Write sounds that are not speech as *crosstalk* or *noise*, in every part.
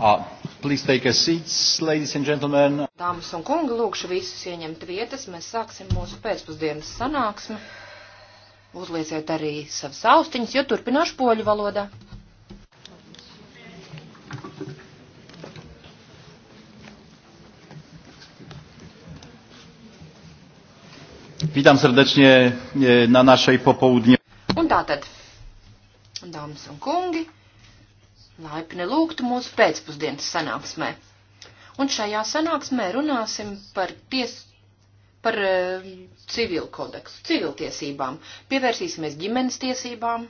Uh, please take a seat, ladies and gentlemen. Dāmas un kungi, lūkšu visus ieņemt vietas. Mēs sāksim mūsu pēcpusdienas sanāksmi. Uzlieciet arī savas austiņas, jo turpināšu poļu valodā. Witam serdecznie e, na naszej popołudniowej. Un tātad, dāmas un kungi, laipni lūgtu mūsu pēcpusdienas sanāksmē. Un šajā sanāksmē runāsim par ties, par uh, eh, civilu kodeksu, civiltiesībām. Pievērsīsimies ģimenes tiesībām.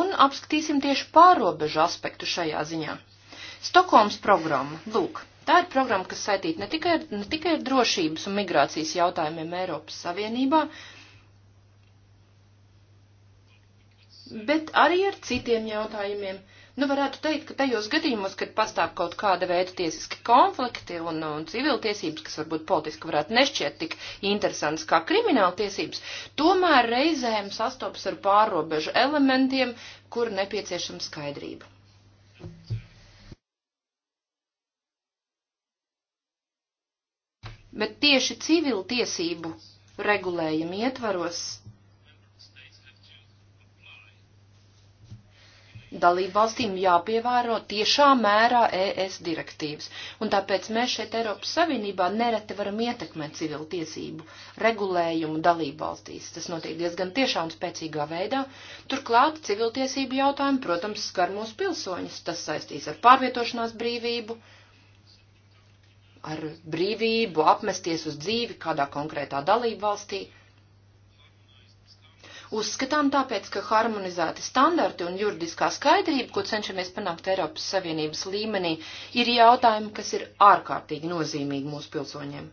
Un apskatīsim tieši pārobežu aspektu šajā ziņā. Stokholmas programma. Lūk, tā ir programma, kas saistīta ne tikai, ar, ne tikai ar drošības un migrācijas jautājumiem Eiropas Savienībā, uh, bet arī ar citiem jautājumiem. Nu, varētu teikt, ka tajos gadījumos, kad pastāv kaut kāda veida tiesiski konflikti un, un civiltiesības, kas varbūt politiski varētu nešķiet tik interesants kā krimināltiesības, tomēr reizēm sastopas ar pārobežu elementiem, kur nepieciešama skaidrība. Bet tieši civiltiesību regulējumi ietvaros dalību valstīm jāpievēro tiešā mērā ES direktīvas. Un tāpēc mēs šeit Eiropas Savienībā nereti varam ietekmēt civilu tiesību regulējumu dalību valstīs. Tas notiek diezgan tiešā un spēcīgā veidā. Turklāt civilu tiesību jautājumi, protams, skar mūsu pilsoņus. Tas saistīs ar pārvietošanās brīvību ar brīvību apmesties uz dzīvi kādā konkrētā dalību valstī. Uzskatām tāpēc, ka harmonizēti standarti un juridiskā skaidrība, ko cenšamies panākt Eiropas Savienības līmenī, ir jautājumi, kas ir ārkārtīgi nozīmīgi mūsu pilsoņiem.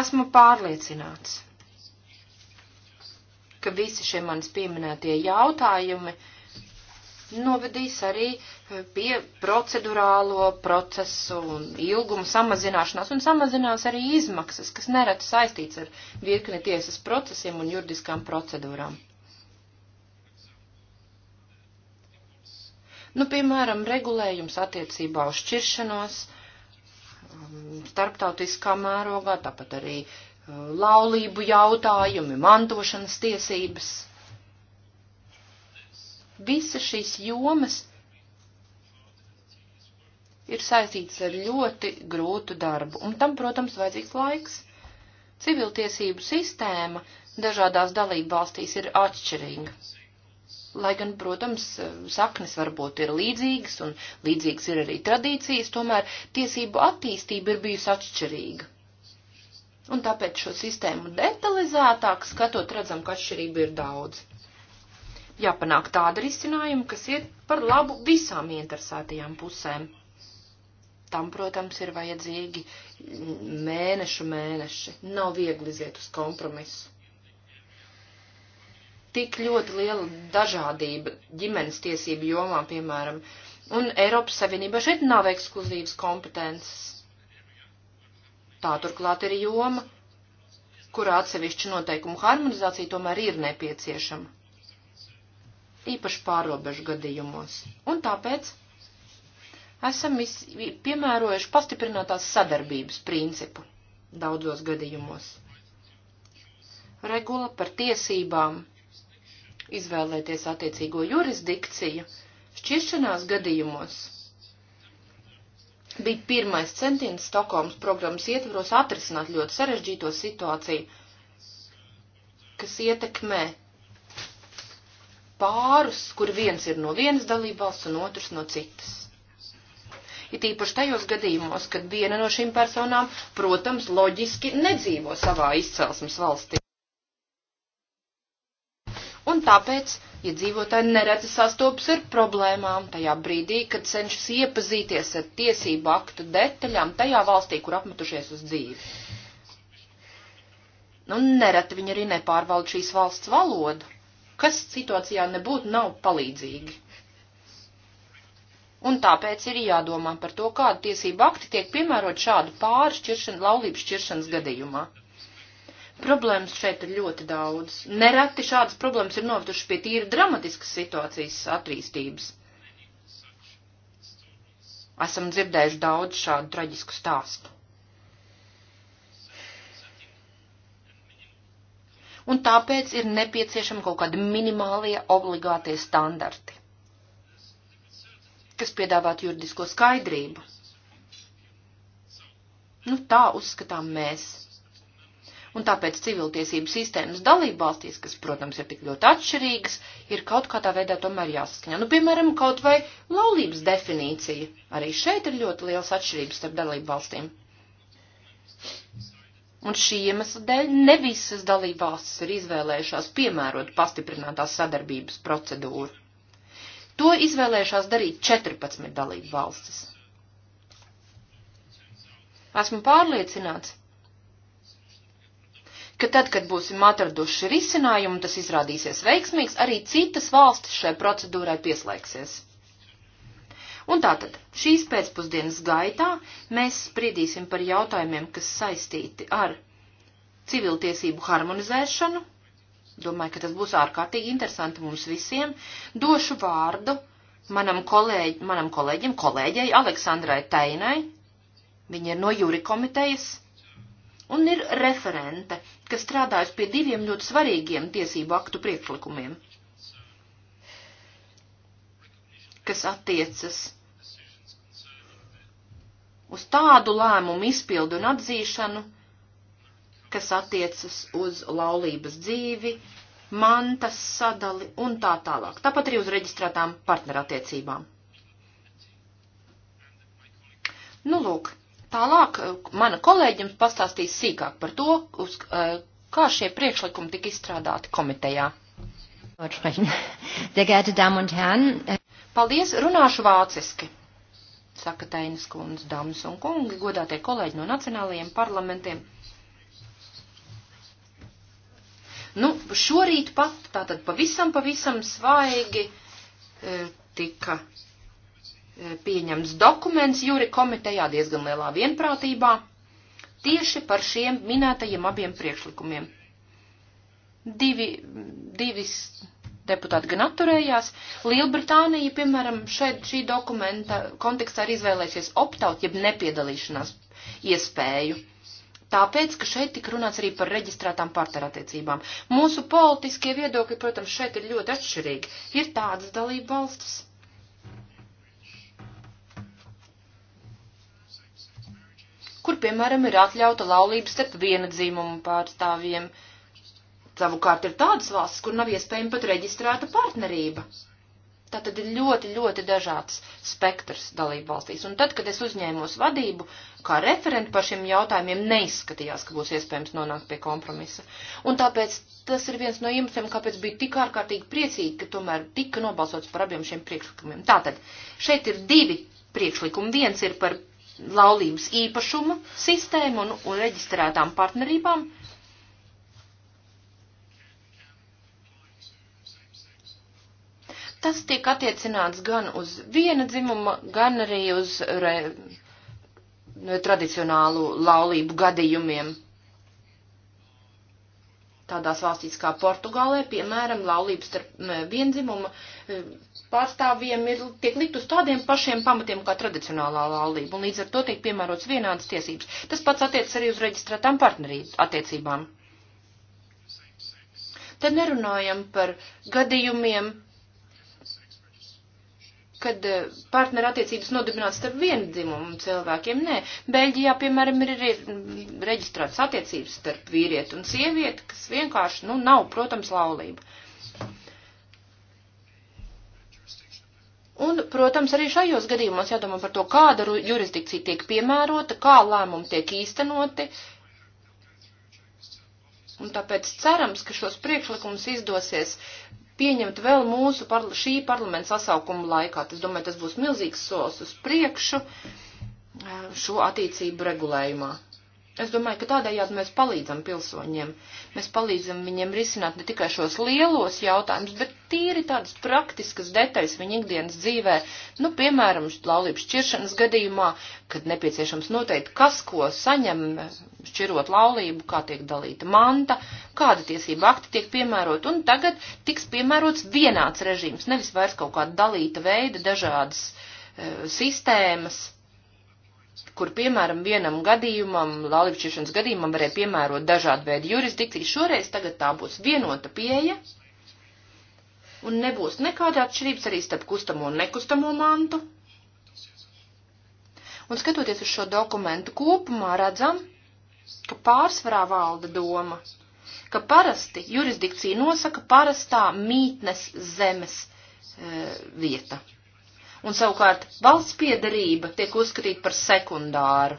Esmu pārliecināts, ka visi šie manis pieminētie jautājumi novedīs arī pie procedurālo procesu un ilgumu samazināšanās, un samazinās arī izmaksas, kas nereti saistīts ar virkni tiesas procesiem un juridiskām procedūrām. Nu, piemēram, regulējums attiecībā uz šķiršanos um, starptautiskā mērogā, tāpat arī uh, laulību jautājumi, mantošanas tiesības. Visa šīs jomas ir saistīts ar ļoti grūtu darbu, un tam, protams, vajadzīgs laiks. Civiltiesību sistēma dažādās dalību valstīs ir atšķirīga. Lai gan, protams, saknes varbūt ir līdzīgas, un līdzīgas ir arī tradīcijas, tomēr tiesību attīstība ir bijusi atšķirīga. Un tāpēc šo sistēmu detalizētāk skatot, redzam, ka atšķirība ir daudz jāpanāk tāda risinājuma, kas iet par labu visām interesētajām pusēm tam, protams, ir vajadzīgi mēnešu mēneši. Nav viegli iziet uz kompromisu. Tik ļoti liela dažādība ģimenes tiesību jomā, piemēram, un Eiropas Savienība šeit nav ekskluzīvas kompetences. Tā turklāt ir joma, kurā atsevišķa noteikumu harmonizācija tomēr ir nepieciešama. Īpaši pārobežu gadījumos. Un tāpēc esam piemērojuši pastiprinātās sadarbības principu daudzos gadījumos. Regula par tiesībām izvēlēties attiecīgo jurisdikciju šķiršanās gadījumos bija pirmais centiens Stokholmas programmas ietvaros atrisināt ļoti sarežģīto situāciju, kas ietekmē pārus, kur viens ir no vienas dalībvalsts un otrs no citas it īpaši tajos gadījumos, kad viena no šīm personām, protams, loģiski nedzīvo savā izcelsmes valstī. Un tāpēc, ja dzīvotāji nereti sastopas ar problēmām, tajā brīdī, kad cenšas iepazīties ar tiesību aktu detaļām tajā valstī, kur apmetušies uz dzīvi. Nu, nereti viņi arī nepārvalda šīs valsts valodu, kas situācijā nebūtu nav palīdzīgi. Un tāpēc ir jādomā par to, kāda tiesība akti tiek piemērot šādu pāršķiršanu, laulību šķiršanas gadījumā. Problēmas šeit ir ļoti daudz. Nereti šādas problēmas ir novatušas pie tīri dramatiskas situācijas attīstības. Esam dzirdējuši daudz šādu traģisku stāstu. Un tāpēc ir nepieciešama kaut kāda minimālie obligātie standarti kas piedāvātu juridisko skaidrību. Nu, tā uzskatām mēs. Un tāpēc civiltiesību sistēmas dalībvalstīs, kas, protams, ir tik ļoti atšķirīgas, ir kaut kādā veidā tomēr jāsaskaņa. Nu, piemēram, kaut vai laulības definīcija. Arī šeit ir ļoti liels atšķirības starp dalībvalstīm. Un šī iemesla dēļ ne visas dalībvalstis ir izvēlējušās piemērot pastiprinātās sadarbības procedūru. To izvēlējušās darīt 14 dalību valstis. Esmu pārliecināts, ka tad, kad būsim atraduši risinājumu, tas izrādīsies veiksmīgs, arī citas valstis šai procedūrai pieslēgsies. Un tātad šīs pēcpusdienas gaitā mēs spriedīsim par jautājumiem, kas saistīti ar civiltiesību harmonizēšanu Domāju, ka tas būs ārkārtīgi interesanti mums visiem. Došu vārdu manam, kolēģi, manam kolēģim, kolēģei Aleksandrai Tainai. Viņa ir no jūri komitejas un ir referente, kas strādājas pie diviem ļoti svarīgiem tiesību aktu priekšlikumiem, kas attiecas uz tādu lēmumu izpildu un atzīšanu, kas attiecas uz laulības dzīvi, mantas sadali un tā tālāk. Tāpat arī uz reģistrētām partnerattiecībām. Nu, lūk, tālāk eh, mana kolēģim pastāstīs sīkāk par to, uz, eh, kā šie priekšlikumi tika izstrādāti komitejā. Äh, Paldies, runāšu vāciski saka Tainas kundze, dāmas un kungi, godātie kolēģi no nacionālajiem parlamentiem. Nu, šorīt pat, tātad pavisam, pavisam svaigi e, tika e, pieņemts dokuments jūri komitejā diezgan lielā vienprātībā tieši par šiem minētajiem abiem priekšlikumiem. Divi, divis deputāti gan atturējās. Lielbritānija, piemēram, šeit šī dokumenta kontekstā ir izvēlēsies optaut, jeb nepiedalīšanās iespēju. Uh, Tāpēc, ka šeit tika runāts arī par reģistrētām partnerattiecībām. Mūsu politiskie viedokļi, protams, šeit ir ļoti atšķirīgi. Ir tādas dalība valstis. kur, piemēram, ir atļauta laulības starp viena dzīmuma pārstāvjiem. Savukārt ir tādas valstis, kur nav iespējama pat reģistrēta partnerība. Tātad ir ļoti, ļoti dažāds spektrs dalību valstīs. Un tad, kad es uzņēmos vadību, kā referenti par šiem jautājumiem, neizskatījās, ka būs iespējams nonākt pie kompromisa. Un tāpēc tas ir viens no iemesliem, kāpēc bija tik ārkārtīgi priecīgi, ka tomēr tika nobalsots par abiem šiem priekšlikumiem. Tātad šeit ir divi priekšlikumi. Viens ir par laulības īpašumu sistēmu un, un reģistrētām partnerībām Tas tiek attiecināts gan uz viena dzimuma, gan arī uz re, tradicionālu laulību gadījumiem. Tādās valstīs kā Portugālē, piemēram, laulības starp viendzimuma e, pārstāvjiem ir, tiek likt uz tādiem pašiem pamatiem kā tradicionālā laulība, un līdz ar to tiek piemērots vienādas tiesības. Tas pats attiecas arī uz reģistrētām partnerību attiecībām. Te nerunājam par gadījumiem, kad eh, partneru attiecības nodibināts starp viendzimumu cilvēkiem. Nē, Beļģijā, piemēram, ir arī reģistrēts attiecības starp vīrieti un sievieti, kas vienkārši, nu, nav, protams, laulība. Un, protams, arī šajos gadījumos jādomā par to, kāda jurisdikcija tiek piemērota, kā lēmumi tiek īstenoti. Un tāpēc cerams, ka šos priekšlikumus izdosies pieņemt vēl mūsu parla šī parlamenta sasaukuma laikā. Es domāju, tas būs milzīgs solis uz priekšu eh, šo attīcību regulējumā. Es domāju, ka tādējādi mēs palīdzam pilsoņiem. Mēs palīdzam viņiem risināt ne tikai šos lielos jautājumus, bet tīri tādas praktiskas detaļas viņa ikdienas dzīvē. Nu, piemēram, laulības šķiršanas gadījumā, kad nepieciešams noteikt, kas ko saņem, šķirot laulību, kā tiek dalīta manta, kāda tiesība akti tiek piemērot, un tagad tiks piemērots vienāds režīms, nevis vairs kaut kāda dalīta veida, dažādas e, sistēmas kur, piemēram, vienam gadījumam, laulībšķiršanas gadījumam varēja piemērot dažādu veidu jurisdikciju. Šoreiz tagad tā būs vienota pieeja un nebūs nekāda atšķirības arī starp kustamo un nekustamo mantu. Un skatoties uz šo dokumentu kopumā, redzam, ka pārsvarā valda doma, ka parasti jurisdikcija nosaka parastā mītnes zemes e, vieta un savukārt valsts piedarība tiek uzskatīta par sekundāru.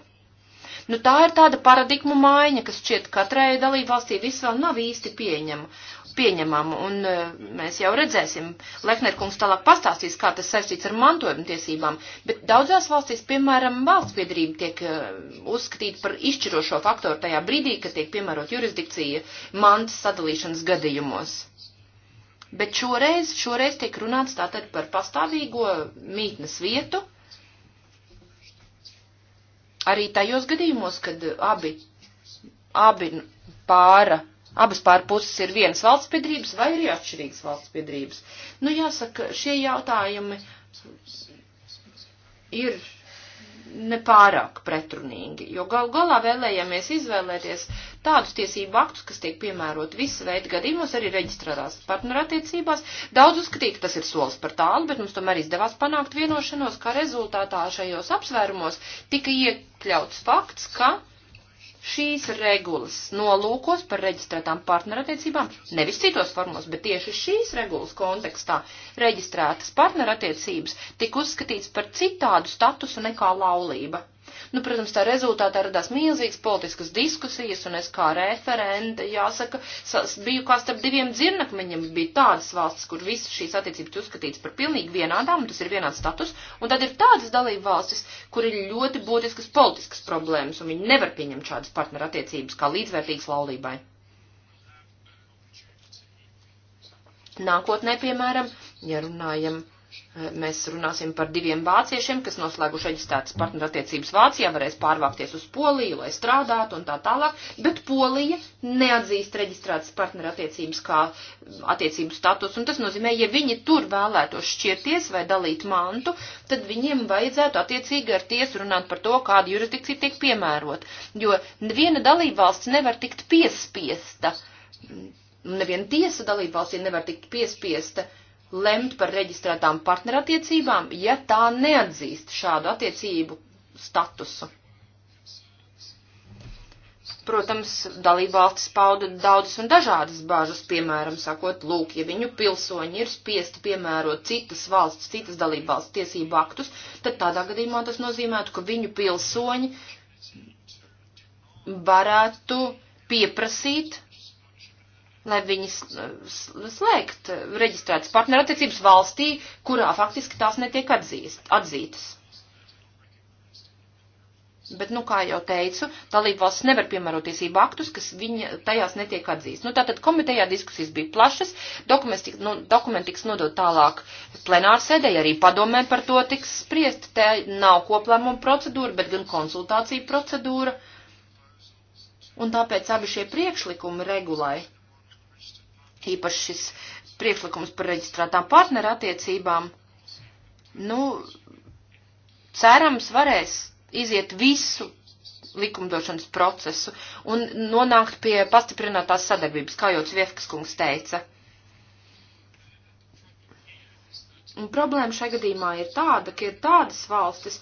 Nu, tā ir tāda paradigmu maiņa, kas šķiet katrai dalībvalstī viss vēl nav īsti pieņem, pieņemama, un eh, mēs jau redzēsim, Lehnerkungs tālāk pastāstīs, kā tas saistīts ar mantojuma tiesībām, bet daudzās valstīs, piemēram, valsts piedarība tiek eh, uzskatīta par izšķirošo faktoru tajā brīdī, kad tiek piemērot jurisdikcija mantas sadalīšanas gadījumos bet šoreiz, šoreiz tiek runāts tātad par pastāvīgo mītnes vietu. Arī tajos gadījumos, kad abi, abi pāra Abas pārpuses ir vienas valsts piedrības vai arī atšķirīgas valsts piedrības. Nu, jāsaka, šie jautājumi ir nepārāk pretrunīgi, jo gal galā vēlējamies izvēlēties tādus tiesību aktus, kas tiek piemērot visu veidu gadījumos, arī reģistrētās partnerattiecībās. Daudz uzskatīja, ka tas ir solis par tālu, bet mums tomēr izdevās panākt vienošanos, ka rezultātā šajos apsvērumos tika iekļauts fakts, ka šīs regulas nolūkos par reģistrētām partnerattiecībām, nevis citos formos, bet tieši šīs regulas kontekstā reģistrētas partnerattiecības tika uzskatīts par citādu statusu nekā laulība. Nu, protams, tā rezultātā radās milzīgas politiskas diskusijas, un es kā referente, jāsaka, biju kā starp diviem dzirnakmeņiem. Bija tādas valstis, kur visas šīs attiecības uzskatītas par pilnīgi vienādām, un tas ir vienāds status, un tad ir tādas dalība valstis, kur ir ļoti būtiskas politiskas problēmas, un viņi nevar pieņemt šādas partnerattiecības kā līdzvērtīgas laulībai. Nākotnē, piemēram, ja runājam Mēs runāsim par diviem vāciešiem, kas noslēguši reģistrētas partnerattiecības Vācijā, varēs pārvākties uz Poliju, lai strādātu un tā tālāk, bet Polija neatzīst reģistrētas partnerattiecības kā attiecību status, un tas nozīmē, ja viņi tur vēlētos šķirties vai dalīt mantu, tad viņiem vajadzētu attiecīgi ar tiesu runāt par to, kāda jurisdikcija tiek piemērot, jo viena dalībvalsts nevar tikt piespiesta, neviena tiesa dalībvalstī nevar tikt piespiesta uh, lemt par reģistrētām partnerattiecībām, ja tā neatzīst šādu attiecību statusu. Protams, dalībvalstis pauda daudzas un dažādas bāžas, piemēram, sakot, lūk, ja viņu pilsoņi ir spiesti piemērot citas valsts, citas dalībvalsts tiesību aktus, tad tādā gadījumā tas nozīmētu, ka viņu pilsoņi varētu pieprasīt lai viņas slēgt reģistrētas partnerattiecības valstī, kurā faktiski tās netiek atzīst, atzītas. Bet, nu, kā jau teicu, dalība valsts nevar piemērot tiesību aktus, kas viņa tajās netiek atzīst. Nu, tātad komitejā diskusijas bija plašas, dokumenti, tik, nu, dokumenti tiks nodot tālāk plenāru sēdē, arī padomē par to tiks spriest. Te nav koplēmuma procedūra, bet gan konsultācija procedūra. Un tāpēc abi šie priekšlikumi regulai īpaši šis priekšlikums par reģistrētām partnerattiecībām, nu, cerams, varēs iziet visu likumdošanas procesu un nonākt pie pastiprinātās sadarbības, kā jau Cviefkas kungs teica. Un problēma šajā gadījumā ir tāda, ka ir tādas valstis,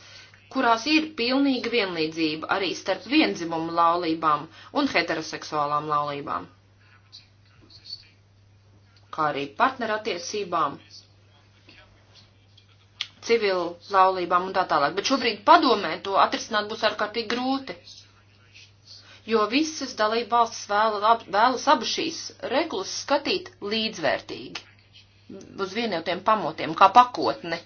kurās ir pilnīga vienlīdzība arī starp vienzimumu laulībām un heteroseksuālām laulībām kā arī partnerattiecībām, civilu laulībām un tā tālāk. Bet šobrīd padomē to atrisināt būs ārkārtīgi grūti, jo visas dalība valsts vēla, vēlas abu šīs reglas skatīt līdzvērtīgi uz vienotiem pamatiem, kā pakotni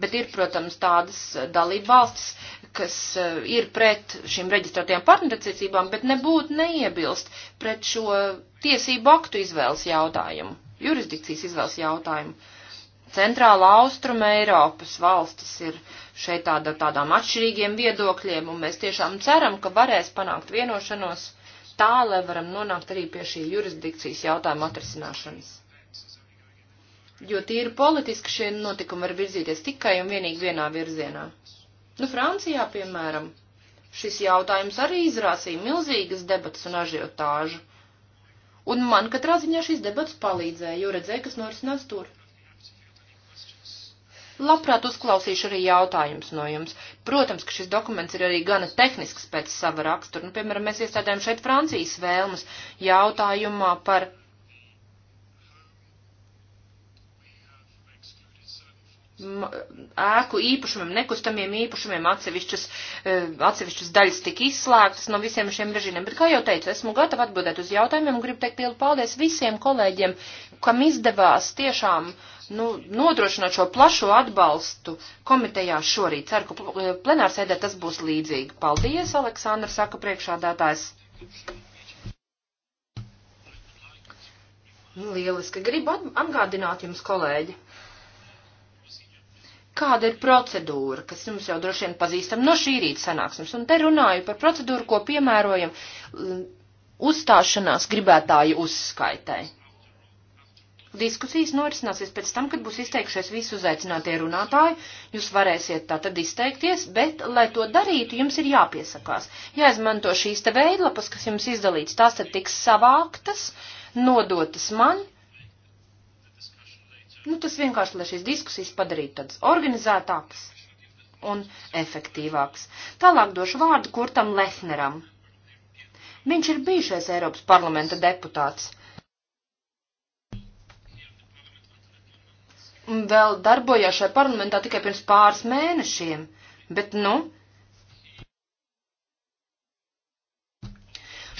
bet ir, protams, tādas dalība valstis, kas eh, ir pret šīm reģistrētajām partnerattiecībām, bet nebūtu neiebilst pret šo tiesību aktu izvēles jautājumu, jurisdikcijas izvēles jautājumu. Centrāla Austruma Eiropas valstis ir šeit tāda, tādām atšķirīgiem viedokļiem, un mēs tiešām ceram, ka varēs panākt vienošanos tā, lai varam nonākt arī pie šī jurisdikcijas jautājuma atrisināšanas jo tīri politiski šie notikumi var virzīties tikai un vienīgi vienā virzienā. Nu, Francijā, piemēram, šis jautājums arī izrāsīja milzīgas debatas un ažiotāžu. Un man katrā ziņā šīs debatas palīdzēja, jo redzēju, kas norisinās tur. Labprāt uzklausīšu arī jautājumus no jums. Protams, ka šis dokuments ir arī gana tehnisks pēc sava rakstura. Nu, piemēram, mēs iestādējam šeit Francijas vēlmes jautājumā par ēku īpašumiem, nekustamiem īpašumiem, atsevišķas, e, atsevišķas daļas tika izslēgtas no visiem šiem režīmiem. Bet, kā jau teicu, esmu gatava atbildēt uz jautājumiem un gribu teikt lielu paldies visiem kolēģiem, kam izdevās tiešām nu, nodrošināt šo plašo atbalstu komitejā šorīt. Ceru, ka plenārsēdē tas būs līdzīgi. Paldies, Aleksandra, saka priekšādātājs. Lieliski. Gribu atgādināt jums, kolēģi kāda ir procedūra, kas jums jau droši vien pazīstam no šī rīta sanāksmes. Un te runāju par procedūru, ko piemērojam uzstāšanās gribētāju uzskaitai. Diskusijas norisināsies pēc tam, kad būs izteikšies visi uzaicinātie runātāji. Jūs varēsiet tā tad izteikties, bet, lai to darītu, jums ir jāpiesakās. Jāizmanto šīs te veidlapas, kas jums izdalīts, tās tad tiks savāktas, nodotas man, Nu, tas vienkārši, lai šīs diskusijas padarītu tādas organizētākas un efektīvākas. Tālāk došu vārdu Kurtam Lehneram. Viņš ir bijušais Eiropas parlamenta deputāts. Vēl darbojās šajā parlamentā tikai pirms pāris mēnešiem, bet, nu,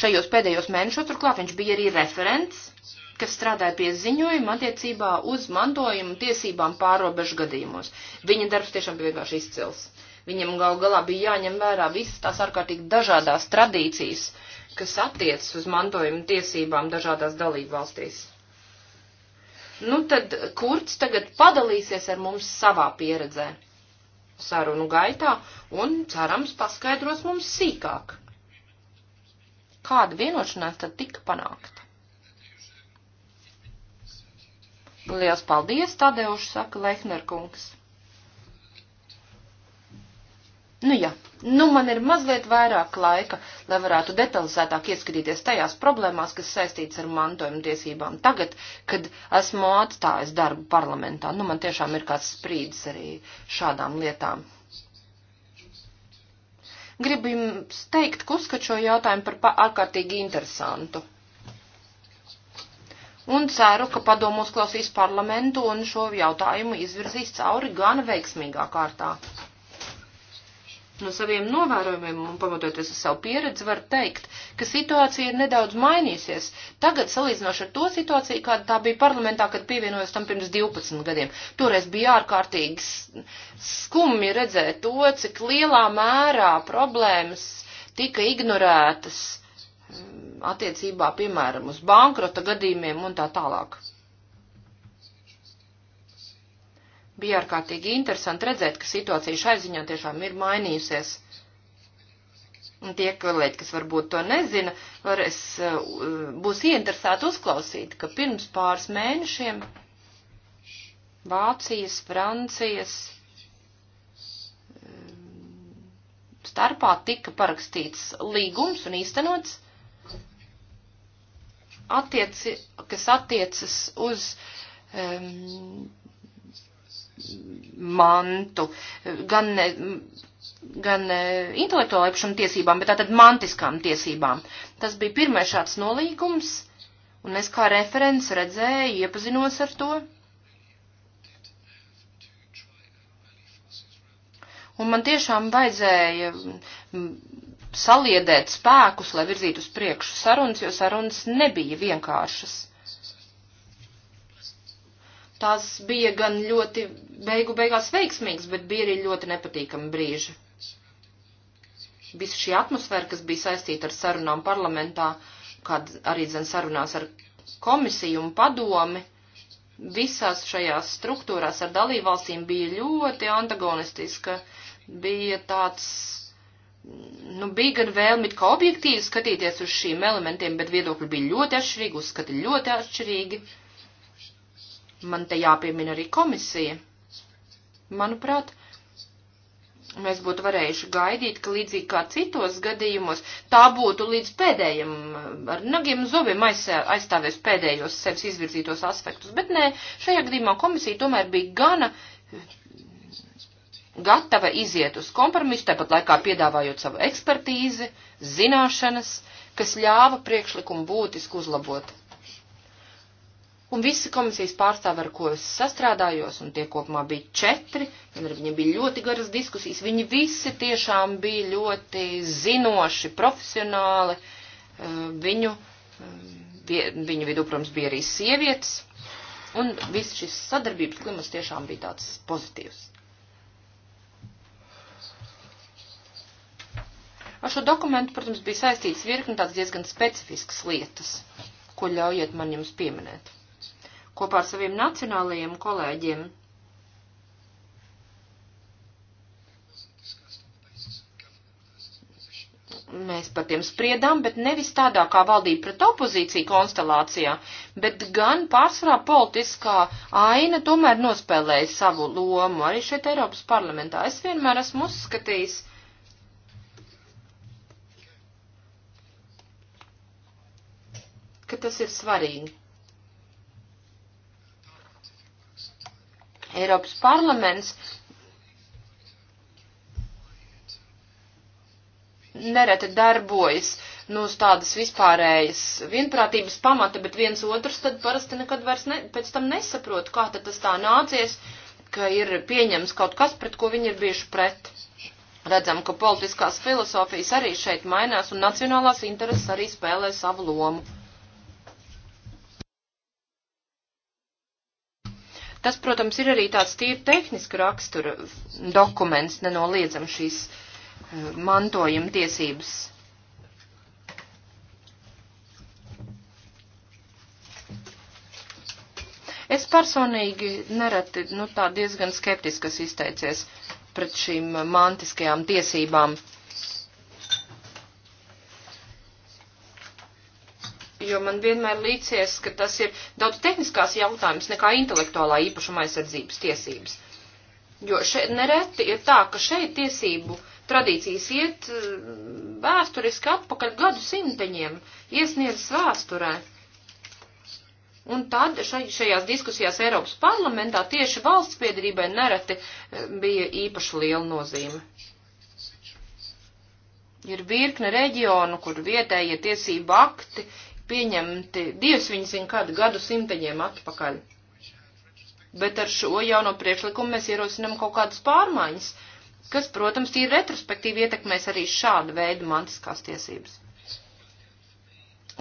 šajos pēdējos mēnešos turklāt viņš bija arī referents kas strādāja pie ziņojuma attiecībā uz mantojumu tiesībām pārobežu gadījumos. Viņa darbs tiešām bija vienkārši izcils. Viņam gal galā bija jāņem vērā visas tās ārkārtīgi dažādās tradīcijas, kas attiecas uz mantojumu tiesībām dažādās dalību valstīs. Nu tad Kurts tagad padalīsies ar mums savā pieredzē sarunu gaitā un cerams paskaidros mums sīkāk. Kāda vienošanās tad tika panākta? Liels paldies, Tadeuši, saka Lehner kungs. Nu jā, nu man ir mazliet vairāk laika, lai varētu detalizētāk ieskatīties tajās problēmās, kas saistīts ar mantojuma tiesībām. Tagad, kad esmu atstājis darbu parlamentā, nu man tiešām ir kāds sprīdis arī šādām lietām. Gribu jums teikt, ka uzskat šo jautājumu par ārkārtīgi interesantu un ceru, ka padomu uzklausīs parlamentu un šo jautājumu izvirzīs cauri gan veiksmīgā kārtā. No saviem novērojumiem un pamatoties uz savu pieredzi var teikt, ka situācija ir nedaudz mainīsies. Tagad salīdzinoši ar to situāciju, kāda tā bija parlamentā, kad pievienojos tam pirms 12 gadiem. Toreiz bija ārkārtīgi skumji redzēt to, cik lielā mērā problēmas tika ignorētas attiecībā, piemēram, uz bankrota gadījumiem un tā tālāk. Bija ārkārtīgi interesanti redzēt, ka situācija šai ziņā tiešām ir mainījusies. Un tie kolēģi, kas varbūt to nezina, varēs, uh, būs ieinteresēti uzklausīt, ka pirms pāris mēnešiem Vācijas, Francijas um, starpā tika parakstīts līgums un īstenots attieci, kas attiecas uz um, mantu, gan, gan eh, intelektuālā īpašuma tiesībām, bet tātad mantiskām tiesībām. Tas bija pirmais šāds nolīgums, un es kā referents redzēju, iepazinos ar to. Un man tiešām vajadzēja saliedēt spēkus, lai virzītu uz priekšu sarunas, jo sarunas nebija vienkāršas. Tās bija gan ļoti beigu beigās veiksmīgas, bet bija arī ļoti nepatīkami brīži. Visa šī atmosfēra, kas bija saistīta ar sarunām parlamentā, kad arī zin sarunās ar komisiju un padomi, visās šajās struktūrās ar dalībvalstīm bija ļoti antagonistiska, bija tāds nu, bija gan vēlme it kā objektīvi skatīties uz šīm elementiem, bet viedokļi bija ļoti atšķirīgi, uzskati ļoti atšķirīgi. Man te jāpiemina arī komisija. Manuprāt, mēs būtu varējuši gaidīt, ka līdzīgi kā citos gadījumos, tā būtu līdz pēdējiem, ar nagiem zobiem aizstāvēs pēdējos sevis izvirzītos aspektus. Bet nē, šajā gadījumā komisija tomēr bija gana gatava iziet uz kompromisu, tāpat laikā piedāvājot savu ekspertīzi, zināšanas, kas ļāva priekšlikumu būtiski uzlabot. Un visi komisijas pārstāvi, ar ko es sastrādājos, un tie kopumā bija četri, un ar viņiem bija ļoti garas diskusijas, viņi visi tiešām bija ļoti zinoši, profesionāli, eh, viņu, eh, viņu vidū, protams, bija arī sievietes, un viss šis sadarbības klimats tiešām bija tāds pozitīvs. Ar šo dokumentu, protams, bija saistīts virkni tāds diezgan specifisks lietas, ko ļaujiet man jums pieminēt. Kopā ar saviem nacionālajiem kolēģiem mēs par tiem spriedām, bet nevis tādā kā valdība pret opozīciju konstelācijā, bet gan pārsvarā politiskā aina tomēr nospēlēja savu lomu arī šeit Eiropas parlamentā. Es vienmēr esmu uzskatījis, ka tas ir svarīgi. Eiropas parlaments nereti darbojas nu, uz tādas vispārējas vienprātības pamata, bet viens otrs tad parasti nekad vairs ne, pēc tam nesaprot, kā tad tas tā nācies, ka ir pieņems kaut kas, pret ko viņi ir bijuši pret. Redzam, ka politiskās filozofijas arī šeit mainās un nacionālās intereses arī spēlē savu lomu. Tas, protams, ir arī tāds tīri tehniska rakstura dokuments, nenoliedzam šīs eh, mantojuma tiesības. Es personīgi nereti, nu tā diezgan skeptiskas izteicies pret šīm mantiskajām tiesībām jo man vienmēr līdzies, ka tas ir daudz tehniskās jautājums nekā intelektuālā īpašuma aizsardzības tiesības. Jo šeit nereti ir tā, ka šeit tiesību tradīcijas iet eh, vēsturiski atpakaļ gadu simteņiem, iesniedz vēsturē. Un tad šajās diskusijās Eiropas parlamentā tieši valsts piedarībai nereti eh, bija īpaši liela nozīme. Ir virkne reģionu, kur vietējie tiesība akti pieņemti, Dievs viņu zina kādu gadu simteņiem atpakaļ. Bet ar šo jauno priekšlikumu mēs ierosinām kaut kādas pārmaiņas, kas, protams, ir retrospektīvi ietekmēs arī šādu veidu mantiskās tiesības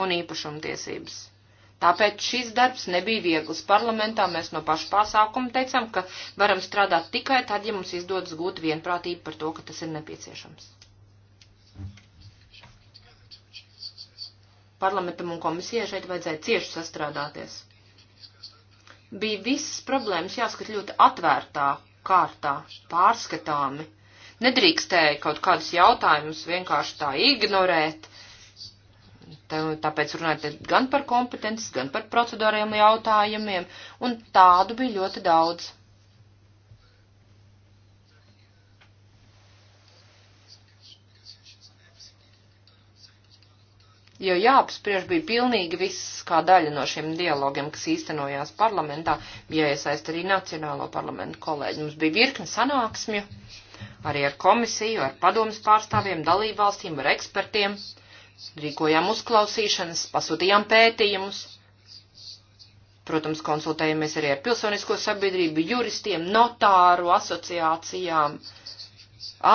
un īpašumtiesības. Tāpēc šis darbs nebija viegls. Parlamentā mēs no paša pasākuma teicām, ka varam strādāt tikai tad, ja mums izdodas gūt vienprātību par to, ka tas ir nepieciešams. parlamentam un komisijai šeit vajadzēja cieši sastrādāties. Bija visas problēmas jāskat ļoti atvērtā kārtā, pārskatāmi. Nedrīkstēja kaut kādus jautājumus vienkārši tā ignorēt. Tāpēc runājot gan par kompetences, gan par procedūriem jautājumiem, un tādu bija ļoti daudz. jo jāapspriež bija pilnīgi viss kā daļa no šiem dialogiem, kas īstenojās parlamentā, bija iesaist arī Nacionālo parlamentu kolēģi. Mums bija virkne sanāksmju, arī ar komisiju, ar padomas pārstāvjiem, dalībvalstīm, ar ekspertiem, rīkojām uzklausīšanas, pasūtījām pētījumus. Protams, konsultējamies arī ar pilsonisko sabiedrību, juristiem, notāru asociācijām,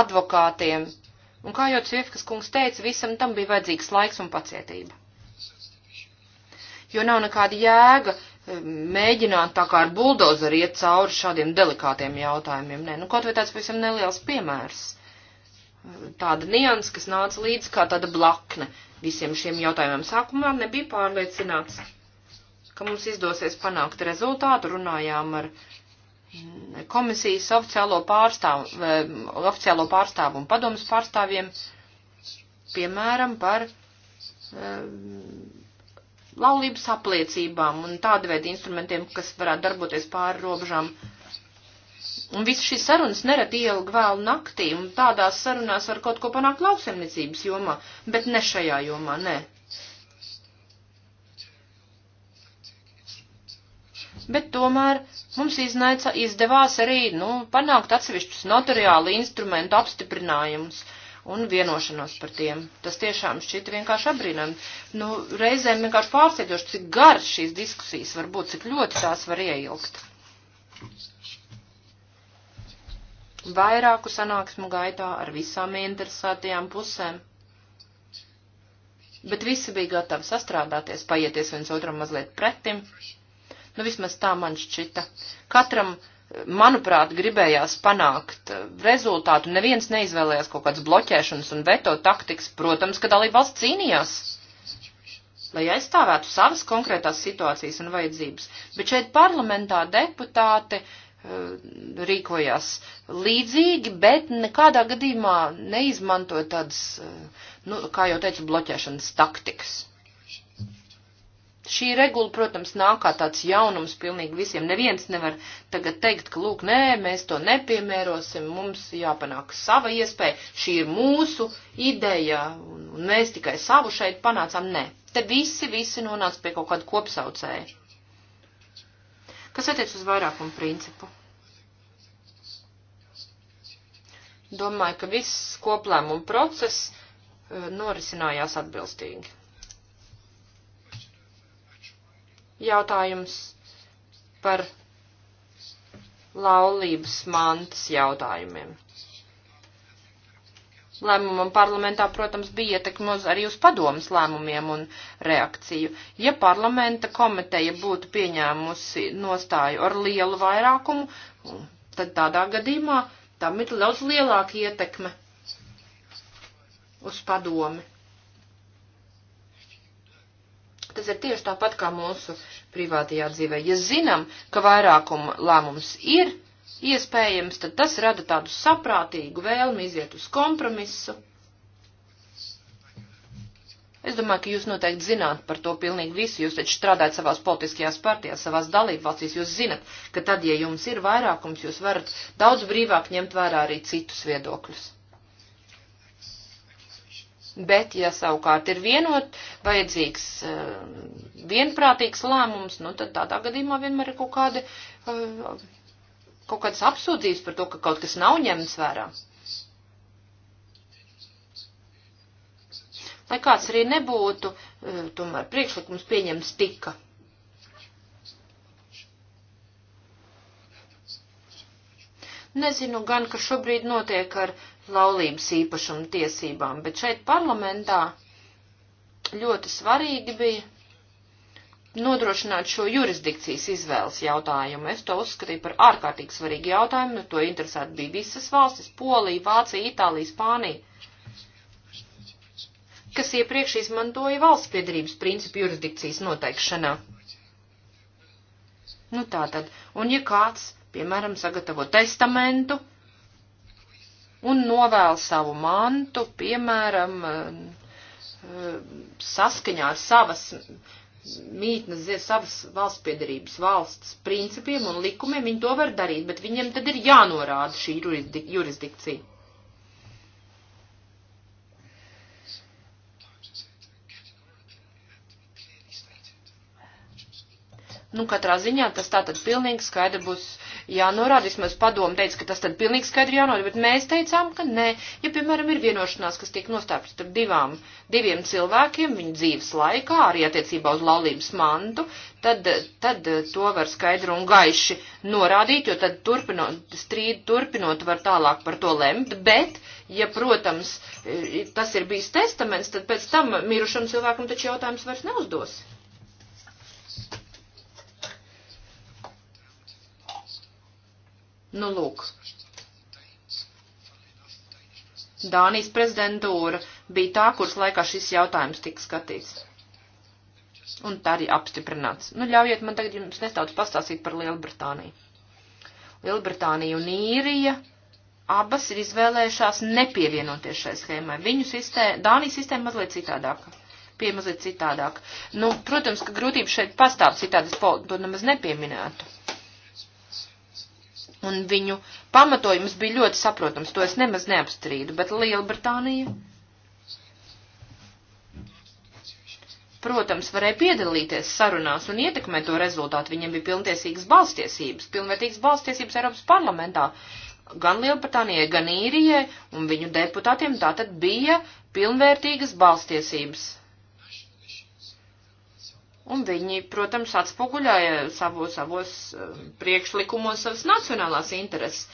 advokātiem, Un kā jau Ciefkas kungs teica, visam tam bija vajadzīgs laiks un pacietība. Jo nav nekāda jēga um, mēģināt tā kā ar buldozeru iet cauri šādiem delikātiem jautājumiem. Nē, nu kaut vai tāds pavisam neliels piemērs. Tāda nians, kas nāca līdz kā tāda blakne visiem šiem jautājumiem. Sākumā nebija pārliecināts, ka mums izdosies panākt rezultātu. Runājām ar uh, komisijas oficiālo pārstāvu, eh, oficiālo pārstāvu un padomus pārstāvjiem, piemēram, par eh, laulības apliecībām un tāda veida instrumentiem, kas varētu darboties pāri robežām. Un visas šīs sarunas nereti ielga vēl naktī, un tādās sarunās var kaut ko panākt lauksemniecības jomā, bet ne šajā jomā, nē. Ne. bet tomēr mums iznaica, izdevās arī, nu, panākt atsevišķus notariāli instrumentu apstiprinājumus un vienošanos par tiem. Tas tiešām šķita vienkārši apbrīnami. Nu, reizēm vienkārši pārsteidzoši, cik gar šīs diskusijas var būt, cik ļoti tās var ieilgt. Vairāku sanāksmu gaitā ar visām interesētajām pusēm. Bet visi bija gatavi sastrādāties, paieties viens otram mazliet pretim. Nu, vismaz tā man šķita. Katram, manuprāt, gribējās panākt eh, rezultātu. Neviens neizvēlējās kaut kādas bloķēšanas un veto taktikas. Protams, ka dalībvalsts cīnījās, lai aizstāvētu savas konkrētās situācijas un vajadzības. Bet šeit parlamentā deputāti eh, rīkojās līdzīgi, bet nekādā gadījumā neizmantoja tādas, eh, nu, kā jau teicu, bloķēšanas taktikas. Šī regula, protams, nāk kā tāds jaunums pilnīgi visiem. Neviens nevar tagad teikt, ka, lūk, nē, mēs to nepiemērosim, mums jāpanāk sava iespēja, šī ir mūsu ideja, un mēs tikai savu šeit panācām. Nē, te visi, visi nonāca pie kaut kāda kopsaucēja. Kas attiec uz vairākumu principu? Domāju, ka viss koplēmuma process eh, norisinājās atbilstīgi. jautājums par laulības mantas jautājumiem. Lēmumam parlamentā, protams, bija ietekme arī uz padomas lēmumiem un reakciju. Ja parlamenta komiteja būtu pieņēmusi nostāju ar lielu vairākumu, tad tādā gadījumā tam ir daudz lielāka ietekme uz padomi tas ir tieši tāpat kā mūsu privātajā dzīvē. Ja zinām, ka vairākuma lēmums ir iespējams, tad tas rada tādu saprātīgu vēlmi iziet uz kompromisu. Es domāju, ka jūs noteikti zināt par to pilnīgi visu. Jūs taču strādājat savās politiskajās partijās, savās dalībvalstīs. Jūs zinat, ka tad, ja jums ir vairākums, jūs varat daudz brīvāk ņemt vērā arī citus viedokļus. Bet, ja savukārt ir vienot, vajadzīgs uh, vienprātīgs lēmums, nu tad tādā gadījumā vienmēr ir kaut, kādi, uh, kaut kādas apsūdzības par to, ka kaut kas nav ņemts vērā. Lai kāds arī nebūtu, uh, tomēr priekšlikums pieņems tika. Nezinu gan, kas šobrīd notiek ar uh, laulības īpašuma tiesībām, bet šeit parlamentā ļoti svarīgi bija nodrošināt šo jurisdikcijas izvēles jautājumu. Es to uzskatīju par ārkārtīgi svarīgu jautājumu, nu, to interesēti bija visas valstis - Polija, Vācija, Itālija, Spānija kas iepriekš izmantoja valsts piedarības principu jurisdikcijas noteikšanā. Nu tā tad, un ja kāds, piemēram, sagatavo testamentu, un novēl savu mantu, piemēram, saskaņā ar savas mītnes, savas valsts piedarības valsts principiem un likumiem, viņi to var darīt, bet viņiem tad ir jānorāda šī jurisdikcija. Nu, katrā ziņā tas tātad pilnīgi skaidri būs uh, jānorāda, vismaz padomu teica, ka tas tad pilnīgi skaidri jānorāda, bet mēs teicām, ka nē. Ja, piemēram, ir vienošanās, kas tiek nostāpta starp divām, diviem cilvēkiem viņa dzīves laikā, arī attiecībā uz laulības mantu, tad, tad to var skaidri un gaiši norādīt, jo tad turpinot, strīdu turpinot var tālāk par to lemt, bet ja, protams, tas ir bijis testaments, tad pēc tam mirušam cilvēkam taču jautājums vairs neuzdos. Nu, lūk. Dānijas prezidentūra bija tā, kuras laikā šis jautājums tika skatīts. Un tā arī apstiprināts. Nu, ļaujiet man tagad jums nedaudz pastāstīt par Lielbritāniju. Lielbritānija un Īrija abas ir izvēlējušās nepievienoties šai schēmai. Viņu sistēma, Dānijas sistēma mazliet citādāka. Pie mazliet citādāk. Nu, protams, ka grūtības šeit pastāv citādi, es to nemaz nepieminētu. Un viņu pamatojums bija ļoti saprotams, to es nemaz neapstrīdu, bet Lielbritānija, protams, varēja piedalīties sarunās un ietekmēt to rezultātu. Viņiem bija pilntiesīgas balstiesības, pilnvērtīgas balstiesības Eiropas parlamentā, gan Lielbritānijai, gan īrijai, un viņu deputātiem tātad bija pilnvērtīgas balstiesības. Un viņi, protams, atspoguļoja savu, savos eh, priekšlikumos savas nacionālās intereses,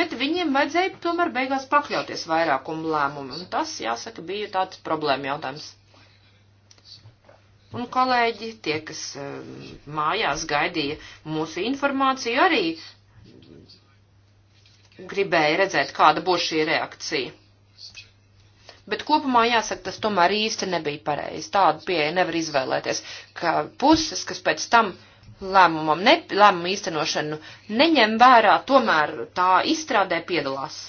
bet viņiem vajadzēja tomēr beigās pakļauties vairākumu lēmumu, un tas, jāsaka, bija tāds problēma jautājums. Un kolēģi, tie, kas eh, mājās gaidīja mūsu informāciju, arī gribēja redzēt, kāda būs šī reakcija. Bet kopumā jāsaka, tas tomēr īsti nebija pareizi. Tādu pieeja nevar izvēlēties, ka puses, kas pēc tam lēmumam, ne, lēmumu īstenošanu neņem vērā, tomēr tā izstrādē piedalās.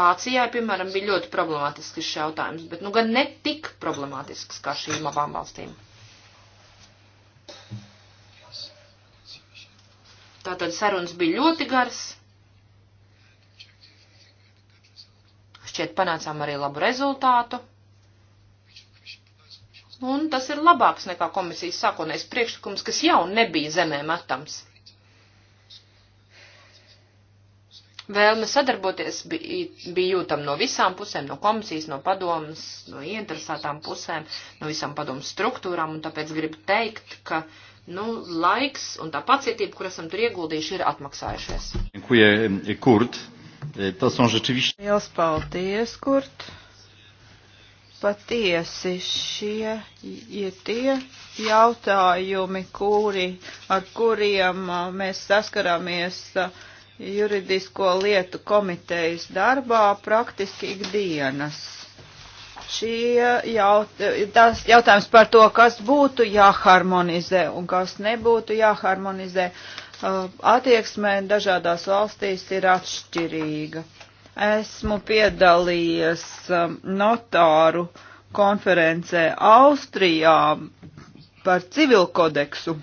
Vācijā, piemēram, bija ļoti problemātisks šis jautājums, bet nu gan ne tik problemātisks kā šīm abām valstīm. Tātad sarunas bija ļoti garas. Šķiet panācām arī labu rezultātu. Un tas ir labāks nekā komisijas sākotnējais priekšlikums, kas jau nebija zemē metams. Vēlme sadarboties bija, bija jūtama no visām pusēm, no komisijas, no padomas, no interesētām pusēm, no visām padomas struktūrām, un tāpēc gribu teikt, ka, nu, laiks un tā pacietība, kur esam tur ieguldījuši, ir atmaksājušies. Kuje, kurt, E, to są rzeczywiście. Liels paldies, Kurt. Patiesi šie ir tie jautājumi, kuri, ar kuriem mēs saskaramies juridisko lietu komitejas darbā praktiski ikdienas. Šie jaut, tas jautājums par to, kas būtu jāharmonizē un kas nebūtu jāharmonizē. Uh, Uh, attieksmē dažādās valstīs ir atšķirīga. Esmu piedalījies um, notāru konferencē Austrijā par civilkodeksu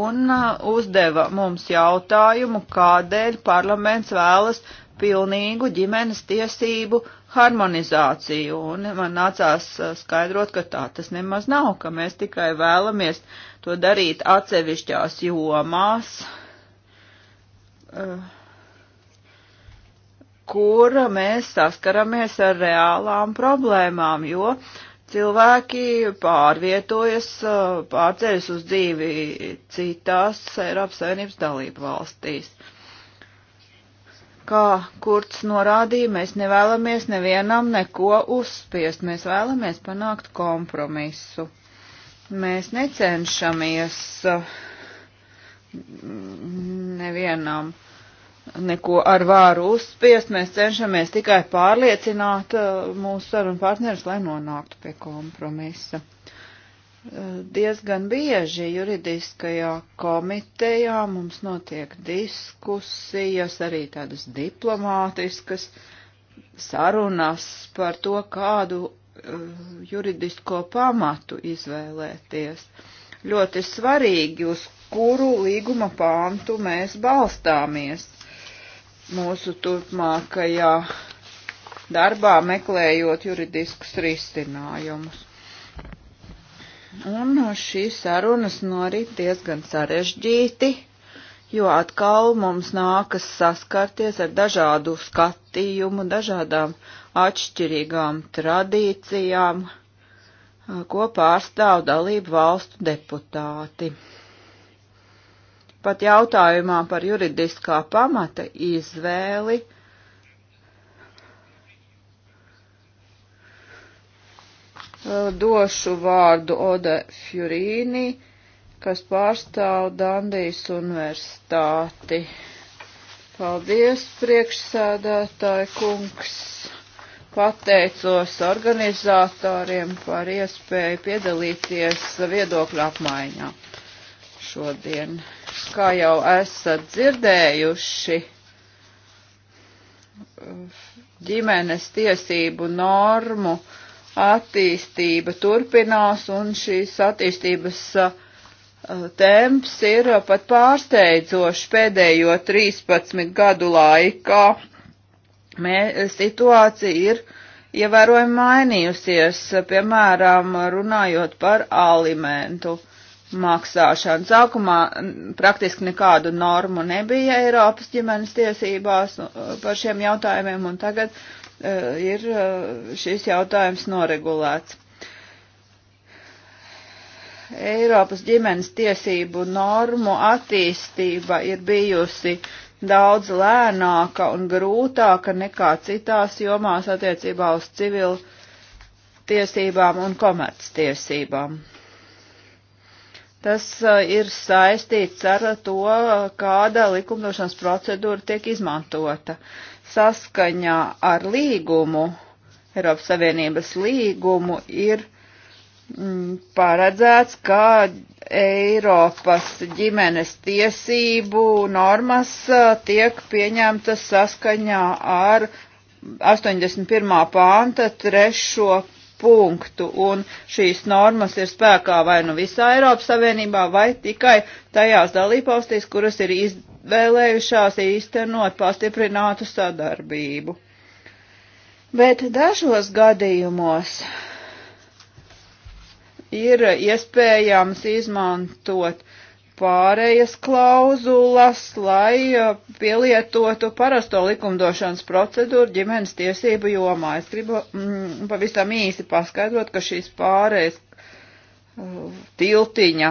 un uh, uzdeva mums jautājumu, kādēļ parlaments vēlas pilnīgu ģimenes tiesību harmonizāciju. Un man nācās uh, skaidrot, ka tā tas nemaz nav, ka mēs tikai vēlamies uh, to darīt atsevišķās jomās, eh, kur mēs saskaramies ar reālām problēmām, jo cilvēki pārvietojas, eh, pārceļas uz dzīvi citās Eiropas Savienības dalību valstīs. Kā Kurts norādīja, mēs nevēlamies nevienam neko uzspiest, mēs vēlamies panākt kompromisu. Mēs necenšamies uh, nevienam neko ar vāru uzspiest, mēs cenšamies tikai pārliecināt uh, mūsu sarunu partnerus, lai nonāktu pie kompromisa. Uh, diezgan bieži juridiskajā komitejā mums notiek diskusijas, arī tādas diplomātiskas sarunas par to, kādu juridisko pamatu izvēlēties. Ļoti svarīgi, uz kuru līguma pāntu mēs balstāmies mūsu turpmākajā darbā, meklējot juridiskus risinājumus. Un šīs sarunas norit nu diezgan sarežģīti, jo atkal mums nākas saskarties ar dažādu skatījumu, dažādām uh, atšķirīgām tradīcijām, ko pārstāv dalību valstu deputāti. Pat jautājumā par juridiskā pamata izvēli došu vārdu Ode Fjurīni, kas pārstāv Dandijas universitāti. Paldies, priekšsēdētāji kungs! pateicos organizatoriem par iespēju piedalīties viedokļu apmaiņā šodien. Kā jau esat dzirdējuši, ģimenes tiesību normu attīstība turpinās un šīs attīstības temps ir pat pārsteidzoši pēdējo 13 gadu laikā mē, situācija ir ievērojami mainījusies, piemēram, runājot par alimentu maksāšanu. Sākumā praktiski nekādu normu nebija Eiropas ģimenes tiesībās uh, par šiem jautājumiem, un tagad uh, ir uh, šis jautājums noregulēts. Eiropas ģimenes tiesību normu attīstība ir bijusi daudz lēnāka un grūtāka nekā citās jomās attiecībā uz civilu tiesībām un komerc tiesībām. Tas uh, ir saistīts ar to, kāda likumdošanas procedūra tiek izmantota. Saskaņā ar līgumu, Eiropas Savienības līgumu, ir Mm, paredzēts, ka Eiropas ģimenes tiesību normas uh, tiek pieņemtas saskaņā ar 81. pānta trešo punktu, un šīs normas ir spēkā vai nu visā Eiropas Savienībā, vai tikai tajās dalībvalstīs, kuras ir izvēlējušās īstenot pastiprinātu sadarbību. Bet dažos gadījumos ir iespējams izmantot pārējas klauzulas, lai uh, pielietotu parasto likumdošanas procedūru ģimenes tiesību jomā. Es gribu mm, pavisam īsi paskaidrot, ka šīs pārējas uh, tiltiņa,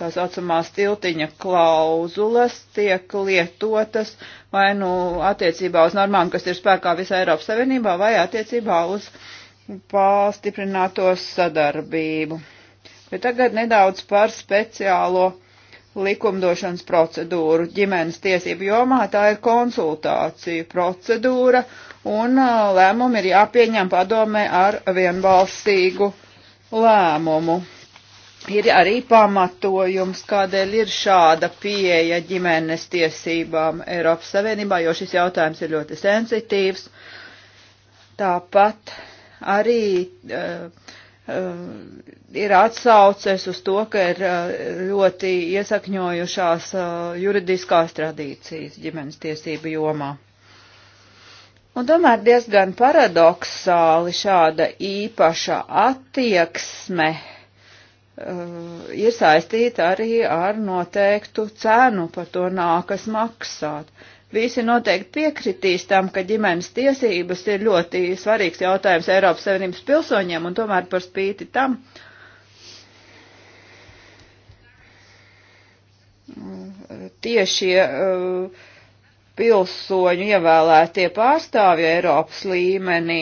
tā saucamās tiltiņa klauzulas tiek lietotas vai nu attiecībā uz normām, kas ir spēkā visā Eiropas Savienībā, vai attiecībā uz pastiprināto sadarbību. Bet tagad nedaudz par speciālo likumdošanas procedūru ģimenes tiesību jomā. Tā ir konsultācija procedūra un uh, lēmumi ir jāpieņem padomē ar vienbalsīgu lēmumu. Ir arī pamatojums, kādēļ ir šāda pieeja ģimenes tiesībām Eiropas Savienībā, jo šis jautājums ir ļoti sensitīvs. Tāpat arī uh, Um, ir atsauces uz to, ka ir uh, ļoti iesakņojušās uh, juridiskās tradīcijas ģimenes tiesību jomā. Un tomēr diezgan paradoxāli šāda īpaša attieksme uh, ir saistīta arī ar noteiktu cenu, par to nākas maksāt. Visi noteikti piekritīs tam, ka ģimenes tiesības ir ļoti svarīgs jautājums Eiropas Savienības pilsoņiem, un tomēr par spīti tam tieši uh, pilsoņu ievēlētie pārstāvji Eiropas līmenī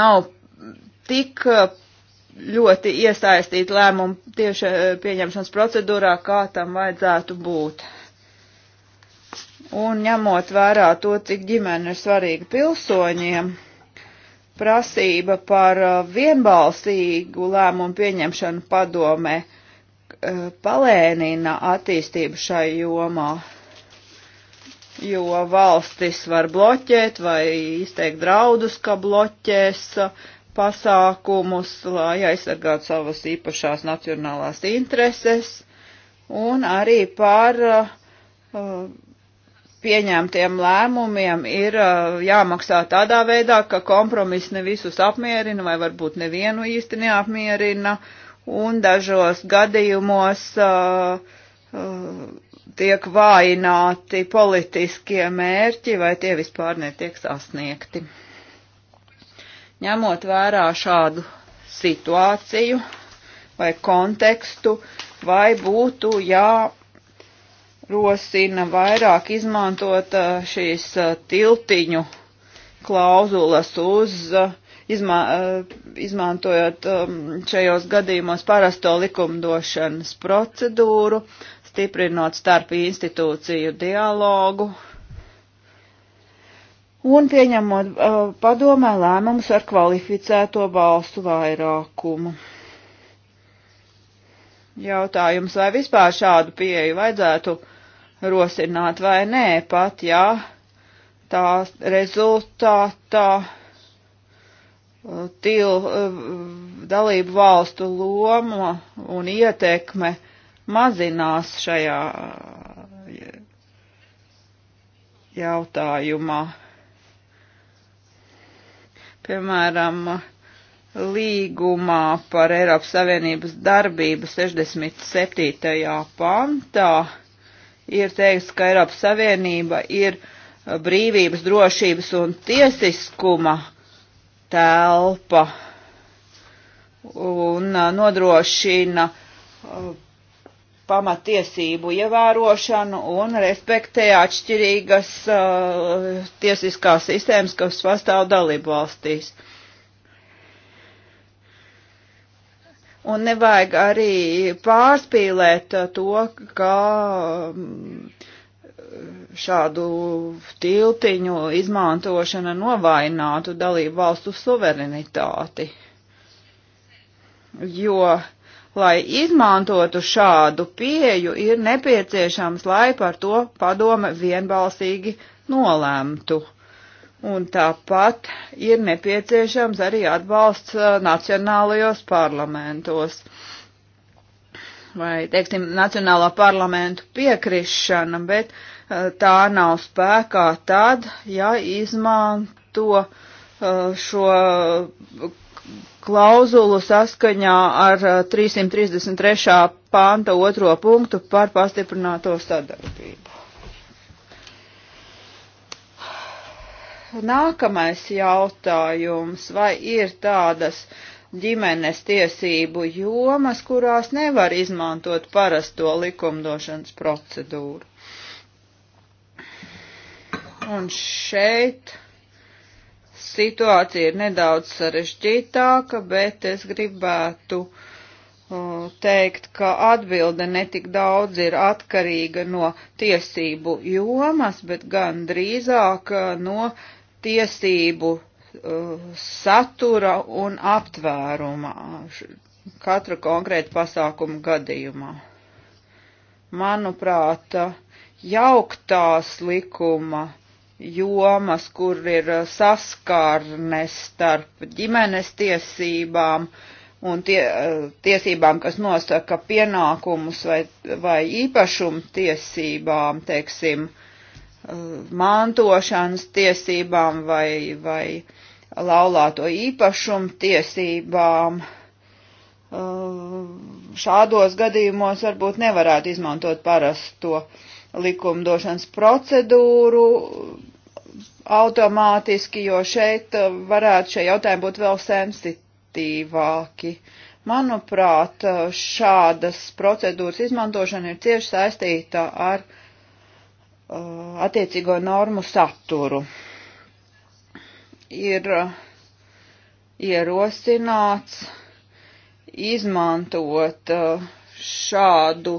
nav tik uh, ļoti iesaistīti lēmumu tieši uh, pieņemšanas procedūrā, kā tam vajadzētu būt. Un ņemot vērā to, cik ģimene ir svarīga pilsoņiem, prasība par uh, vienbalsīgu lēmumu pieņemšanu padomē uh, palēnina attīstību šai jomā, jo valstis var bloķēt vai izteikt draudus, ka bloķēs uh, pasākumus, lai aizsargātu savas īpašās nacionālās intereses, un arī par uh, pieņemtiem lēmumiem ir uh, jāmaksā tādā veidā, ka kompromiss ne visus apmierina vai varbūt nevienu īsti neapmierina, un dažos gadījumos uh, uh, tiek vājināti politiskie mērķi vai tie vispār netiek sasniegti. Ņemot vērā šādu situāciju vai kontekstu, vai būtu jā. Ja rosina vairāk izmantot uh, šīs uh, tiltiņu klauzulas uz, uh, izmā, izmantojot um, šajos gadījumos parasto likumdošanas procedūru, stiprinot starp institūciju dialogu un pieņemot padomē lēmumus ar kvalificēto balstu vairākumu jautājums, vai vispār šādu pieeju vajadzētu rosināt vai nē, pat ja tā rezultātā uh, til, uh, dalību valstu loma un ietekme mazinās šajā uh, jautājumā. Piemēram, līgumā par Eiropas Savienības darbību 67. pantā ir teiks, ka Eiropas Savienība ir uh, brīvības, drošības un tiesiskuma telpa un uh, nodrošina uh, pamatiesību ievērošanu un respektē atšķirīgas uh, tiesiskās sistēmas, kas pastāv dalību valstīs. Uh, Un nevajag arī pārspīlēt to, kā mm, šādu tiltiņu izmantošana novainātu dalību valstu suverenitāti. Jo, lai izmantotu šādu pieju, ir nepieciešams, lai par to padome vienbalsīgi nolēmtu un tāpat ir nepieciešams arī atbalsts uh, nacionālajos parlamentos. Vai, teiksim, nacionālā parlamentu piekrišana, bet uh, tā nav spēkā tad, ja izmanto uh, šo klauzulu saskaņā ar 333. panta otro punktu par pastiprināto sadarbību. Nākamais jautājums, vai ir tādas ģimenes tiesību jomas, kurās nevar izmantot parasto likumdošanas procedūru? Un šeit situācija ir nedaudz sarežģītāka, bet es gribētu uh, teikt, ka atbilde netik daudz ir atkarīga no tiesību jomas, bet gan drīzāk uh, no tiesību uh, satura un aptvērumā katra konkrēta pasākuma gadījumā. Manuprāt, jauktās likuma jomas, kur ir uh, saskarne starp ģimenes tiesībām un tie, uh, tiesībām, kas nosaka pienākumus vai, vai īpašumu tiesībām, teiksim, uh, Uh, mantošanas tiesībām vai, vai laulāto īpašumu tiesībām. Uh, šādos gadījumos varbūt nevarētu izmantot parasto likumdošanas procedūru automātiski, jo šeit uh, varētu šie jautājumi būt vēl sensitīvāki. Manuprāt, šādas procedūras izmantošana ir cieši saistīta ar uh, Uh, attiecīgo normu saturu. Ir uh, ierosināts izmantot uh, šādu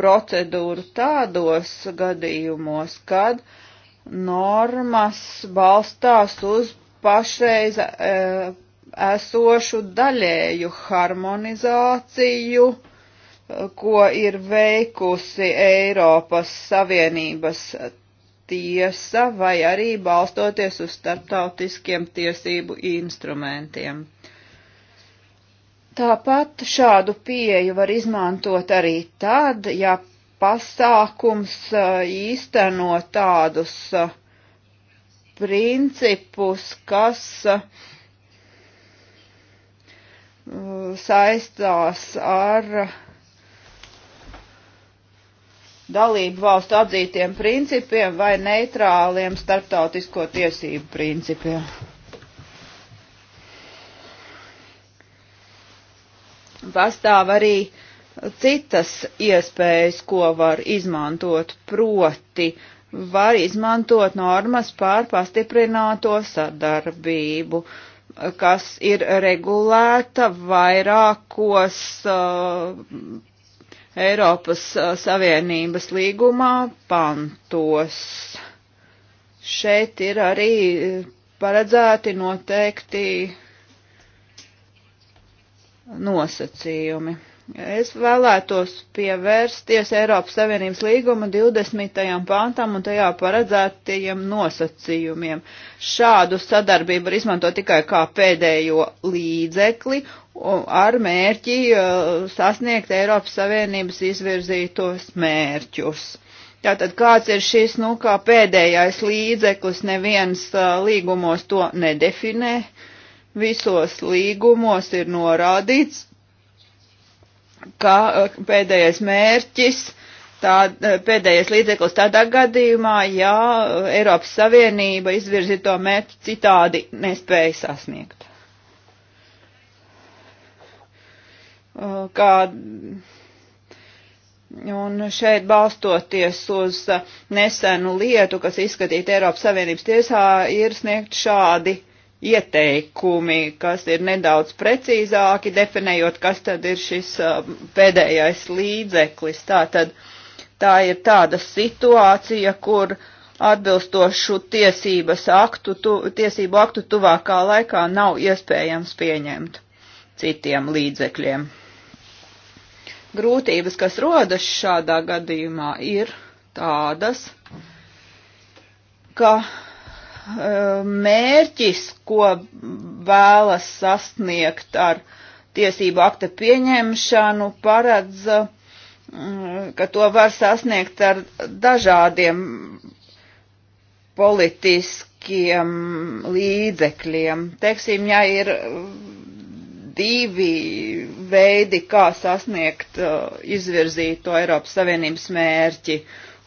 procedūru tādos gadījumos, kad normas balstās uz pašreiz e, esošu daļēju harmonizāciju ko ir veikusi Eiropas Savienības tiesa vai arī balstoties uz starptautiskiem tiesību instrumentiem. Tāpat šādu pieeju var izmantot arī tad, ja pasākums īsteno tādus principus, kas saistās ar dalību valstu atzītiem principiem vai neitrāliem starptautisko tiesību principiem. Pastāv arī citas iespējas, ko var izmantot, proti var izmantot normas pār pastiprināto sadarbību, kas ir regulēta vairākos uh, Eiropas Savienības līgumā pantos. Šeit ir arī paredzēti noteikti nosacījumi. Es vēlētos pievērsties Eiropas Savienības līguma 20. pantam un tajā paredzētajiem nosacījumiem. Šādu sadarbību var izmantot tikai kā pēdējo līdzekli ar mērķi uh, sasniegt Eiropas Savienības izvirzītos mērķus. Tātad kāds ir šis, nu, kā pēdējais līdzeklis, neviens uh, līgumos to nedefinē, visos līgumos ir norādīts, ka uh, pēdējais mērķis, tā, pēdējais līdzeklis tādā gadījumā, ja Eiropas Savienība izvirzīto mērķi citādi nespēja sasniegt. Uh, kā Un šeit balstoties uz uh, nesenu lietu, kas izskatīta Eiropas Savienības tiesā, ir sniegt šādi ieteikumi, kas ir nedaudz precīzāki, definējot, kas tad ir šis uh, pēdējais līdzeklis. Tā tad tā ir tāda situācija, kur atbilstošu tiesības aktu, tu, tiesību aktu tuvākā laikā nav iespējams pieņemt citiem līdzekļiem grūtības, kas rodas šādā gadījumā, ir tādas, ka e, mērķis, ko vēlas sasniegt ar tiesību akta pieņemšanu, paredz, e, ka to var sasniegt ar dažādiem politiskiem līdzekļiem. Teiksim, ja ir divi veidi, kā sasniegt uh, izvirzīto Eiropas Savienības mērķi.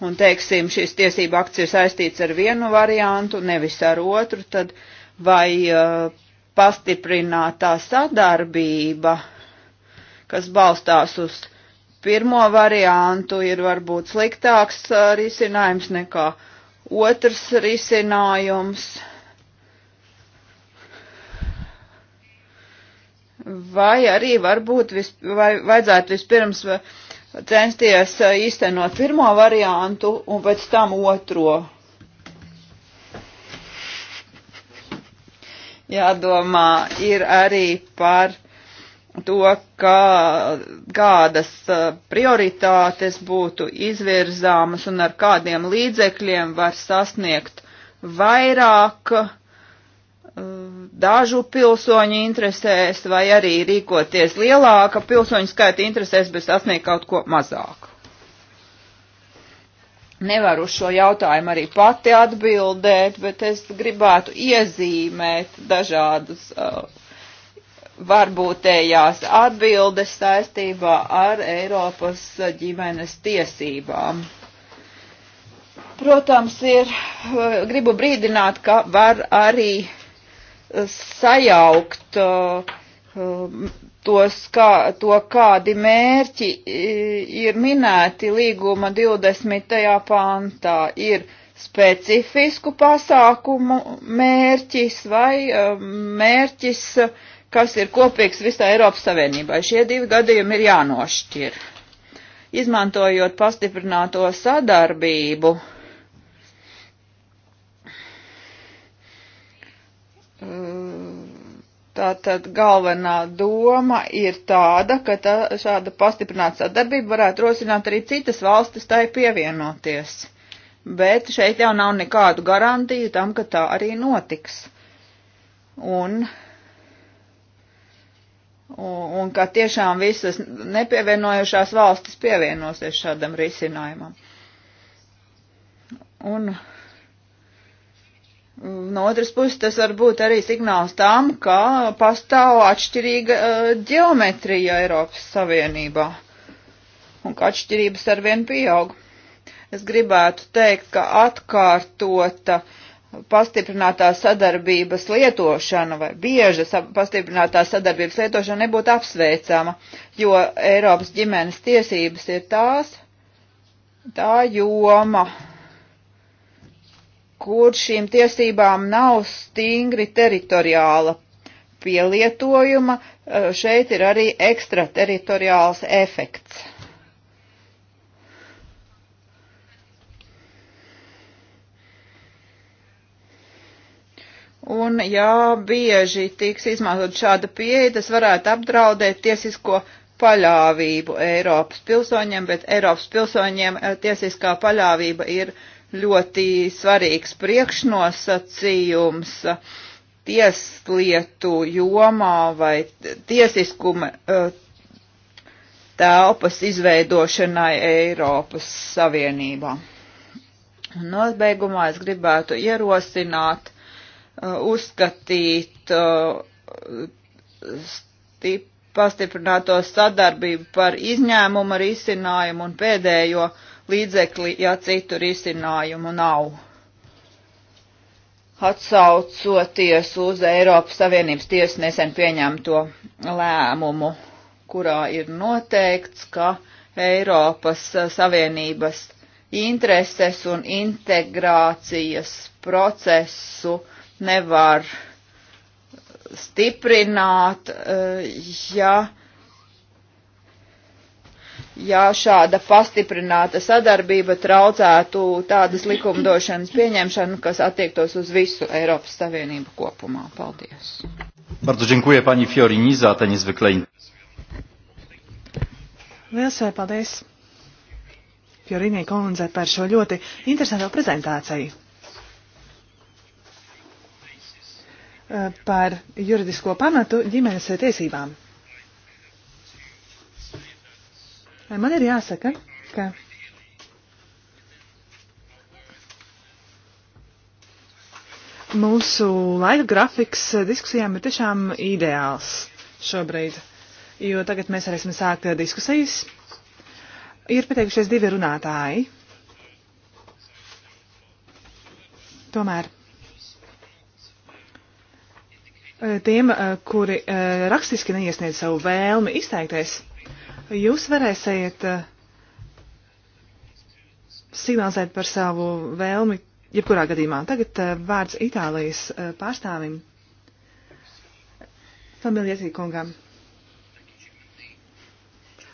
Un, teiksim, šis tiesība akts ir saistīts ar vienu variantu, nevis ar otru, tad vai uh, pastiprinātā sadarbība, kas balstās uz pirmo variantu, ir varbūt sliktāks uh, risinājums nekā otrs risinājums vai arī varbūt vis, vai, vajadzētu vispirms uh, censties uh, īstenot pirmo variantu un pēc tam otro. Jādomā ir arī par to, kā, kādas uh, prioritātes būtu izvirzāmas un ar kādiem līdzekļiem var sasniegt vairāk uh, dažu pilsoņu interesēs, vai arī rīkoties lielāka pilsoņu skaita interesēs, bet sasniegt kaut ko mazāku. Nevaru uz šo jautājumu arī pati atbildēt, bet es gribētu iezīmēt dažādas uh, varbūtējās atbildes saistībā ar Eiropas ģimenes tiesībām protams, ir, uh, gribu brīdināt, ka var arī sajaukt uh, um, tos, kā, to, kādi mērķi uh, ir minēti līguma 20. pāntā. Ir specifisku pasākumu mērķis vai um, mērķis, kas ir kopīgs visā Eiropas Savienībā. Šie divi gadījumi ir jānošķir. Izmantojot pastiprināto sadarbību, Tātad galvenā doma ir tāda, ka tā, šāda pastiprināta sadarbība varētu rosināt arī citas valstis tai pievienoties. Bet šeit jau nav nekādu garantiju tam, ka tā arī notiks. Un un, un ka tiešām visas nepievienojušās valstis pievienosies šādam risinājumam. Un No otras puses, tas var būt arī signāls tam, ka pastāv atšķirīga ģeometrija eh, Eiropas Savienībā un ka atšķirības arvien pieaug. Es gribētu teikt, ka atkārtota pastiprinātā sadarbības lietošana vai bieža pastiprinātā sadarbības lietošana nebūtu apsveicama, jo Eiropas ģimenes tiesības ir tās, tā joma, kur šīm tiesībām nav stingri teritoriāla pielietojuma, eh, šeit ir arī ekstrateritoriāls efekts. Un, ja bieži tiks izmantot šāda pieeja, tas varētu apdraudēt tiesisko paļāvību Eiropas pilsoņiem, bet Eiropas pilsoņiem eh, tiesiskā paļāvība ir uh, ļoti svarīgs priekšnosacījums tieslietu jomā vai tiesiskuma eh, telpas izveidošanai Eiropas Savienībā. Nobeigumā es gribētu ierosināt, eh, uzskatīt eh, pastiprināto sadarbību par izņēmumu risinājumu un pēdējo uh, līdzekli, ja citu risinājumu nav. Atsaucoties uz Eiropas Savienības tiesu nesen pieņemto lēmumu, kurā ir noteikts, ka Eiropas Savienības intereses un integrācijas procesu nevar stiprināt, eh, ja ja šāda pastiprināta sadarbība traucētu tādas likumdošanas pieņemšanu, kas attiektos uz visu Eiropas Savienību kopumā. Paldies. Bardzo dziękuję pani Fiorini za te niezwykle Liels eh, paldies Fiorinai Kolundzei par šo ļoti interesanto prezentāciju. Eh, par juridisko pamatu ģimenes tiesībām. Man ir jāsaka, ka mūsu laika grafiks diskusijām ir tiešām ideāls šobrīd, jo tagad mēs varēsim sākt diskusijas. Ir pieteikušies divi runātāji. Tomēr eh, tiem, eh, kuri eh, rakstiski neiesniedz savu vēlmi izteikties, jūs varēsiet eh, signalizēt par savu vēlmi, jebkurā gadījumā. Tagad eh, vārds Itālijas eh, pārstāvim, Familietī kungam.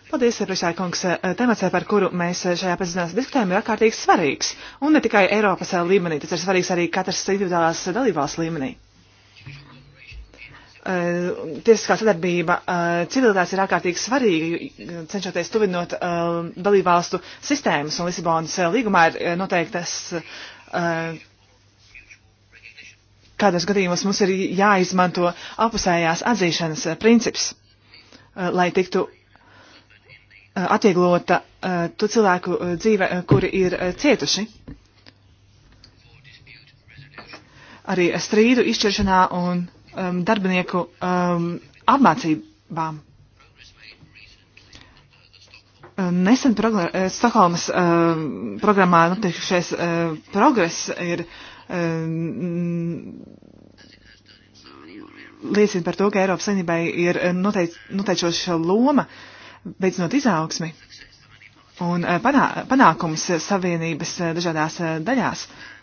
Paldies, priekšsēdētāj, kungs. Temats, par kuru mēs šajā pēcpusdienā diskutējam, ir ārkārtīgi svarīgs. Un ne tikai Eiropas līmenī, tas ir svarīgs arī katras individuālās dalībvalsts līmenī. Eh, tiesiskā sadarbība eh, civilitātes ir ārkārtīgi svarīga, eh, cenšoties tuvinot dalībvalstu sistēmas, un Lisabonas līgumā ir noteiktas, kādos gadījumos mums ir jāizmanto apusējās atzīšanas princips, lai tiktu atvieglota tu cilvēku dzīve, kuri ir cietuši arī strīdu izšķiršanā un um, darbinieku um, apmācībām. Um, nesen uh, Stokholmas uh, programmā notiekušais uh, progress ir um, liecina par to, ka Eiropas Savienībai ir uh, noteic, noteicoša loma veicinot izaugsmi un uh, panā, panākums Savienības uh, dažādās daļās. Uh,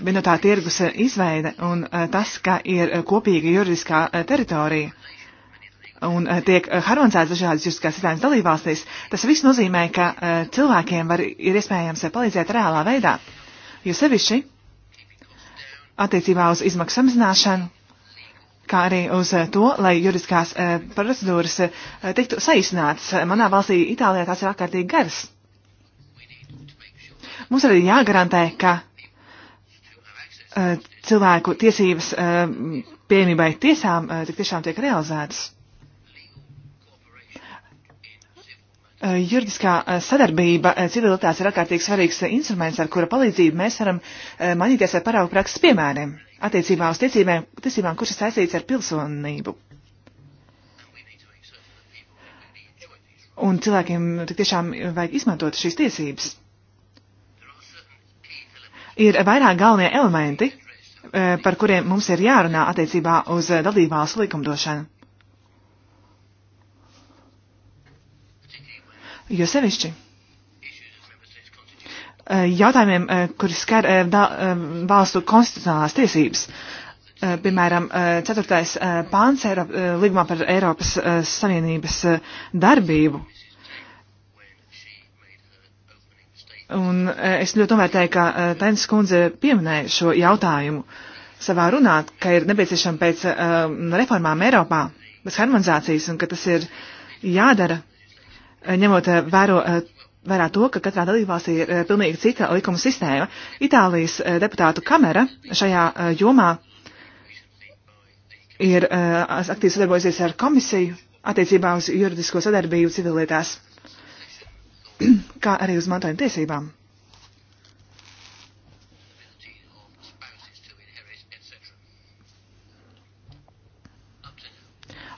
vienotā tirgus eh, izveide un eh, tas, ka ir eh, kopīga juridiskā teritorija un tiek harmonizēts dažādas juridiskās sistēmas dalībvalstīs, tas viss nozīmē, ka cilvēkiem var, ir iespējams palīdzēt reālā veidā. Jo sevišķi attiecībā uz izmaksu samazināšanu, kā arī uz to, lai juridiskās procedūras tiktu saīsinātas. Manā valstī Itālijā tās ir ārkārtīgi garas. Mums arī jāgarantē, ka Eh, cilvēku tiesības eh, pieejamībai tiesām eh, tik tiešām tiek realizētas. Juridiskā sadarbība civilitātēs ir ārkārtīgi svarīgs instruments, ar kura palīdzību mēs varam mainīties ar paraugu prakses piemēriem attiecībā uz tiesībām, tiesībām kuras saistīts ar pilsonību. Un cilvēkiem tik tiešām vajag izmantot šīs tiesības ir vairāk galvenie elementi, eh, par kuriem mums ir jārunā attiecībā uz eh, dalībvalstu likumdošanu. Jo sevišķi eh, jautājumiem, kuri skar valstu konstitucionālās tiesības. Piemēram, 4. pāns Līgumā par Eiropas Savienības darbību Un e, es ļoti novērtēju, ka e, Tainas kundze pieminēja šo jautājumu savā runā, ka ir nepieciešama pēc um, reformām Eiropā, bez harmonizācijas, un ka tas ir jādara, ņemot vēro, vērā to, ka katrā dalībvalstī ir pilnīgi cita likuma sistēma. Itālijas deputātu kamera šajā jomā ir aktīvi sadarbojusies ar komisiju attiecībā uz juridisko sadarbību civilietās kā arī uz mantojuma tiesībām.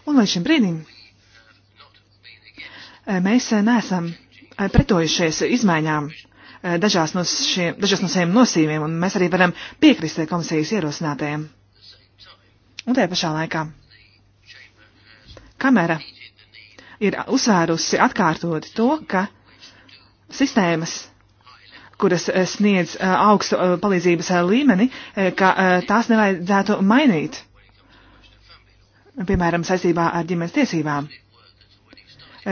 Un līdz šim brīdim eh, mēs eh, neesam eh, pretojušies izmaiņām dažās no, šie, dažās no saviem nosīmiem, un mēs arī varam piekrist komisijas ierosinātajiem. Un tajā pašā laikā kamera ir uzsvērusi atkārtoti to, ka sistēmas kuras eh, sniedz eh, augstu eh, palīdzības līmeni, ka tās nevajadzētu mainīt. Piemēram, saistībā ar ģimenes tiesībām.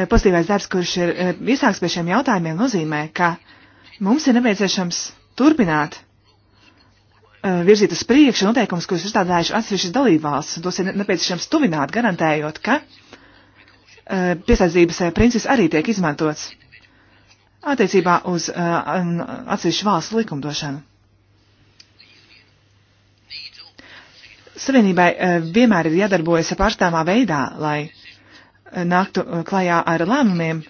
Pozitīvais darbs, kurš ir iesāks pie šiem jautājumiem, nozīmē, ka mums ir nepieciešams turpināt virzīt uz priekšu noteikumus, kurus izstādājuši atsevišķas dalībvalsts. Tos ir nepieciešams tuvināt, garantējot, ka piesaistības princips arī tiek izmantots attiecībā uz uh, atsevišķu valstu likumdošanu. Savienībai uh, vienmēr ir jādarbojas pārstāvā veidā, lai uh, nāktu klajā ar lēmumiem,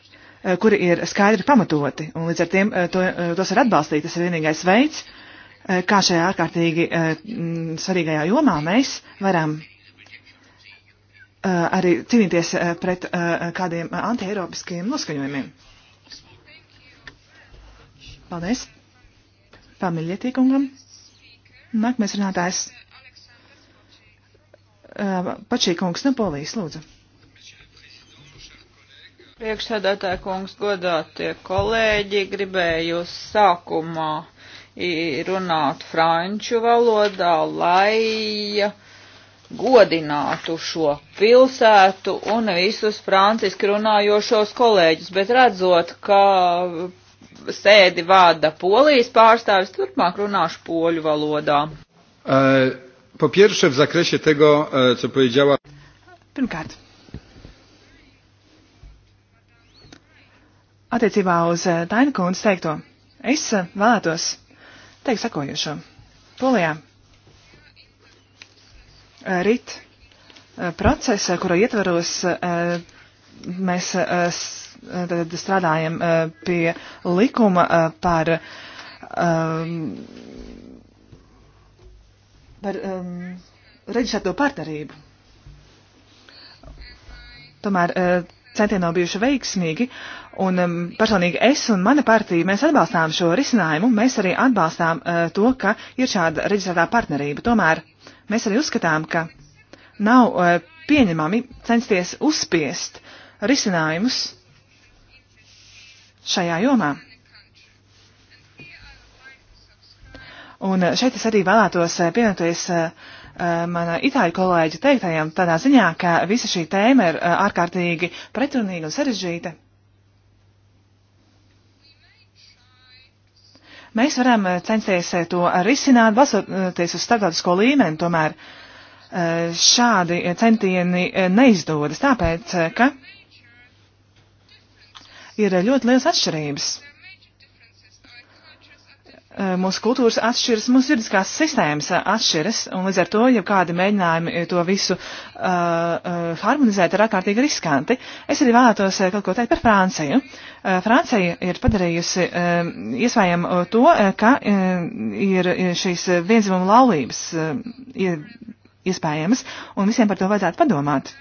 kuri ir skaidri pamatoti, un līdz ar tiem to, tos var atbalstīt. Tas ir vienīgais veids, kā šajā ārkārtīgi svarīgajā jomā mēs varam arī cīnīties pret kādiem antieiropiskiem noskaņojumiem. Paldies. Pamiljietī kungam. Nākamais runātājs. Uh, Pačī kungs no Polijas, lūdzu. Priekšsēdētāja kungs, godātie kolēģi, gribēju sākumā runāt franču valodā, lai godinātu šo pilsētu un visus franciski runājošos kolēģus, bet redzot, ka sēdi vada polijas pārstāvis, turpmāk runāšu poļu valodā. E, po pierwsze w zakresie tego, e, co powiedziała. Pirmkārt. Attiecībā uz Daina e, kundas teikto, es vēlētos teikt sakojošo. Polijā rit procesa, kura ietvaros mēs tad strādājam eh, pie likuma eh, par, ehm, par ehm, reģistrēto partnerību. Tomēr eh, centieni nav bijuši veiksmīgi, un ehm, personīgi es un mana partija, mēs atbalstām šo risinājumu, mēs arī atbalstām to, ka ir šāda reģistrētā partnerība. Tomēr mēs arī uzskatām, ka nav pieņemami censties uzspiest risinājumus šajā jomā. Un šeit es arī vēlētos eh, pievienoties eh, eh, mana itāļu kolēģa teiktajam tādā ziņā, ka visa šī tēma ir ārkārtīgi pretrunīga un sarežģīta. Mēs varam censties to risināt, balsoties uz starptautisko līmeni, tomēr šādi centieni neizdodas, tāpēc, ka ir ļoti liels atšķirības. Eh, mūsu kultūras atšķiras, mūsu juridiskās sistēmas atšķiras, un līdz ar to, ja kādi mēģinājumi to visu uh, uh, harmonizēt, ir ārkārtīgi riskanti. Es arī vēlētos kaut ko teikt par Franciju. Uh, Francija ir padarījusi uh, iespējamu to, uh, ka uh, ir šīs vienzimuma laulības uh, iespējamas, un visiem par to vajadzētu padomāt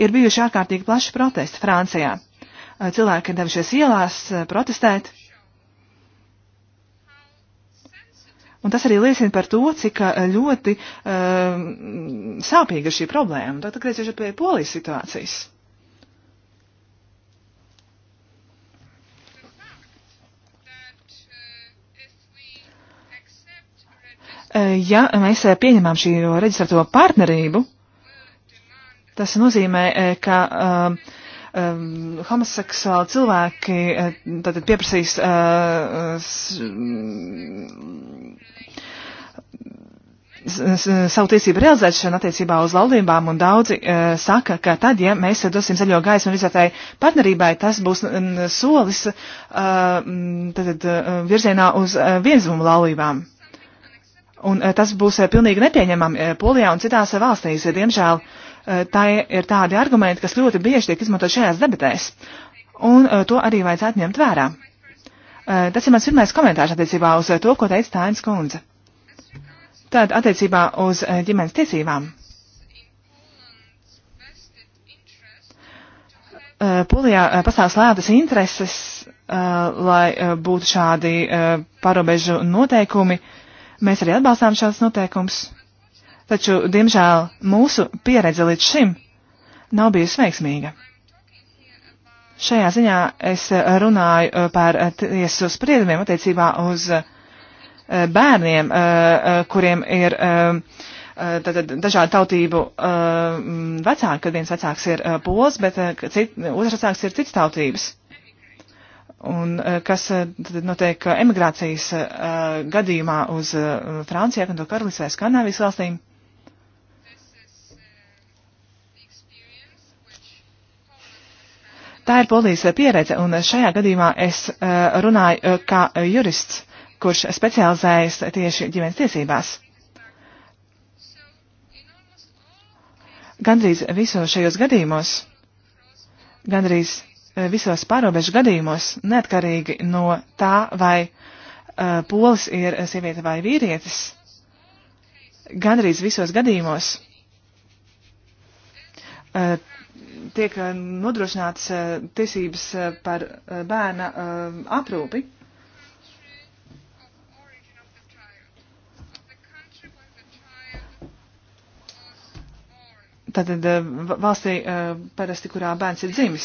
ir bijuši ārkārtīgi plaši protesti Francijā. Cilvēki ir devušies ielās protestēt. Un tas arī liecina par to, cik ļoti um, sāpīga ir šī problēma. Tad atgriezīšos pie polijas situācijas. ja mēs pieņemam šī reģistrēto partnerību, Tas nozīmē, e, ka uh, um, homoseksuāli cilvēki uh, tad pieprasīs uh, s, savu tiesību realizēšanu attiecībā uz laulībām, un daudzi uh, saka, ka tad, ja mēs dosim zaļo gaismu virzētāji partnerībai, tas būs um, solis uh, tad, uh, virzienā uz uh, vienzimumu laulībām. Un uh, tas būs uh, pilnīgi nepieņemami uh, Polijā un citās uh, valstīs, uh, diemžēl. Uh, Eh, tā ir tādi argumenti, kas ļoti bieži tiek izmantot šajās debatēs, un eh, to arī vajadzētu ņemt vērā. Eh, tas ir mans pirmais komentārs attiecībā uz to, ko teica Tāins Kundze. Tad attiecībā uz ģimenes tiesībām. Polijā pastāv slēptas intereses, lai būtu šādi parobežu noteikumi. Mēs arī atbalstām šāds noteikums. Taču, diemžēl, mūsu pieredze līdz šim nav bijusi veiksmīga. Šajā ziņā es runāju uh, par uh, tiesu spriedumiem attiecībā uz uh, bērniem, kuriem ir tātad, um, dažādu tautību um, vecāki, kad viens vecāks ir pols, bet cit, otrs vecāks ir cits tautības. Un kas tad notiek emigrācijas gadījumā uz Franciju, Kanādu, Karalisvēs, Kanāvijas valstīm? Tā ir polijas pieredze, un šajā gadījumā es eh, runāju eh, kā jurists, kurš specializējas tieši ģimenes tiesībās. Gandrīz visos šajos gadījumos, gandrīz eh, visos pārobežu gadījumos, neatkarīgi no tā, vai uh, polis ir sieviete vai vīrietis, gandrīz visos gadījumos uh, tiek eh, nodrošinātas eh, tiesības eh, par bērna aprūpi. Tātad valstī parasti, kurā bērns ir dzimis.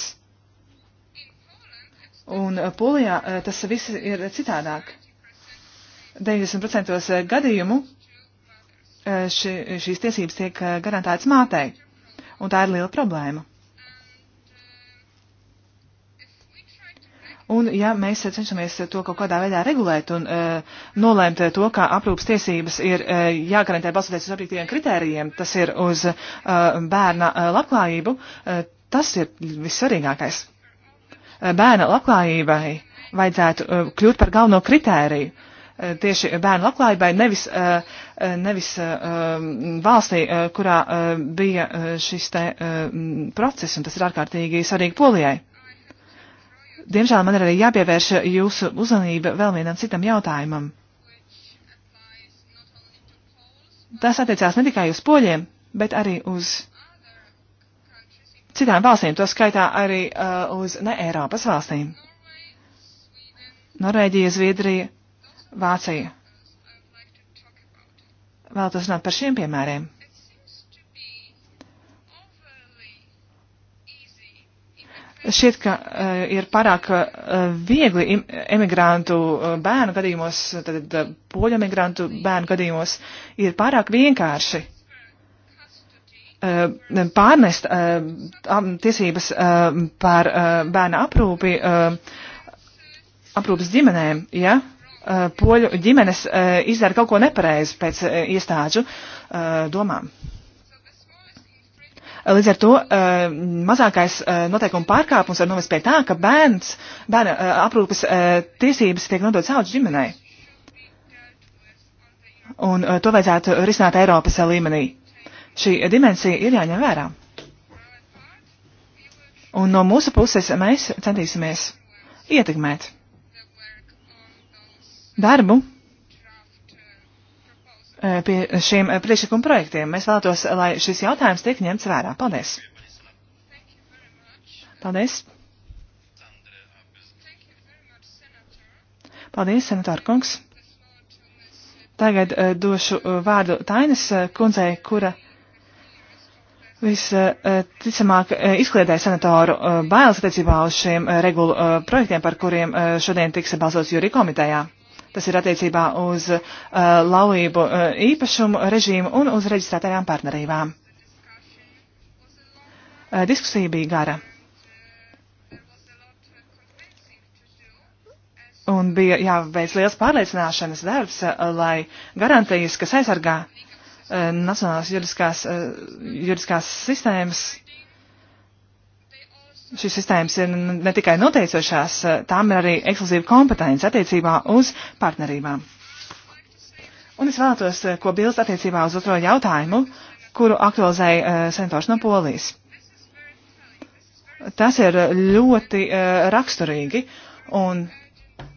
Un Polijā tas viss ir citādāk. 90% gadījumu ši, šīs tiesības tiek garantētas mātei. Un tā ir liela problēma. Un ja mēs cenšamies to kaut kādā veidā regulēt un uh, nolēmt to, kā aprūpas tiesības ir uh, jāgarantē balstoties uz objektīviem kritērijiem, tas ir uz uh, bērna uh, labklājību, uh, tas ir vissvarīgākais. Uh, bērna labklājībai vajadzētu uh, kļūt par galveno kritēriju. Uh, tieši bērnu labklājībai, nevis, nevis valstī, kurā bija šis te process, un tas ir ārkārtīgi svarīgi Polijai. Diemžēl man ir arī jāpievērš jūsu uzmanība vēl vienam citam jautājumam. Tas attiecās ne tikai uz poļiem, bet arī uz citām valstīm, to skaitā arī uh, uz ne Eiropas valstīm. Norvēģija, Zviedrija, Vācija. Vēlētos runāt par šiem piemēriem. šķiet, ka uh, ir pārāk uh, viegli im, emigrantu uh, bērnu gadījumos, tad uh, poļu emigrantu bērnu gadījumos ir pārāk vienkārši uh, pārnest uh, tiesības uh, par uh, bērnu aprūpi uh, aprūpas ģimenēm, ja uh, poļu ģimenes uh, izdara kaut ko nepareizi pēc uh, iestāžu uh, domām. Līdz ar to eh, mazākais eh, noteikuma pārkāpums var novest pie tā, ka bērns, bērna eh, aprūpes tiesības tiek nodotas audžu ģimenei. Un to vajadzētu risināt Eiropas līmenī. Šī dimensija ir jāņem vērā. Un no mūsu puses mēs centīsimies ietekmēt darbu Eh, pie šiem eh, priekšlikumu projektiem. Mēs vēlētos, lai šis jautājums tiek ņemts vērā. Paldies! Paldies! Paldies, senatāra kungs! Tagad uh, došu uh, vārdu Tainas uh, kundzei, kura visticamāk uh, izkliedēja senatoru uh, bailes attiecībā uz šiem uh, regulu uh, projektiem, par kuriem uh, šodien tiks balsots jūri komitejā. Tas ir attiecībā uz uh, laulību uh, īpašumu režīmu un uz reģistrētajām partnerībām. Uh, diskusija bija gara. Un bija jāveic liels pārliecināšanas darbs, uh, lai garantijas, kas aizsargā uh, nacionālās juridiskās, uh, juridiskās sistēmas, šīs sistēmas ir ne tikai noteicošās, eh, tām ir arī ekskluzīva kompetence attiecībā uz partnerībām. Un es vēlētos, eh, ko bilst attiecībā uz otro jautājumu, kuru aktualizēja uh, senators no Polijas. Tas ir ļoti uh, raksturīgi, un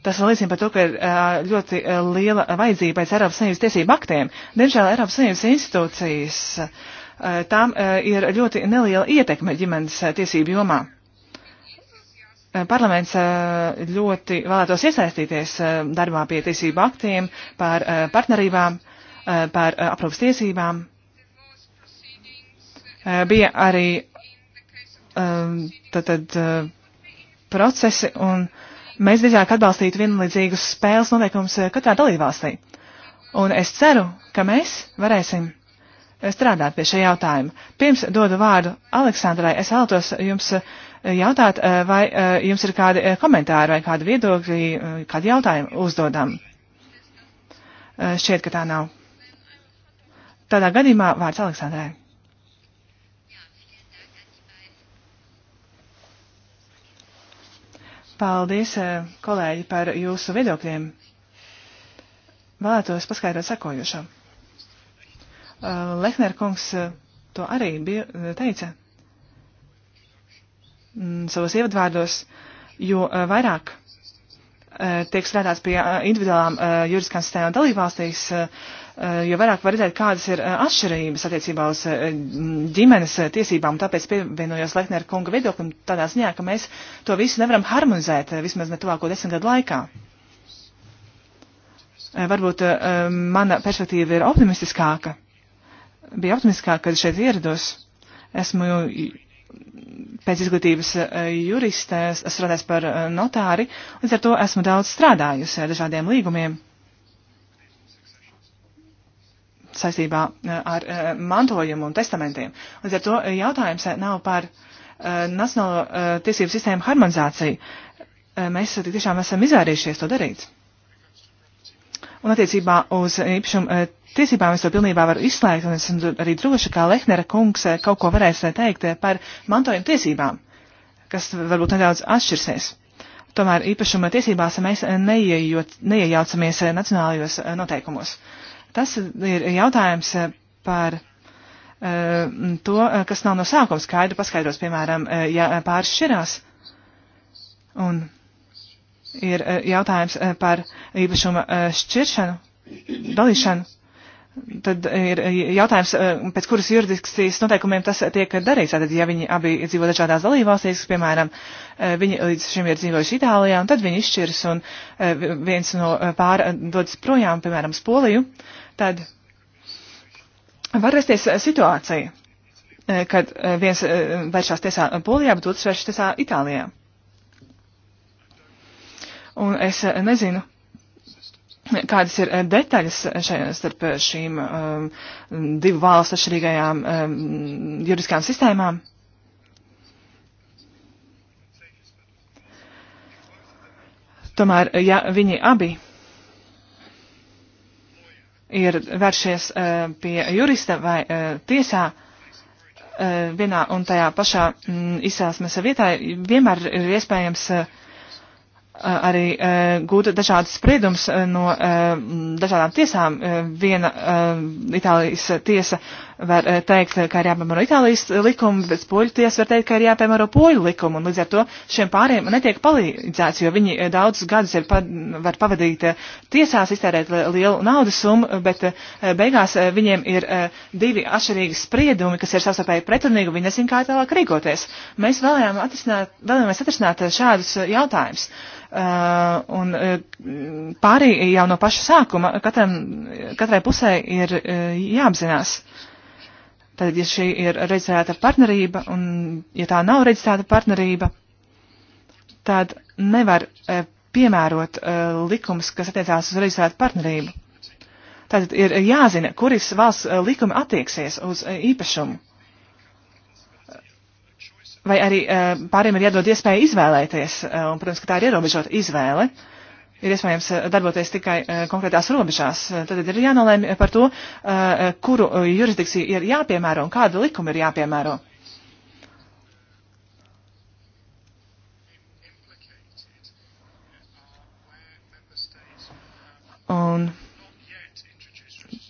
tas liecina par to, ka ir uh, ļoti liela vajadzība pēc Eiropas Savienības tiesību aktiem. Diemžēl Eiropas Savienības institūcijas tām ir ļoti neliela ietekme ģimenes tiesību jomā. Parlaments eh, ļoti vēlētos iesaistīties eh, darbā pie tiesību aktiem par eh, partnerībām, par aprūpas tiesībām. Bija arī tātad procesi un mēs drīzāk atbalstītu vienlīdzīgus spēles noteikumus katrā dalībvalstī. Un es ceru, ka mēs varēsim strādāt pie šī jautājuma. Pirms dodu vārdu Aleksandrai, es vēlētos jums uh, jautāt, eh, vai eh, jums ir kādi eh, komentāri vai kādi viedokļi, kādi jautājumi uzdodam. Šķiet, ka tā nav. Tādā gadījumā vārds Aleksandrai. Paldies, kolēģi, par jūsu viedokļiem. Vēlētos paskaidrot sekojušo. Lehner kungs to arī bija, teica. Mm, savos ievadvārdos, jo eh, vairāk eh, tiek strādāts pie eh, individuālām juridiskām sistēmām dalībvalstīs, jo vairāk var redzēt, kādas ir atšķirības attiecībā uz ģimenes tiesībām. Tāpēc pievienojos Lehnera kunga viedoklim tādā ziņā, ka mēs to visu nevaram harmonizēt vismaz ne tuvāko desmit gadu laikā. Varbūt mana perspektīva ir optimistiskāka. Bija optimistiskāka, kad šeit ierados. Esmu pēc izglītības eh, jurista, strādājis par eh, notāri, līdz ar to esmu daudz strādājusi ar dažādiem līgumiem saistībā eh, ar mantojumu un testamentiem. Līdz ar to jautājums nav par nacionālo tiesību sistēmu harmonizāciju. Mēs tiešām esam izvērījušies to darīt. Un attiecībā uz īpašumu tiesībām es to pilnībā varu izslēgt, un esmu arī droši, kā Lehnera kungs eh, kaut ko varēs eh, teikt eh, par mantojuma tiesībām, kas varbūt nedaudz atšķirsies. Tomēr īpašuma tiesībās mēs neiejot, neiejaucamies nacionālajos noteikumos. Tas ir jautājums par to, kas nav no sākuma skaidri paskaidros, piemēram, ja pāris šķirās. Un ir jautājums par īpašuma šķiršanu, dalīšanu. Tad ir e, jautājums, e, pēc kuras juridiskas noteikumiem tas tiek darīts. Tātad, ja viņi abi dzīvo dažādās dalībvalstīs, piemēram, e, viņi līdz šim ir dzīvojuši Itālijā, un tad viņi izšķiras, un viens no pāra dodas projām, piemēram, uz Poliju, tad var rasties situācija, kad viens vēršās tiesā Polijā, bet otrs vēršas tiesā Itālijā. Un es nezinu, kādas ir eh, detaļas šajā, starp eh, šīm um, divu valstu atšķirīgajām um, juridiskām sistēmām? Tomēr, eh, ja viņi abi ir vēršies uh, pie jurista vai uh, tiesā, uh, vienā un tajā pašā mm, izcelsmes vietā vienmēr ir iespējams uh, arī uh, e, gūta dažādas spriedums uh, no uh, dažādām tiesām. Viena Itālijas tiesa var teikt, ka ir jāpiemēro Itālijas likumu, bet poļu tiesa var teikt, ka ir jāpiemēro poļu likumu. Un līdz ar to šiem pāriem netiek palīdzēts, jo viņi daudzus gadus ir, pa, var pavadīt tiesās, iztērēt lielu naudas summu, bet beigās viņiem ir divi atšķirīgi spriedumi, kas ir savstarpēji pretrunīgi, viņi nezin, kā tālāk rīkoties. Mēs vēlējām atrisināt, vēlējāmies atrisināt šādus jautājumus. Uh, un uh, pārī jau no paša sākuma katram, katrai pusē ir uh, jāapzinās. Tad, ja šī ir reģistrēta partnerība, un ja tā nav reģistrēta partnerība, tad nevar piemērot likums, kas attiecās uz reģistrētu partnerību. Tātad ir jāzina, kuris valsts likumi attieksies uz īpašumu vai arī eh, pāriem ir jādod iespēja izvēlēties, eh, un, protams, ka tā ir ierobežota izvēle, ir iespējams eh, darboties tikai konkrētās robežās. Tad ir jānolēm par to, kuru jurisdikciju ir jāpiemēro un kāda likuma ir jāpiemēro. Un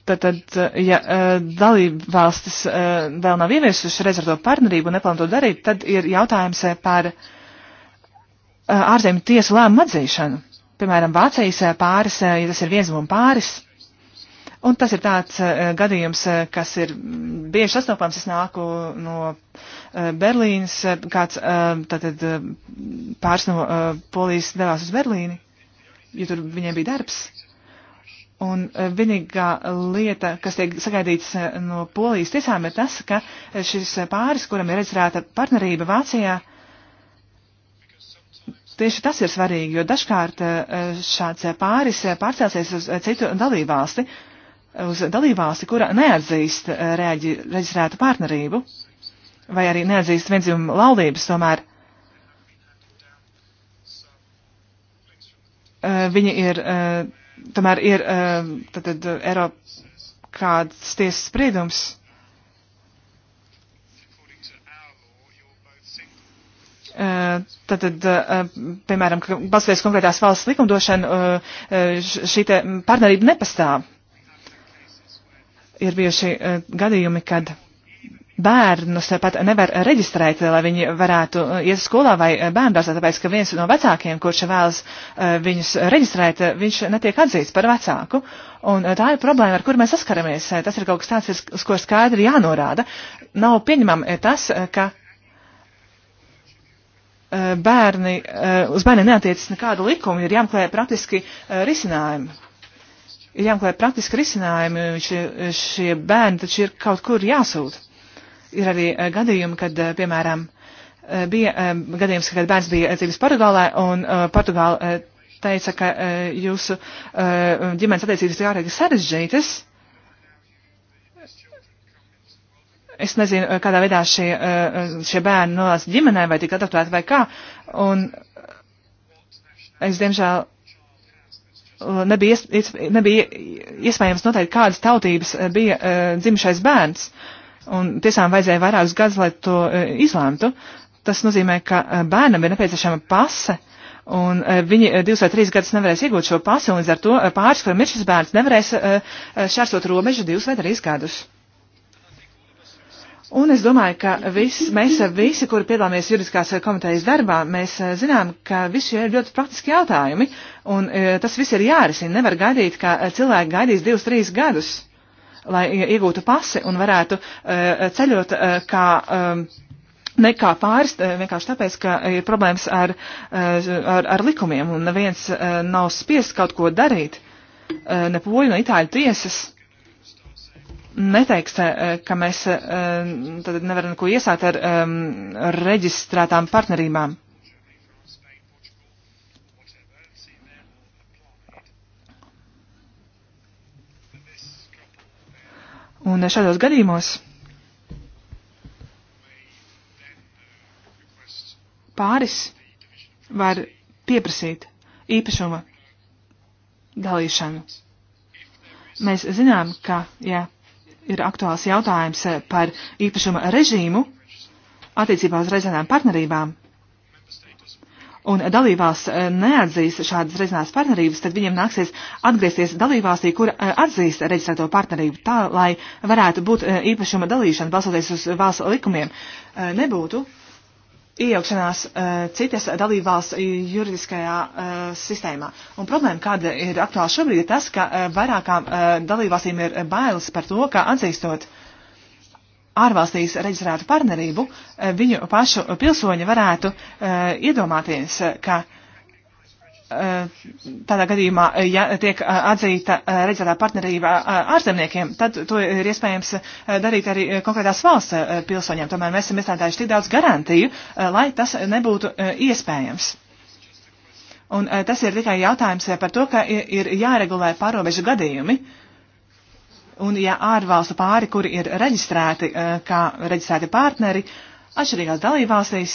Tātad, ja e, dalība valstis e, vēl nav ieviesuši rezervto partnerību un neplāno to darīt, tad ir jautājums e, par ārzemju tiesu lēmumu atzīšanu. Piemēram, Vācijas pāris, ja tas ir vienzimuma pāris, un tas ir tāds gadījums, kas ir bieži sastopams, es nāku no Berlīnas, kāds tātad pāris no Polijas devās uz Berlīni, jo tur viņiem bija darbs Un eh, vienīgā lieta, kas tiek sagaidīts eh, no polijas tiesām, ir tas, ka eh, šis pāris, kuram ir redzēta partnerība Vācijā, tieši tas ir svarīgi, jo dažkārt šāds pāris pārcelsies uz citu dalībvalsti, uz dalībvalsti, kura neatzīst reģi, reģistrētu partnerību, vai arī neatzīst viendzimumu laulības tomēr. Viņi ir uh, tomēr ir tātad eh, eh, Eiropa kāds tiesas spriedums. Tātad, eh, piemēram, balstoties konkrētās valsts likumdošanu, šī partnerība nepastāv. Ir bijuši gadījumi, kad bērnus pat nevar reģistrēt, lai viņi varētu uh, iet skolā vai uh, bērndārzā, tāpēc, ka viens no vecākiem, kurš vēlas uh, viņus reģistrēt, viņš netiek atzīts par vecāku. Un tā ir problēma, ar kur mēs saskaramies. Tas ir kaut kas tāds, uz ko skaidri jānorāda. Nav pieņemam tas, ka bērni, uz bērniem neatiecas nekāda likuma, ir jāmeklē praktiski risinājumi ir jāmeklē praktiski risinājumi, šie, šie bērni taču ir kaut kur jāsūt ir arī eh, gadījumi, kad, eh, piemēram, eh, bija gadījums, kad bērns bija dzīves Portugālē un Portugāla teica, ka jūsu ģimenes attiecības ir ārīgi sarežģītas. Es nezinu, kādā veidā šie, šie bērni nonāca ģimenē vai tika adaptēti vai kā. Un es, diemžēl, nebija, nebija iespējams noteikt, kādas tautības bija dzimušais bērns. Uh, Un tiešām vajadzēja vairākus gadus, lai to e, izlēmtu. Tas nozīmē, ka e, bērnam ir nepieciešama pase, un e, viņi divus vai trīs gadus nevarēs iegūt šo pasi, un līdz ar to pāris, kuram ir šis bērns, nevarēs šķērsot robežu divus vai trīs gadus. Un es domāju, ka vis, mēs visi, kuri piedalāmies juridiskās komitejas darbā, mēs zinām, ka visi šie ir ļoti praktiski jautājumi, un tas viss ir jārisina. Nevar gaidīt, ka cilvēki gaidīs divus, trīs gadus lai iegūtu pasi un varētu e, ceļot e, kā e, nekā pāris, vienkārši tāpēc, ka ir problēmas ar, ar, ar likumiem un neviens nav spiests kaut ko darīt. Ne poļu, ne itāļu tiesas neteiks, ka mēs tad nevaram neko iesākt ar, ar reģistrētām partnerībām. Un šādos gadījumos pāris var pieprasīt īpašuma dalīšanu. Mēs zinām, ka, ja ir aktuāls jautājums par īpašuma režīmu attiecībā uz reizēm partnerībām, un dalībās eh, neatzīs šādas reģionālās partnerības, tad viņiem nāksies atgriezties dalībvalstī, kur eh, atzīst reģistrēto partnerību, tā lai varētu būt eh, īpašuma dalīšana balsoties uz valsts likumiem. Nebūtu iejaukšanās citas dalībvalsts juridiskajā sistēmā. Un problēma, kāda ir aktuāla šobrīd, ir tas, ka vairākām dalībvalstīm ir bailes par to, ka atzīstot uh, ārvalstīs reģistrētu partnerību, eh, viņu pašu pilsoņi varētu eh, iedomāties, eh, ka tādā gadījumā, ja tiek atzīta reģistrētā partnerība ārzemniekiem, tad to ir iespējams darīt arī konkrētās valsts pilsoņiem. Tomēr mēs esam iestādājuši tik daudz garantiju, lai tas nebūtu iespējams. Un tas ir tikai jautājums par to, ka ir jāregulē pārobežu gadījumi. Uh, Un ja ārvalstu pāri, kuri ir reģistrēti eh, kā reģistrēti partneri atšķirīgās dalībvalstīs,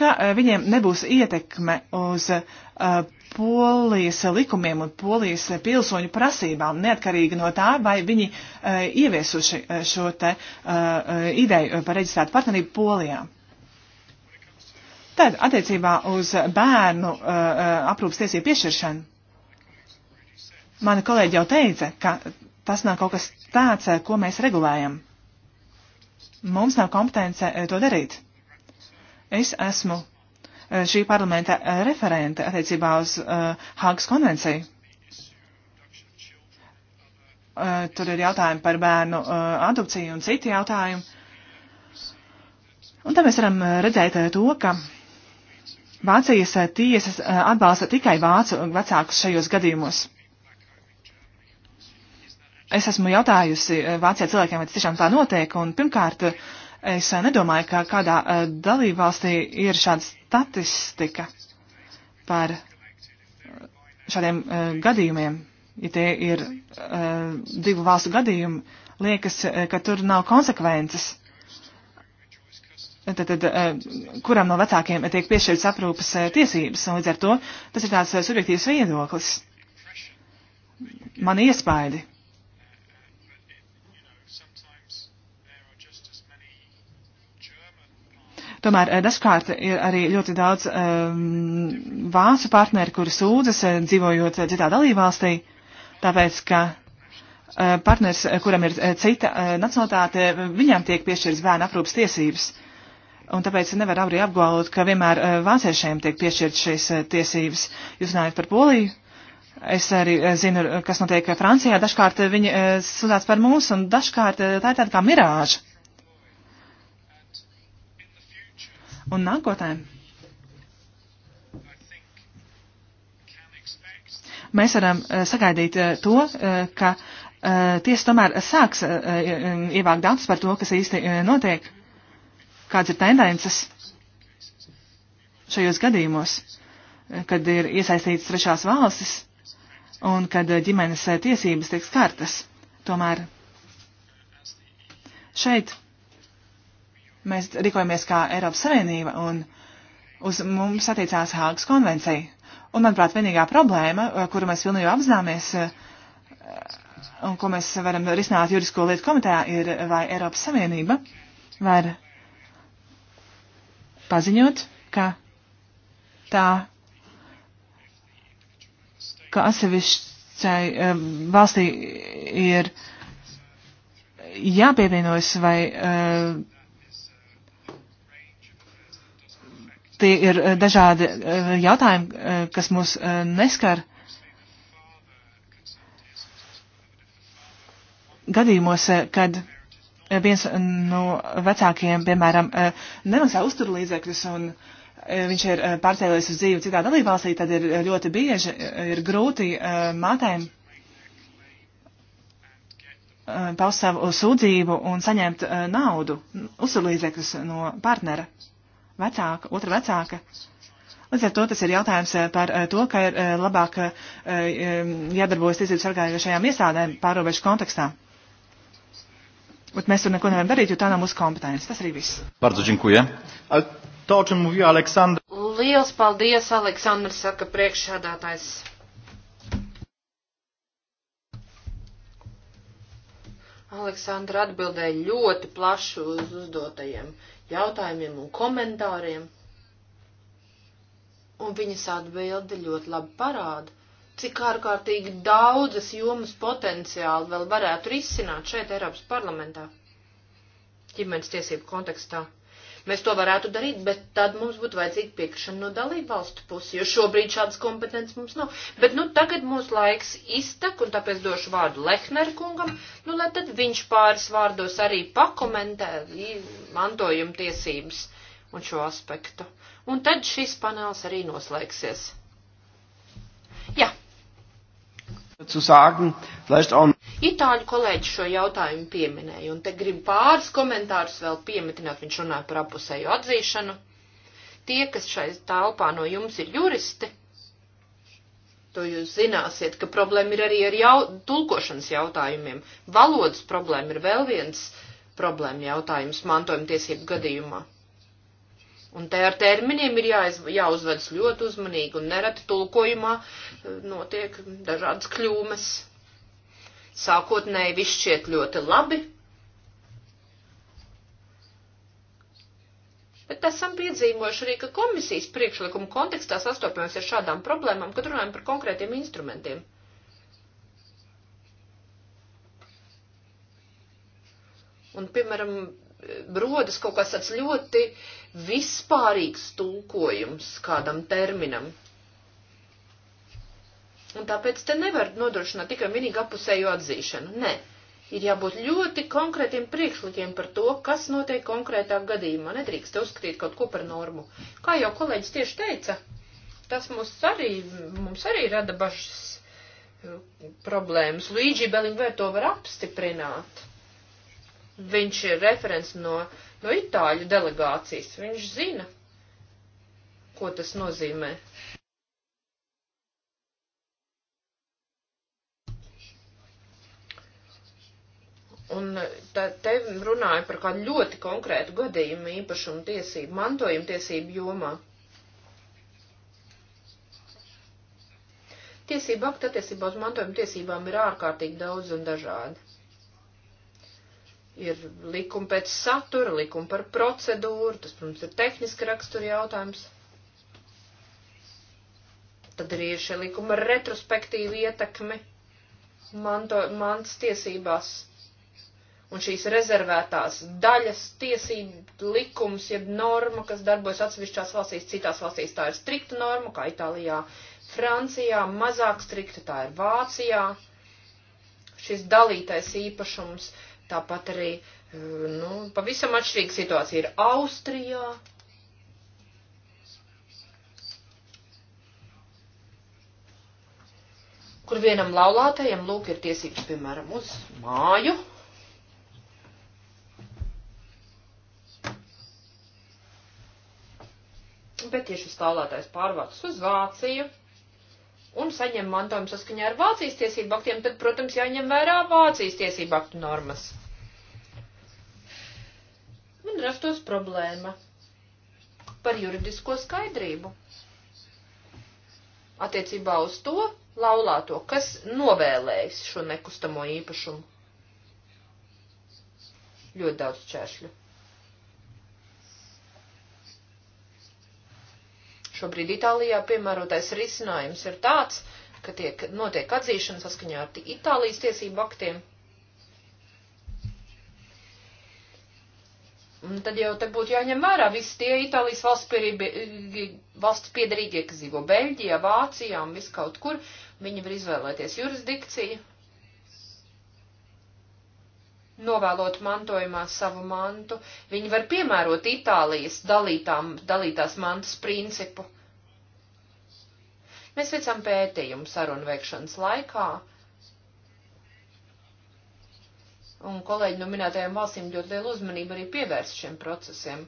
ka eh, viņiem nebūs ietekme uz eh, polijas likumiem un polijas pilsoņu prasībām, neatkarīgi no tā, vai viņi ieviesuši šo te ideju par reģistrētu partnerību polijā. Tad attiecībā uz bērnu aprūpas tiesību piešķiršanu Mani kolēģi jau teica, ka tas nav kaut kas tāds, eh, ko mēs regulējam. Mums nav kompetence eh, to darīt. Es esmu eh, šī parlamenta referente attiecībā uz Hāgas konvenciju. Tur ir jautājumi par bērnu adopciju un citi jautājumi. Un tā mēs varam redzēt to, ka Vācijas tiesas atbalsta tikai vācu vecākus šajos gadījumos. Es esmu jautājusi eh, Vācijā cilvēkiem, vai tas tiešām tā notiek, un pirmkārt, es eh, nedomāju, ka kādā eh, dalībvalstī ir šāda statistika par šādiem gadījumiem. Ja tie ir divu valstu gadījumi, liekas, ka tur nav konsekvences. Tad, tad, kuram no vecākiem tiek piešķirtas aprūpas tiesības, un līdz ar to tas ir tāds subjektīvs viedoklis. Man iespaidi. Tomēr eh, dažkārt ir arī ļoti daudz um, vācu partneri, kuri sūdzas eh, dzīvojot eh, citā dalībvalstī, tāpēc ka partners, kuram ir cita nacionalitāte, viņam tiek piešķirts bērnu aprūpas tiesības. Un tāpēc nevar arī apgalvot, ka vienmēr vāciešiem tiek piešķirts šīs tiesības. Jūs runājat par Poliju. Es arī zinu, kas notiek Francijā. Dažkārt viņi sūdzās par mums, un dažkārt tā ir tāda kā mirāža. un nākotnē. Mēs varam eh, sagaidīt eh, to, eh, ka tiesa tomēr sāks ievākt datus par to, kas īsti notiek, kādas ir tendences šajos gadījumos, kad ir iesaistītas trešās valstis un kad ģimenes tiesības tiek skartas. Tomēr šeit Mēs rīkojamies kā Eiropas Savienība un uz mums attiecās Hāgas konvencija. Un, manuprāt, vienīgā problēma, eh, kuru mēs pilnībā apzināmies eh, un ko mēs varam risināt juridisko lietu komitejā, ir vai Eiropas Savienība var paziņot, ka tā, ka atsevišķai eh, valstī ir jāpievienojas vai uh, tie ir eh, dažādi eh, jautājumi, eh, kas mūs neskar. Gadījumos, kad viens no vecākiem, piemēram, nemaksā uzturlīdzekļus un viņš ir pārcēlies uz dzīvi citā dalībvalstī, tad ir ļoti bieži, ir grūti mātēm paust savu sūdzību un saņemt naudu, uzturlīdzekļus no partnera vecāka, otra vecāka. Līdz ar to tas ir jautājums eh, par eh, to, ka ir eh, labāk jādarbojas tiesību sargājošajām iestādēm pārobežu kontekstā. Bet mēs tur neko nevaram darīt, jo tā nav mūsu kompetence. Tas arī viss. Bardzo dziękuję. To, o čem mówiła Aleksandra. Liels paldies, Aleksandrs, saka priekšsādātājs. Aleksandra atbildēja ļoti plašu uz uzdotajiem jautājumiem un komentāriem, un viņas atbildi ļoti labi parāda, cik ārkārtīgi daudzas jomas potenciāli vēl varētu risināt šeit Eiropas parlamentā ģimenes tiesību kontekstā. Mēs to varētu darīt, bet tad mums būtu vajadzīga piekrišana no dalību valstu puses, jo šobrīd šādas kompetences mums nav. Bet nu tagad mūsu laiks iztek, un tāpēc došu vārdu Lehner kungam, nu lai tad viņš pāris vārdos arī pakomentē mantojuma tiesības un šo aspektu. Un tad šis panels arī noslēgsies. Jā. Zu sagen, vielleicht auch Itāļu kolēģi šo jautājumu pieminēja, un te gribu pāris komentārus vēl piemetināt, viņš runāja par apusēju atzīšanu. Tie, kas šai telpā no jums ir juristi, to jūs zināsiet, ka problēma ir arī ar jau, tulkošanas jautājumiem. Valodas problēma ir vēl viens problēma jautājums mantojuma tiesību gadījumā. Un te ar terminiem ir jāiz, jāuzvedas ļoti uzmanīgi, un nereti tulkojumā eh, notiek dažādas kļūmes. Sākotnēji viss šķiet ļoti labi, bet esam piedzīvojuši arī, ka komisijas priekšlikuma kontekstā sastopamies ar šādām problēmām, kad runājam par konkrētiem instrumentiem. Un, piemēram, rodas kaut kas tāds ļoti vispārīgs tulkojums kādam terminam. Un tāpēc te nevar nodrošināt tikai vienīgi apusēju atzīšanu. Nē, ir jābūt ļoti konkrētiem priekšlikiem par to, kas notiek konkrētā gadījumā. Nedrīkst uzskatīt kaut ko par normu. Kā jau kolēģis tieši teica, tas mums arī, mums arī rada bažas eh, problēmas. Luigi Belingvēr to var apstiprināt. Viņš ir referents no, no Itāļu delegācijas. Viņš zina, ko tas nozīmē. Un te runāja par kādu ļoti konkrētu gadījumu īpašumu tiesību, mantojuma tiesību jomā. Tiesība akta attiecībā uz mantojuma tiesībām ir ārkārtīgi daudz un dažādi. Ir likumi pēc satura, likumi par procedūru, tas, protams, ir tehniski rakstura jautājums. Tad arī ir šie likumi ar retrospektīvu ietekmi manto, mans tiesībās un šīs rezervētās daļas tiesību likums, jeb norma, kas darbojas atsevišķās valstīs, citās valstīs tā ir strikta norma, kā Itālijā, Francijā, mazāk strikta tā ir Vācijā, šis dalītais īpašums, tāpat arī, eh, nu, pavisam atšķirīga situācija ir Austrijā. kur vienam laulātajam lūk ir tiesības, piemēram, uz māju, bet ja šis tālētājs pārvācas uz Vāciju un saņem mantojumu saskaņā ar Vācijas tiesību aktiem, tad, protams, jāņem vērā Vācijas tiesību aktu normas. Man rastos problēma par juridisko skaidrību attiecībā uz to laulāto, kas novēlējis šo nekustamo īpašumu. Ļoti daudz čēršļu. Šobrīd Itālijā piemērotais risinājums ir tāds, ka tiek notiek atzīšana saskaņā ar Itālijas tiesību aktiem. Un tad jau te būtu jāņem vērā visi tie Itālijas valsts, pierība, valsts piedarīgie, kas dzīvo Beļģijā, Vācijā un viskaut kur. Viņi var izvēlēties jurisdikciju, novēlot mantojumā savu mantu, viņi var piemērot Itālijas dalītām, dalītās mantas principu. Mēs veicam pētījumu sarunu veikšanas laikā, un kolēģi no minētajām valstīm ļoti lielu uzmanību arī pievērst šiem procesiem.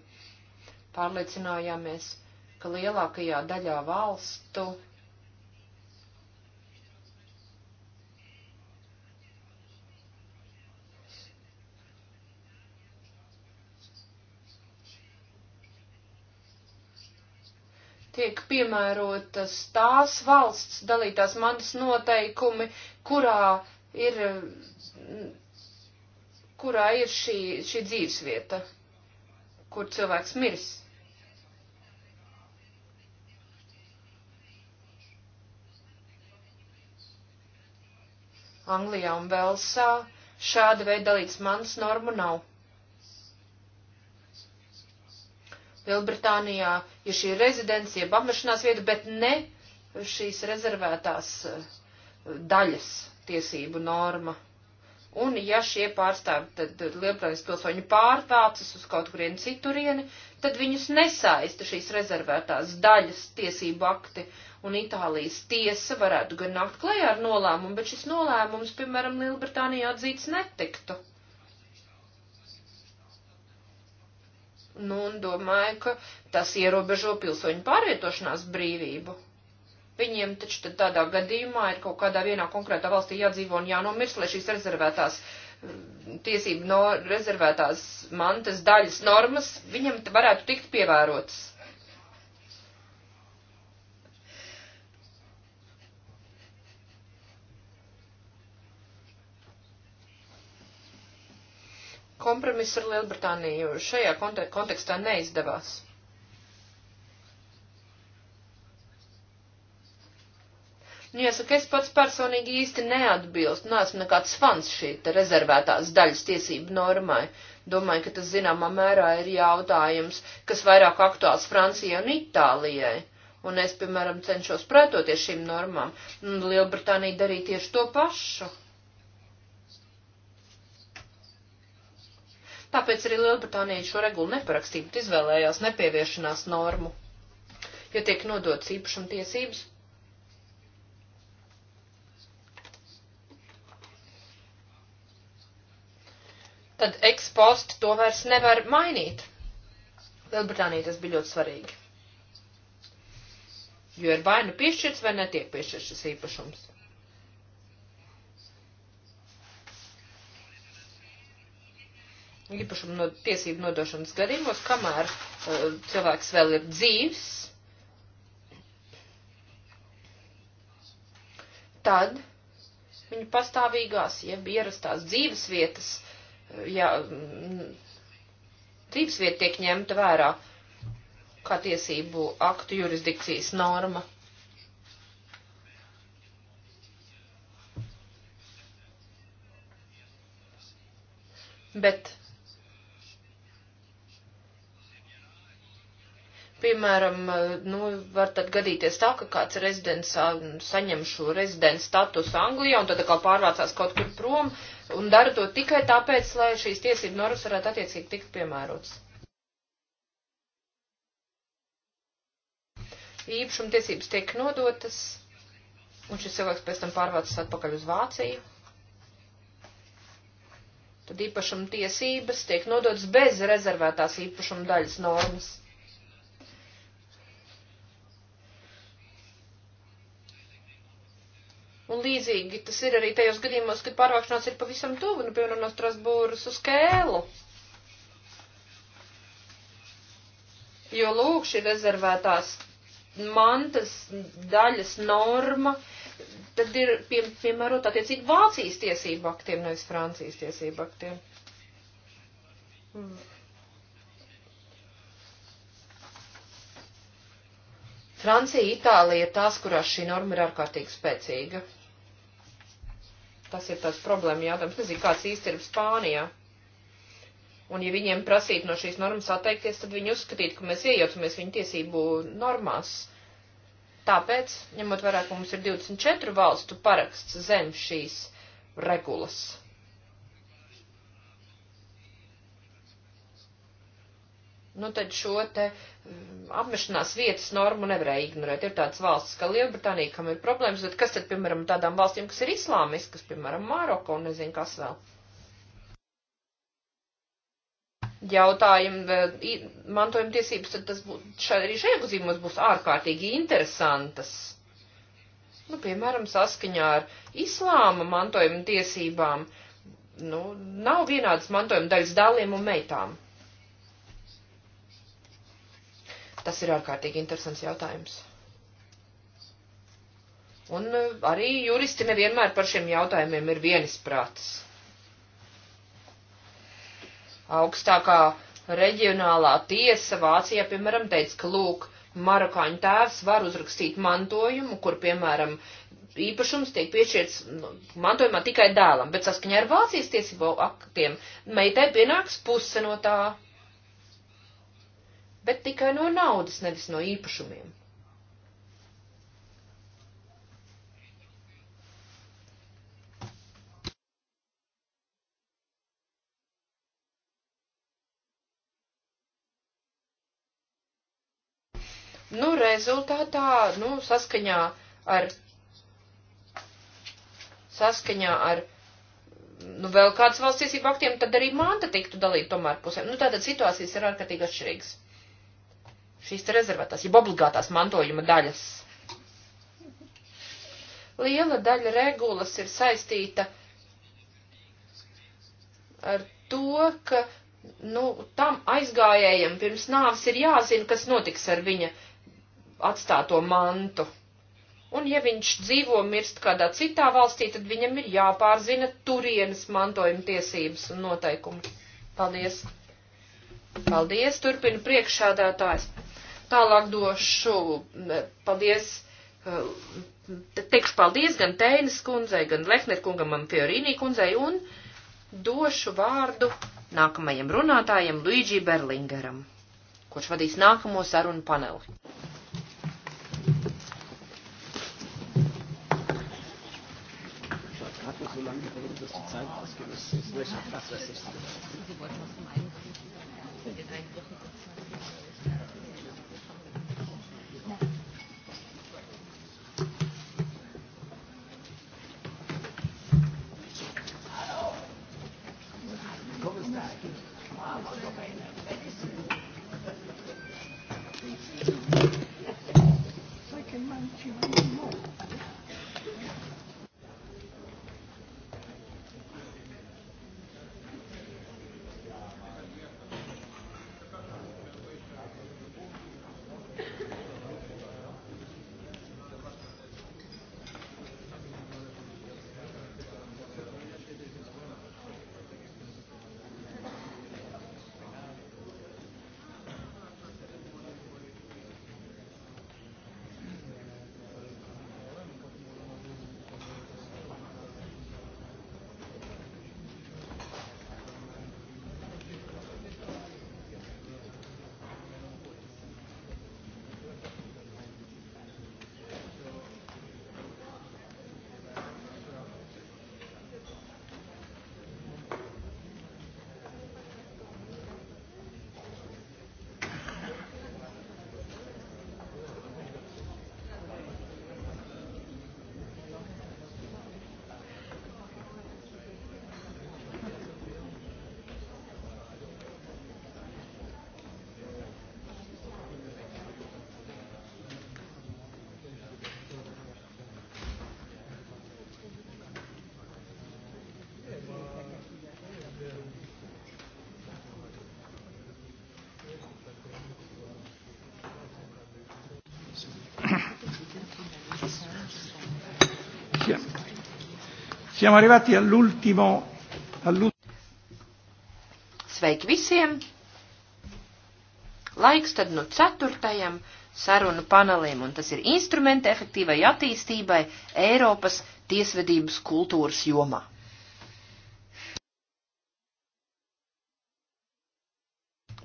Pārliecinājāmies, ka lielākajā daļā valstu tiek piemērotas tās valsts dalītās manas noteikumi, kurā ir, kurā ir šī, šī dzīvesvieta, kur cilvēks miris. Anglijā un Velsā šāda veida dalīts mans normu nav. Lielbritānijā ja šī rezidents, jeb apmešanās vieta, bet ne šīs rezervētās eh, daļas tiesību norma. Un ja šie pārstāvi, tad Lielbritānijas pilsoņi pārvācas uz kaut kurienu citurieni, tad viņus nesaista šīs rezervētās daļas tiesību akti, un Itālijas tiesa varētu gan nākt klajā ar nolēmumu, bet šis nolēmums, piemēram, Lielbritānijā atzīts netiktu. Nu, un domāju, ka tas ierobežo pilsoņu pārvietošanās brīvību. Viņiem taču tad tādā gadījumā ir kaut kādā vienā konkrētā valstī jādzīvo un jānomirst, lai šīs rezervētās mm, tiesību no rezervētās mantas daļas normas viņam varētu tikt pievērotas. kompromiss ar Lielbritāniju šajā kontekstā neizdevās. Nu, jāsaka, es pats personīgi īsti neatbilstu, neesmu nekāds fans šī rezervētās daļas tiesību normai. Domāju, ka tas zināmā mērā ir jautājums, kas vairāk aktuāls Francijai un Itālijai. Un es, piemēram, cenšos pretoties šīm normām, un Lielbritānija darīja tieši to pašu. Tāpēc arī Lielbritānija šo regulu neparakstīja, bet izvēlējās nepieviešanās normu, jo tiek nodots īpašuma tiesības. Tad ekspost to vairs nevar mainīt. Lielbritānija tas bija ļoti svarīgi. Jo ir vai nu piešķirts, vai netiek piešķirts šis īpašums. īpašumu no tiesību nodošanas gadījumos, kamēr uh, cilvēks vēl ir dzīvs, tad viņa pastāvīgās, jeb ierastās dzīves vietas, eh, ja mm, dzīves vieta tiek ņemta vērā kā tiesību aktu jurisdikcijas norma. Bet Piemēram, nu, var tad gadīties tā, ka kāds rezidents saņem šo rezidents statusu Anglijā un tad kā pārvācās kaut kur prom un dara to tikai tāpēc, lai šīs tiesību normas varētu attiecīgi tikt piemērotas. Īpašumtiesības tiek nodotas, un šis cilvēks pēc tam pārvācas atpakaļ uz Vāciju. Tad īpašuma tiesības tiek nodotas bez rezervētās īpašuma daļas normas. Un līdzīgi tas ir arī tajos gadījumos, kad pārvākšanās ir pavisam tuvu, nu, piemēram, no Strasbūras uz Kēlu. Jo lūk, šī rezervētās mantas daļas norma, tad ir pie, piemērot attiecīgi Vācijas tiesību aktiem, nevis Francijas tiesību aktiem. Hmm. Francija, Itālija ir tās, kurās šī norma ir ārkārtīgi spēcīga. Tas ir tāds problēma jautājums. Nezinu, kāds īsti ir Spānijā. Un ja viņiem prasītu no šīs normas atteikties, tad viņi uzskatītu, ka mēs iejaucamies viņu tiesību normās. Tāpēc, ņemot vērā, ka mums ir 24 valstu paraksts zem šīs regulas Nu, tad šo te mm, apmešanās vietas normu nevarēja ignorēt. Ir tādas valstis, kā Lielbritānija, kam ir problēmas, bet kas tad, piemēram, tādām valstīm, kas ir islāmiskas, piemēram, Maroka un nezinu, kas vēl? Jautājumi, eh, mantojuma tiesības, tad tas būs, arī šajā gadījumos būs ārkārtīgi interesantas. Nu, piemēram, saskaņā ar islāma mantojuma tiesībām, nu, nav vienādas mantojuma daļas dēliem un meitām. Tas ir ārkārtīgi interesants jautājums. Un e, arī juristi nevienmēr par šiem jautājumiem ir vienisprātis. Augstākā reģionālā tiesa Vācijā, piemēram, teica, ka lūk, marokāņu tēvs var uzrakstīt mantojumu, kur, piemēram, īpašums tiek piešķirts nu, mantojumā tikai dēlam, bet saskaņā ar Vācijas tiesību aktiem meitai pienāks puse no tā bet tikai no naudas, nevis no īpašumiem. Nu, rezultātā, nu, saskaņā ar, saskaņā ar nu, vēl kādas valsts tiesību aktiem, tad arī manta tiktu dalīta tomēr pusēm. Nu, tātad situācijas ir ārkārtīgi atšķirīgas šīs rezervētās, jeb obligātās mantojuma daļas. Liela daļa regulas ir saistīta ar to, ka, nu, tam aizgājējam pirms nāves ir jāzina, kas notiks ar viņa atstāto mantu. Un ja viņš dzīvo mirst kādā citā valstī, tad viņam ir jāpārzina turienes mantojuma tiesības un noteikumi. Paldies! Paldies, turpina priekšādātājs. Tālāk došu, paldies, eh, teikšu paldies gan Teinas kundzei, gan Lehner kungam, man Fiorīnī kundzei un došu vārdu nākamajam runātājam Luigi Berlingeram, kurš vadīs nākamo sarunu paneli. so lange geredet, dass die Zeit ausgelöst ist. Welcher Platz ist das? Diese Worte aus dem Einbruch. Siamo arrivati all'ultimo. All Sveiki visiem! Laiks tad nu ceturtajam sarunu panelim, un tas ir instrumenti efektīvai attīstībai Eiropas tiesvedības kultūras jomā.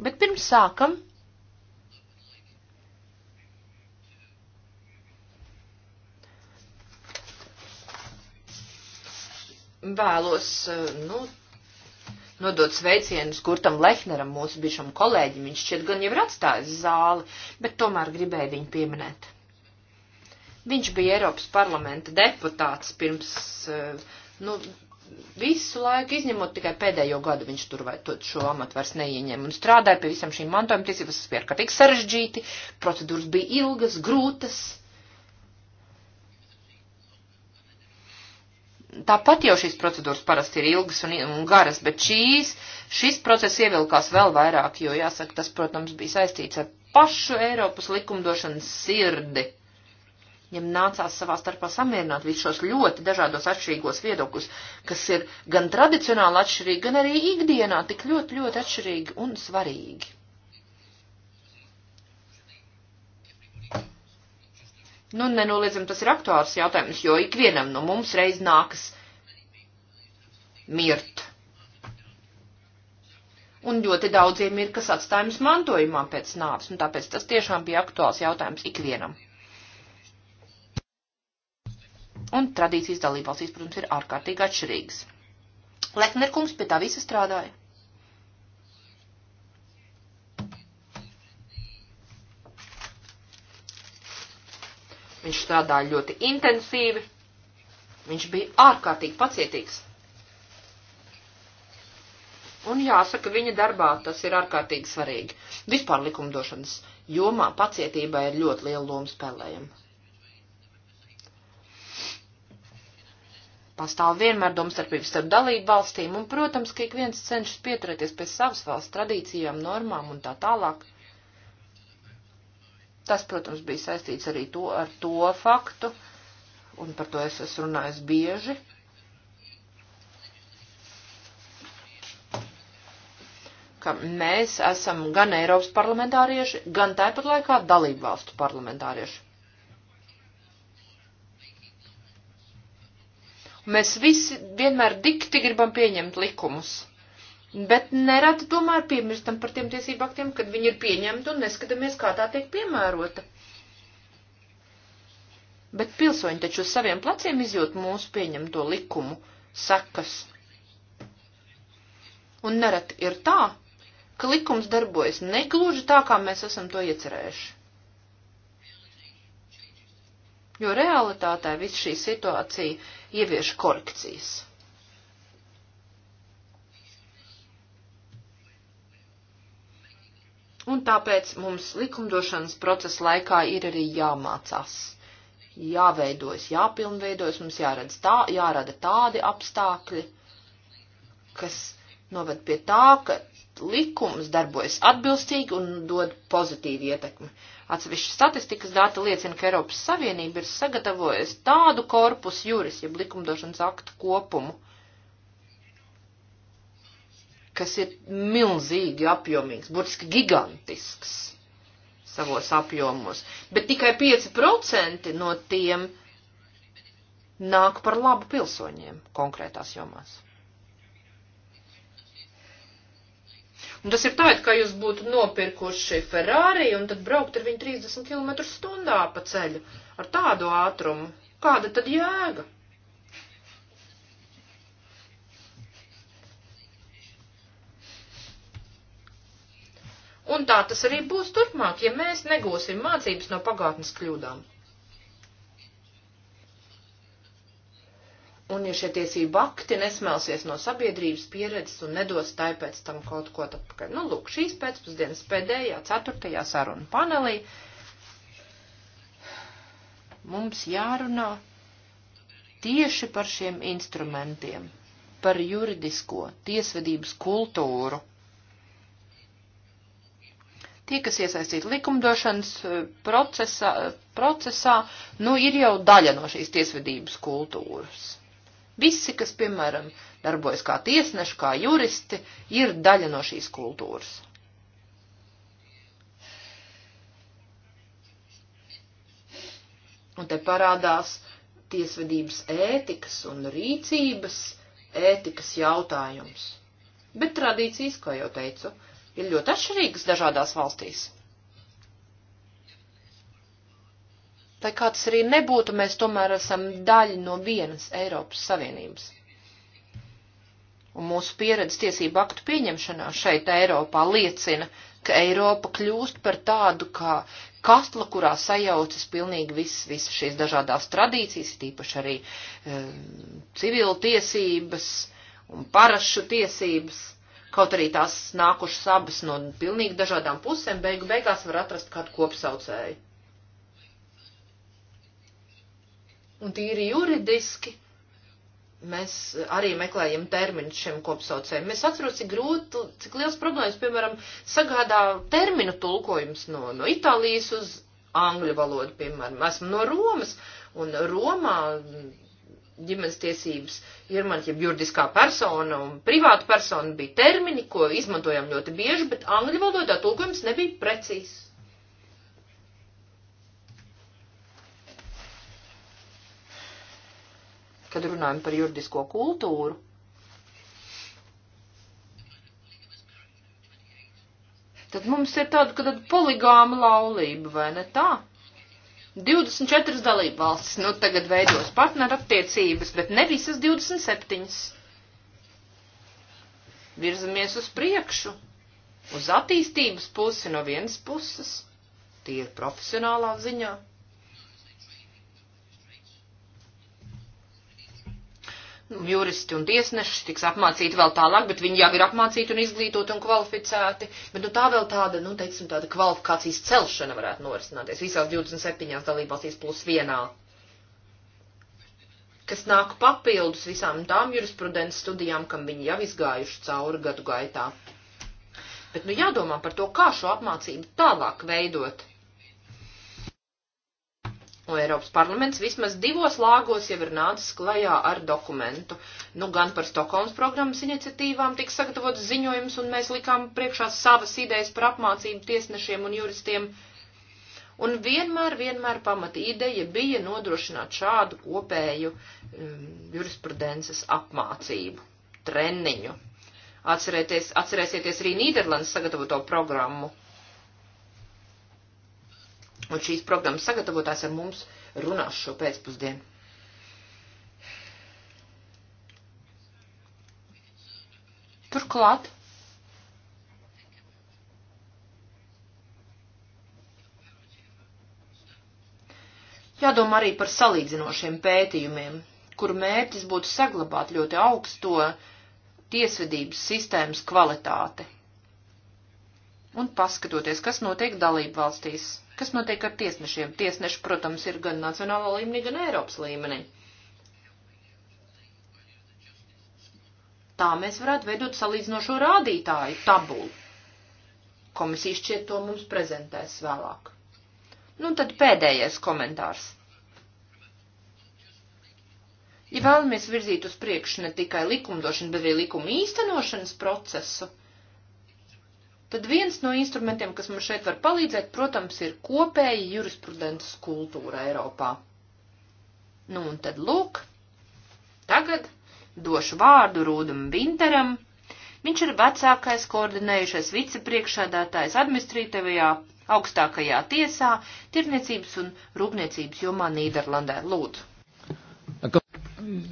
Bet pirms sākam, vēlos, eh, nu, nodot sveicienus Kurtam Lehneram, mūsu bišam kolēģim. Viņš šķiet gan jau ir atstājis zāli, bet tomēr gribēju viņu pieminēt. Viņš bija Eiropas parlamenta deputāts pirms, eh, nu, visu laiku, izņemot tikai pēdējo gadu, viņš tur vai to, šo amatu vairs neieņēma un strādāja pie visam šīm mantojuma tiesības, tas bija ārkārtīgi sarežģīti, procedūras bija ilgas, grūtas Tāpat jau šīs procedūras parasti ir ilgas un, un garas, bet šīs, šis process ievilkās vēl vairāk, jo, jāsaka, tas, protams, bija saistīts ar pašu Eiropas likumdošanas sirdi. Viņam nācās savā starpā samierināt visus šos ļoti dažādos atšķirīgos viedokļus, kas ir gan tradicionāli atšķirīgi, gan arī ikdienā tik ļoti, ļoti atšķirīgi un svarīgi. Nu, nenoliedzam, tas ir aktuāls jautājums, jo ikvienam no mums reiz nākas mirt. Un ļoti daudziem ir, kas atstājums mantojumā pēc nāves, un tāpēc tas tiešām bija aktuāls jautājums ikvienam. Un tradīcijas dalībvalstīs, protams, ir ārkārtīgi atšķirīgas. Leknerkungs pie tā visa strādāja. Viņš strādāja ļoti intensīvi. Viņš bija ārkārtīgi pacietīgs. Un jāsaka, viņa darbā tas ir ārkārtīgi svarīgi. Vispār likumdošanas jomā pacietībai ir ļoti liela loma spēlējama. Pastāv vienmēr domstarpības starp dalību valstīm, un, protams, ka ik viens cenšas pieturēties pie savas valsts tradīcijām, normām un tā tālāk. Tas, protams, bija saistīts arī to, ar to faktu, un par to es esmu runājis bieži. Ka mēs esam gan Eiropas parlamentārieši, gan tāpat laikā dalību valstu parlamentārieši. Mēs visi vienmēr dikti gribam pieņemt likumus. Bet nerad tomēr piemirstam par tiem tiesību aktiem, kad viņi ir pieņemti un neskatāmies, kā tā tiek piemērota. Bet pilsoņi taču uz saviem pleciem izjūt mūsu pieņemto likumu sekas. Un nerad ir tā, ka likums darbojas negluži tā, kā mēs esam to iecerējuši. Jo realitātē viss šī situācija ievieš korekcijas. un tāpēc mums likumdošanas procesa laikā ir arī jāmācās. Jāveidojas, jāpilnveidojas, mums jāredz tā, jārada tādi apstākļi, kas noved pie tā, ka likums darbojas atbilstīgi un dod pozitīvu ietekmi. Atsevišķi statistikas dati liecina, ka Eiropas Savienība ir sagatavojusi tādu korpusu juris, jeb likumdošanas aktu kopumu, kas ir milzīgi apjomīgs, burtiski gigantisks savos apjomos, bet tikai 5% no tiem nāk par labu pilsoņiem konkrētās jomās. Un tas ir tā, it kā jūs būtu nopirkuši Ferrari un tad braukt ar viņu 30 km stundā pa ceļu ar tādu ātrumu. Kāda tad jēga? Un tā tas arī būs turpmāk, ja mēs negūsim mācības no pagātnes kļūdām. Un ja šie tiesību akti nesmelsies no sabiedrības pieredzes un nedos tai pēc tam kaut ko atpakaļ. Nu, lūk, šīs pēcpusdienas pēdējā, ceturtajā saruna panelī mums jārunā tieši par šiem instrumentiem, par juridisko tiesvedības kultūru tie, kas iesaistīti likumdošanas eh, procesā, procesā, nu, ir jau daļa no šīs tiesvedības kultūras. Visi, kas, piemēram, darbojas kā tiesneši, kā juristi, ir daļa no šīs kultūras. Un te parādās tiesvedības ētikas un rīcības ētikas jautājums. Bet tradīcijas, kā jau teicu, ir ļoti atšķirīgas dažādās valstīs. Lai kā tas arī nebūtu, mēs tomēr esam daļa no vienas Eiropas Savienības. Un mūsu pieredze tiesību aktu pieņemšanā šeit Eiropā liecina, ka Eiropa kļūst par tādu kā kastla, kurā sajaucas pilnīgi viss, visas šīs dažādās tradīcijas, tīpaši arī e, eh, civila tiesības un parašu tiesības. Kaut arī tās nākušas abas no pilnīgi dažādām pusēm, beigu beigās var atrast kādu kopsaucēju. Un tīri juridiski mēs arī meklējam terminus šiem kopsaucējiem. Es atceros, cik grūti, cik liels problēmas, piemēram, sagādā terminu tulkojums no, no Itālijas uz angļu valodu, piemēram. Esmu no Romas, un Romā ģimenes tiesības ir man, ja juridiskā persona un privāta persona bija termini, ko izmantojam ļoti bieži, bet angļu valodā tulkojums nebija precīzs. Kad runājam par juridisko kultūru, tad mums ir tāda, ka tad poligāma laulība, vai ne tā? 24 dalību valstis, nu tagad veidos partnerattiecības, bet ne visas 27. Virzamies uz priekšu, uz attīstības pusi no vienas puses, tīri profesionālā ziņā juristi un tiesneši tiks apmācīti vēl tālāk, bet viņi jau ir apmācīti un izglītoti un kvalificēti. Bet nu, tā vēl tāda, nu, teiksim, tāda kvalifikācijas celšana varētu norisināties visās 27 dalībvalstīs plus vienā, kas nāk papildus visām tām jurisprudences studijām, kam viņi jau izgājuši cauri gadu gaitā. Bet, nu, jādomā par to, kā šo apmācību tālāk veidot Un Eiropas parlaments vismaz divos lāgos jau ir nācis klajā ar dokumentu. Nu, gan par Stokholmas programmas iniciatīvām tika sagatavots ziņojums, un mēs likām priekšā savas idejas par apmācību tiesnešiem un juristiem. Un vienmēr, vienmēr pamata ideja bija nodrošināt šādu kopēju um, jurisprudences apmācību, treniņu. Atcerēties, atcerēsieties arī Nīderlandes sagatavoto programmu Un šīs programmas sagatavotās ar mums runās šo pēcpusdienu. Turklāt jādomā arī par salīdzinošiem pētījumiem, kuru mērķis būtu saglabāt ļoti augsto tiesvedības sistēmas kvalitāti. Un paskatoties, kas notiek dalību valstīs Kas notiek ar tiesnešiem? Tiesneši, protams, ir gan nacionālā līmenī, gan Eiropas līmenī. Tā mēs varētu veidot salīdzinošo rādītāju tabulu. Komisija šķiet to mums prezentēs vēlāk. Nu, tad pēdējais komentārs. Ja vēlamies virzīt uz priekšu ne tikai likumdošanu, bet arī likuma īstenošanas procesu, tad viens no instrumentiem, kas mums šeit var palīdzēt, protams, ir kopēja jurisprudences kultūra Eiropā. Nu, un tad lūk, tagad došu vārdu Rūdam Vinteram. Viņš ir vecākais koordinējušais vicepriekšādātājs administrītavajā augstākajā tiesā tirniecības un rūpniecības jomā Nīderlandē. Lūdzu.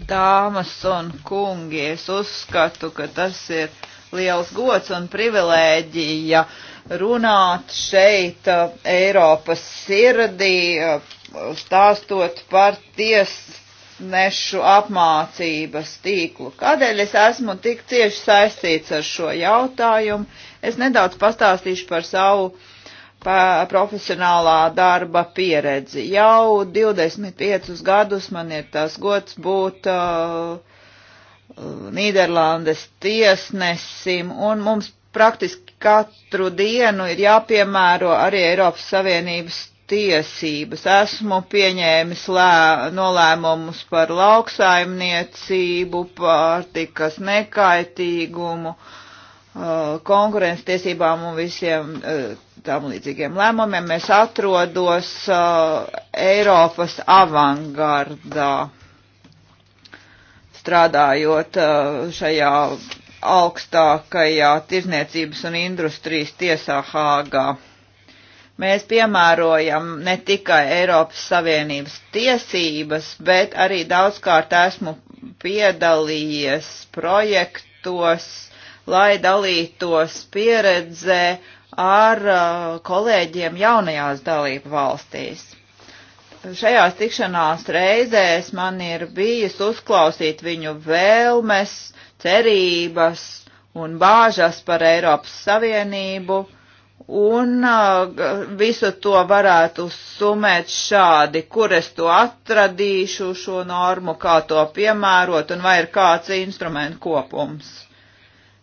Dāmas un kungi, es uzskatu, ka tas ir liels gods un privilēģija runāt šeit uh, Eiropas sirdī, uh, stāstot par tiesnešu apmācības tīklu. Kādēļ es esmu tik cieši saistīts ar šo jautājumu? Es nedaudz pastāstīšu par savu profesionālā darba pieredzi. Jau 25 gadus man ir tas gods būt uh, Nīderlandes tiesnesim, un mums praktiski katru dienu ir jāpiemēro arī Eiropas Savienības tiesības. Esmu pieņēmis lē, nolēmumus par lauksaimniecību, pārtikas nekaitīgumu, konkurences tiesībām un visiem tam līdzīgiem lēmumiem. Es atrodos Eiropas avangardā strādājot uh, šajā augstākajā tirzniecības un industrijas tiesā Hāgā. Mēs piemērojam ne tikai Eiropas Savienības tiesības, bet arī daudzkārt esmu piedalījies projektos, lai dalītos pieredzē ar uh, kolēģiem jaunajās dalību valstīs šajās tikšanās reizēs man ir bijis uzklausīt viņu vēlmes, cerības un bāžas par Eiropas Savienību, un uh, visu to varētu summēt šādi, kur es to atradīšu, šo normu, kā to piemērot, un vai ir kāds instrumentu kopums.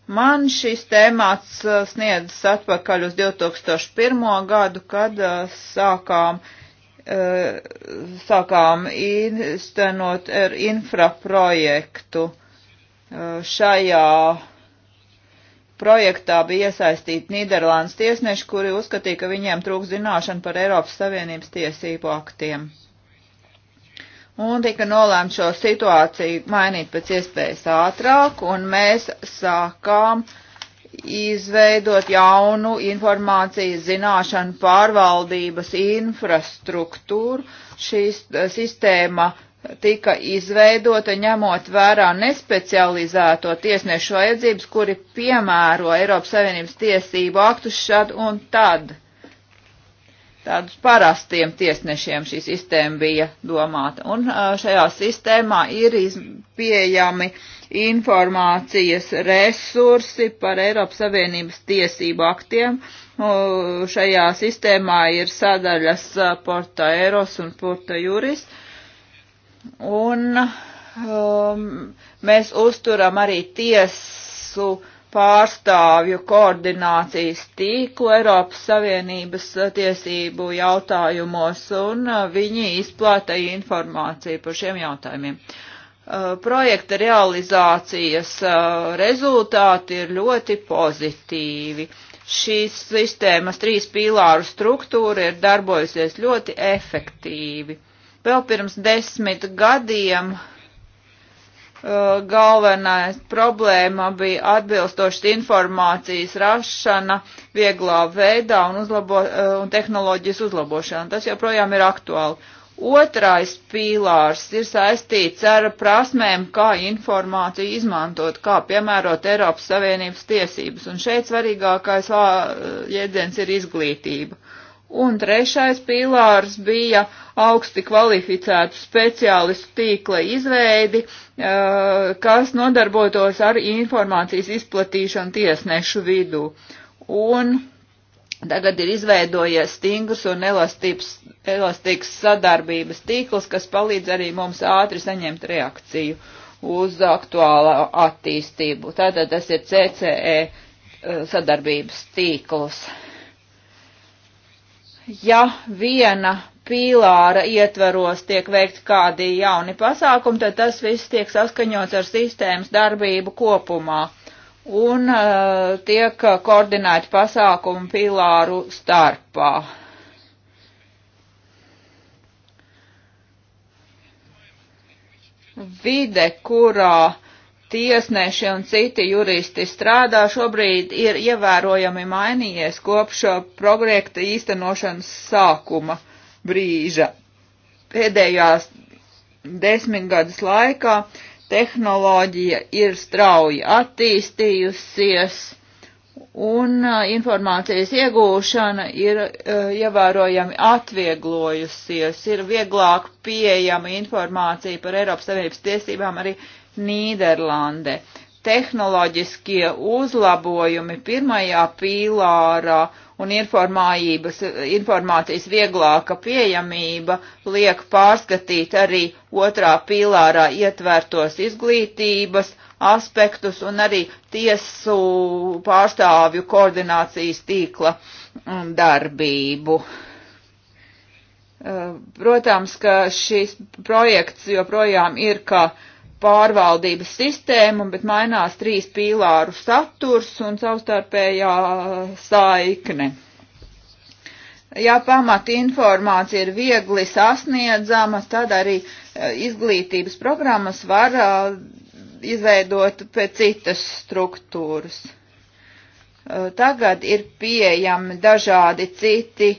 Man šis tēmats uh, sniedzas atpakaļ uz 2001. gadu, kad uh, sākām uh, Eh, sākām īstenot ar infraprojektu. Eh, šajā projektā bija iesaistīti Nīderlandes tiesneši, kuri uzskatīja, ka viņiem trūks zināšana par Eiropas Savienības tiesību aktiem. Un tika nolēmts šo situāciju mainīt pēc iespējas ātrāk, un mēs sākām uh, izveidot jaunu informācijas zināšanu pārvaldības infrastruktūru. Šī eh, sistēma tika izveidota ņemot vērā nespecializēto tiesnešu vajadzības, kuri piemēro Eiropas Savienības tiesību aktus šad un tad tādus parastiem tiesnešiem šī sistēma bija domāta. Un šajā sistēmā ir pieejami informācijas resursi par Eiropas Savienības tiesību aktiem. Šajā sistēmā ir sadaļas Porta Eiros un Porta Juris. Un um, mēs uzturam arī tiesu uh, pārstāvju koordinācijas tīklu Eiropas Savienības uh, tiesību jautājumos, un uh, viņi izplatīja informāciju par šiem jautājumiem. Uh, projekta realizācijas rezultāti ir ļoti pozitīvi. Šīs sistēmas trīs pīlāru struktūra ir darbojusies ļoti efektīvi. Vēl pirms desmit gadiem uh, Eh, galvenais problēma bija atbilstošas informācijas rašana vieglā veidā un, uzlabo, eh, un tehnoloģijas uzlabošana. Tas joprojām ir aktuāli. Otrais pīlārs ir saistīts ar prasmēm, kā informāciju izmantot, kā piemērot Eiropas Savienības tiesības. Un šeit svarīgākais eh, jēdziens ir izglītība. Uh, Un trešais pīlārs bija augsti kvalificētu speciālistu tīkla izveidi, kas nodarbotos ar informācijas izplatīšanu tiesnešu vidū. Un tagad ir izveidojies stingrs un elastīgs, elastīgs sadarbības tīkls, kas palīdz arī mums ātri saņemt reakciju uz aktuālā attīstību. Tātad tas ir CCE sadarbības tīkls ja viena pīlāra ietvaros tiek veikti kādi jauni pasākumi, tad tas viss tiek saskaņots ar sistēmas darbību kopumā un uh, tiek koordinēti pasākumi pīlāru starpā. Vide, kurā tiesneši un citi juristi strādā, šobrīd ir ievērojami mainījies kopš projekta īstenošanas sākuma brīža. Pēdējās desmitgades laikā tehnoloģija ir strauji attīstījusies un uh, informācijas iegūšana ir uh, ievērojami atvieglojusies, ir vieglāk pieejama informācija par Eiropas Savienības tiesībām arī Nīderlande. Tehnoloģiskie uzlabojumi pirmajā pīlārā un informācijas vieglāka pieejamība liek pārskatīt arī otrā pīlārā ietvērtos izglītības aspektus un arī tiesu pārstāvju koordinācijas tīkla mm, darbību. Eh, protams, ka šis projekts joprojām ir kā uh, pārvaldības sistēmu, bet mainās trīs pīlāru saturs un savstarpējā saikne. Ja pamat informācija ir viegli sasniedzama, tad arī e, izglītības programmas var e, izveidot pēc citas struktūras. E, tagad ir pieejami dažādi citi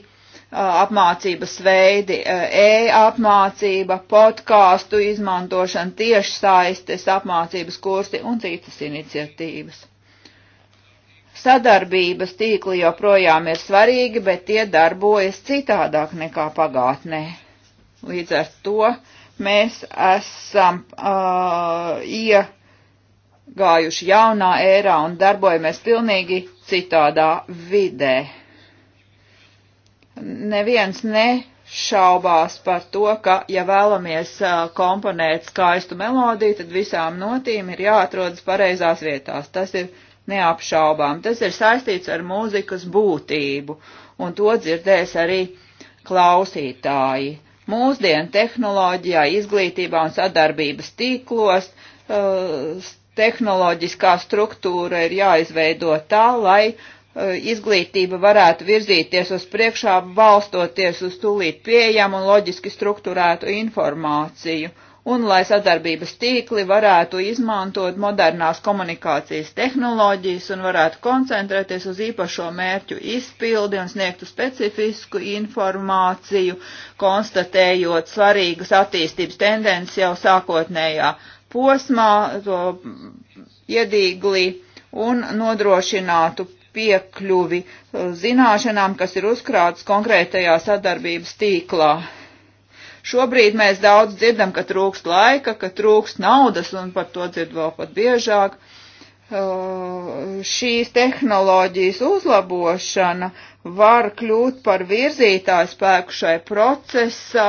Uh, apmācības veidi, uh, e-apmācība, podkāstu izmantošana, tiešsaistes apmācības kursi un citas iniciatīvas. Sadarbības tīkli joprojām ir svarīgi, bet tie darbojas citādāk nekā pagātnē. Līdz ar to mēs esam uh, iegājuši jaunā ērā un darbojamies pilnīgi citādā vidē neviens nešaubās par to, ka, ja vēlamies komponēt skaistu melodiju, tad visām notīm ir jāatrodas pareizās vietās. Tas ir neapšaubām. Tas ir saistīts ar mūzikas būtību, un to dzirdēs arī klausītāji. Mūsdienu tehnoloģijā, izglītībā un sadarbības tīklos uh, tehnoloģiskā struktūra ir jāizveido tā, lai Eh, izglītība varētu virzīties uz priekšā, balstoties uz tūlīt pieejamu un loģiski strukturētu informāciju, un lai sadarbības tīkli varētu izmantot modernās komunikācijas tehnoloģijas un varētu koncentrēties uz īpašo mērķu izpildi un sniegtu specifisku informāciju, konstatējot svarīgas attīstības tendences jau sākotnējā posmā, to iedīglī un nodrošinātu piekļuvi uh, zināšanām, kas ir uzkrātas konkrētajā sadarbības tīklā. Šobrīd mēs daudz dzirdam, ka trūkst laika, ka trūkst naudas, un par to dzird vēl pat biežāk. Uh, šīs tehnoloģijas uzlabošana var kļūt par virzītāju spēku šai procesā,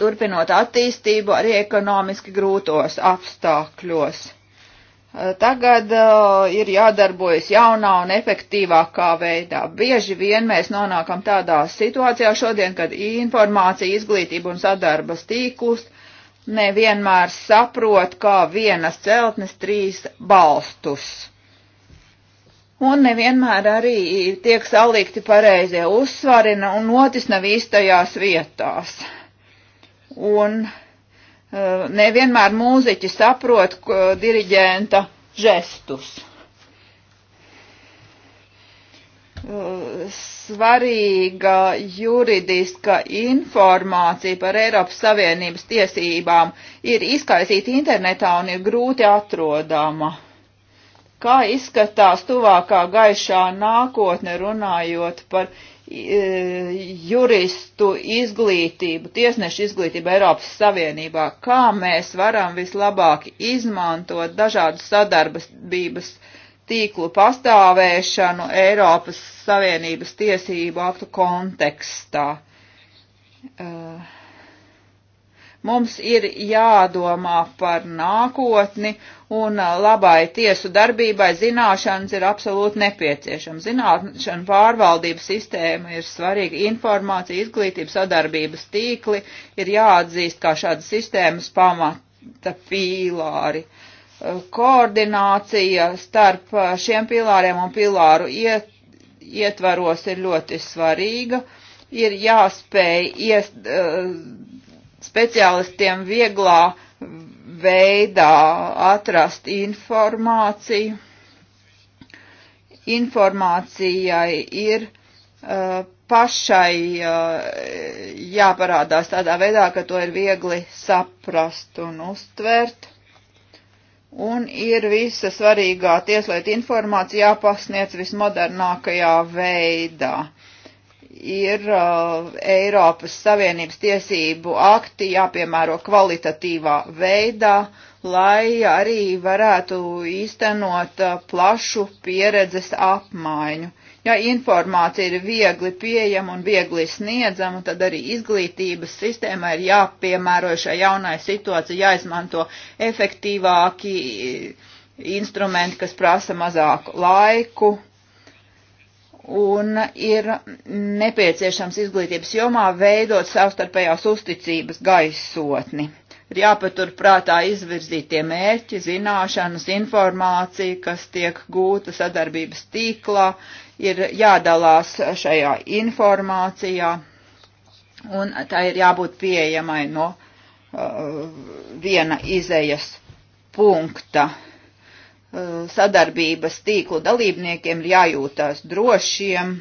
turpinot attīstību arī ekonomiski grūtos apstākļos Tagad uh, ir jādarbojas jaunā un efektīvākā veidā. Bieži vien mēs nonākam tādā situācijā šodien, kad informācija, izglītība un sadarbas tīklus nevienmēr saprot, kā vienas celtnes trīs balstus. Un nevienmēr arī tiek salikti pareizie uzsvari nu, un notis nav īstajās vietās. Un uh, Eh, nevienmēr mūziķi saprot diriģenta žestus. Eh, svarīga juridiska informācija par Eiropas Savienības tiesībām ir izkaisīta internetā un ir grūti atrodama. Kā izskatās tuvākā gaišā nākotne runājot par juristu izglītību, tiesnešu izglītību Eiropas Savienībā, kā mēs varam vislabāk izmantot dažādu sadarbības tīklu pastāvēšanu Eiropas Savienības tiesību aktu kontekstā. Uh, Mums ir jādomā par nākotni un labai tiesu darbībai zināšanas ir absolūti nepieciešama. Zināšana pārvaldības sistēma ir svarīga, informācija, izglītība, sadarbības tīkli ir jāatzīst kā šādas sistēmas pamata pīlāri koordinācija starp šiem pilāriem un pilāru iet, ietvaros ir ļoti svarīga. Ir jāspēj iest, speciālistiem vieglā veidā atrast informāciju. Informācijai ir uh, pašai uh, jāparādās tādā veidā, ka to ir viegli saprast un uztvert. Un ir visa svarīgā tieslietu informācija jāpasniedz vismodernākajā veidā ir uh, Eiropas Savienības tiesību akti jāpiemēro kvalitatīvā veidā, lai arī varētu īstenot uh, plašu pieredzes apmaiņu. Ja informācija ir viegli pieejama un viegli sniedzama, tad arī izglītības sistēma ir jāpiemēro šai jaunai situācijai, jāizmanto efektīvāki uh, instrumenti, kas prasa mazāku laiku un ir nepieciešams izglītības jomā veidot savstarpējās uzticības gaisotni. Ir jāpatur prātā izvirzītie mērķi, zināšanas, informācija, kas tiek gūta sadarbības tīklā, ir jādalās šajā informācijā, un tā ir jābūt pieejamai no uh, viena izējas punkta. Uh, Eh, sadarbības tīklu dalībniekiem ir jājūtās drošiem,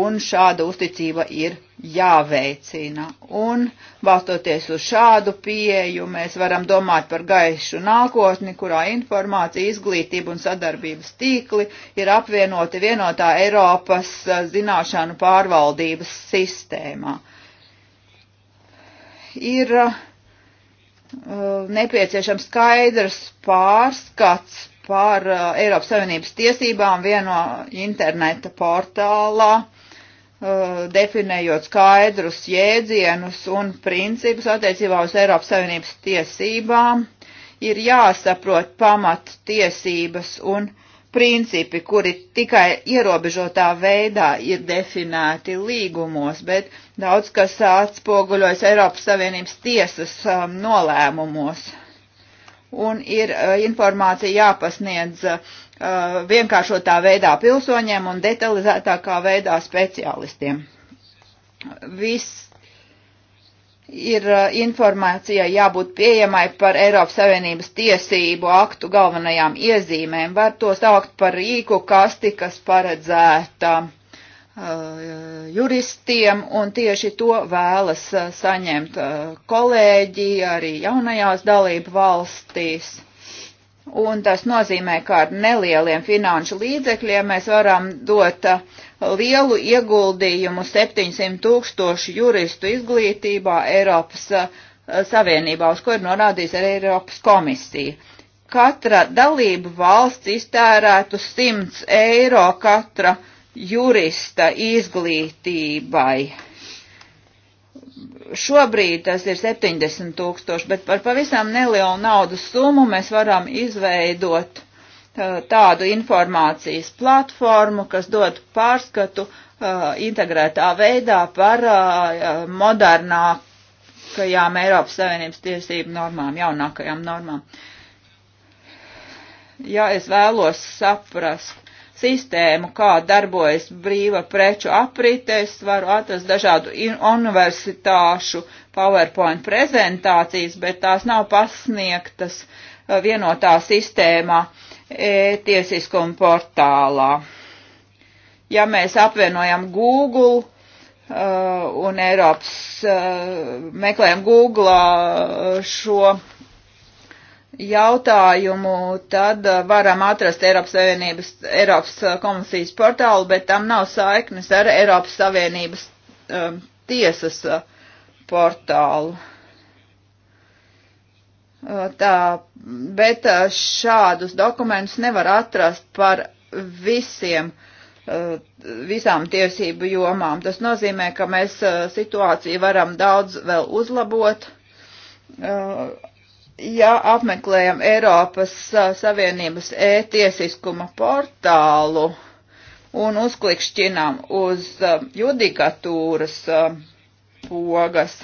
un šāda uzticība ir jāveicina. Un, balstoties uz šādu pieeju, mēs varam domāt par gaišu nākotni, kurā informācija, izglītība un sadarbības tīkli ir apvienoti vienotā Eiropas eh, zināšanu pārvaldības sistēmā. Ir uh, Eh, nepieciešams skaidrs pārskats par eh, Eiropas Savienības tiesībām vieno interneta portālā, eh, definējot skaidrus jēdzienus un principus attiecībā uz Eiropas Savienības tiesībām, ir jāsaprot pamat tiesības un tiesības principi, kuri tikai ierobežotā veidā ir definēti līgumos, bet daudz kas atspoguļojas Eiropas Savienības tiesas um, nolēmumos. Un ir uh, informācija jāpasniedz uh, vienkāršotā veidā pilsoņiem un detalizētākā veidā speciālistiem. Viss ir uh, informācijai jābūt pieejamai par Eiropas Savienības tiesību aktu galvenajām iezīmēm. Var to saukt par rīku kasti, kas paredzēta uh, juristiem, un tieši to vēlas uh, saņemt uh, kolēģi arī jaunajās dalību valstīs. Un tas nozīmē, ka ar nelieliem finanšu līdzekļiem mēs varam dot uh, lielu ieguldījumu 700 tūkstošu juristu izglītībā Eiropas uh, Savienībā, uz ko ir norādījis arī Eiropas komisija. Katra dalība valsts iztērētu 100 eiro katra jurista izglītībai šobrīd tas ir 70 tūkstoši, bet par pavisam nelielu naudas summu mēs varam izveidot tādu informācijas platformu, kas dod pārskatu uh, integrētā veidā par uh, modernākajām Eiropas Savienības tiesību normām, jaunākajām normām. Ja es vēlos saprast, sistēmu, kā darbojas brīva preču aprite, es varu atrast dažādu universitāšu PowerPoint prezentācijas, bet tās nav pasniegtas uh, vienotā sistēmā e, tiesiskuma portālā. Ja mēs apvienojam Google uh, un Eiropas, uh, meklējam Google uh, šo jautājumu, tad uh, varam atrast Eiropas Savienības, Eiropas uh, komisijas portālu, bet tam nav saiknes ar Eiropas Savienības um, tiesas uh, portālu. Tā, bet šādus dokumentus nevar atrast par visiem, visām tiesību jomām. Tas nozīmē, ka mēs situāciju varam daudz vēl uzlabot ja apmeklējam Eiropas Savienības e-tiesiskuma portālu un uzklikšķinām uz judikatūras pogas,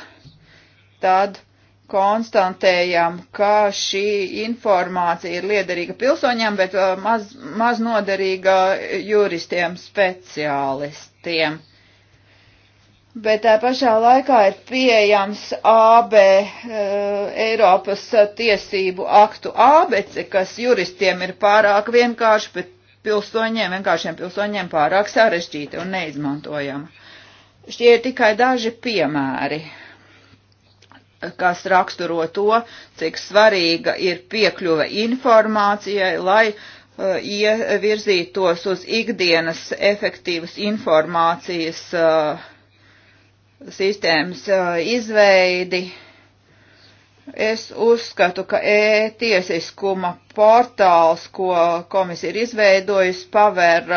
tad konstatējam, ka šī informācija ir liederīga pilsoņiem, bet maz, maz noderīga juristiem, speciālistiem bet tā pašā laikā ir pieejams AB eh, Eiropas eh, tiesību aktu ABC, kas juristiem ir pārāk vienkārši, bet pilsoņiem, vienkāršiem pilsoņiem pārāk sarežģīti un neizmantojama. Šie ir tikai daži piemēri, kas raksturo to, cik svarīga ir piekļuve informācijai, lai uh, ievirzītos uz ikdienas efektīvas informācijas uh, sistēmas izveidi. Es uzskatu, ka e-tiesiskuma portāls, ko komisija ir izveidojusi, paver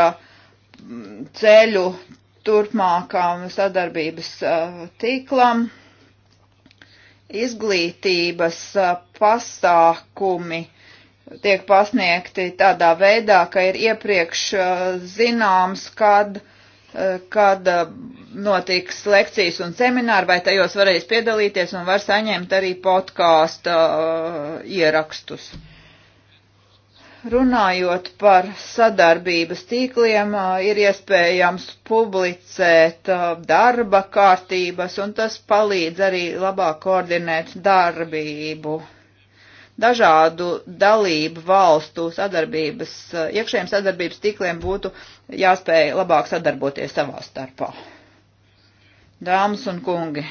ceļu turpmākām sadarbības tīklam. Izglītības pasākumi tiek pasniegti tādā veidā, ka ir iepriekš zināms, kad kad eh, notiks lekcijas un semināri, vai tajos varēs piedalīties un var saņemt arī podkāstu eh, ierakstus. Runājot par sadarbības tīkliem, eh, ir iespējams publicēt darba kārtības, un tas palīdz arī labāk koordinēt darbību dažādu dalību valstu sadarbības, iekšējiem sadarbības tīkliem būtu jāspēj labāk sadarboties savā starpā. Dāmas un kungi,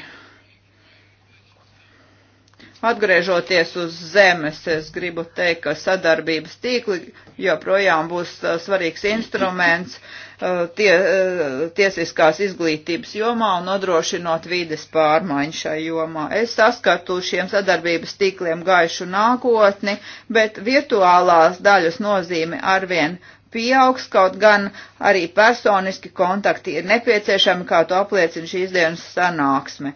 atgriežoties uz zemes, es gribu teikt, ka sadarbības tīkli joprojām būs uh, svarīgs instruments uh, tie, uh, tiesiskās izglītības jomā un nodrošinot vīdes pārmaiņu šai jomā. Es saskatu šiem sadarbības tīkliem gaišu nākotni, bet virtuālās daļas nozīme arvien pieaugs, kaut gan arī personiski kontakti ir nepieciešami, kā to apliecina šīs dienas sanāksme.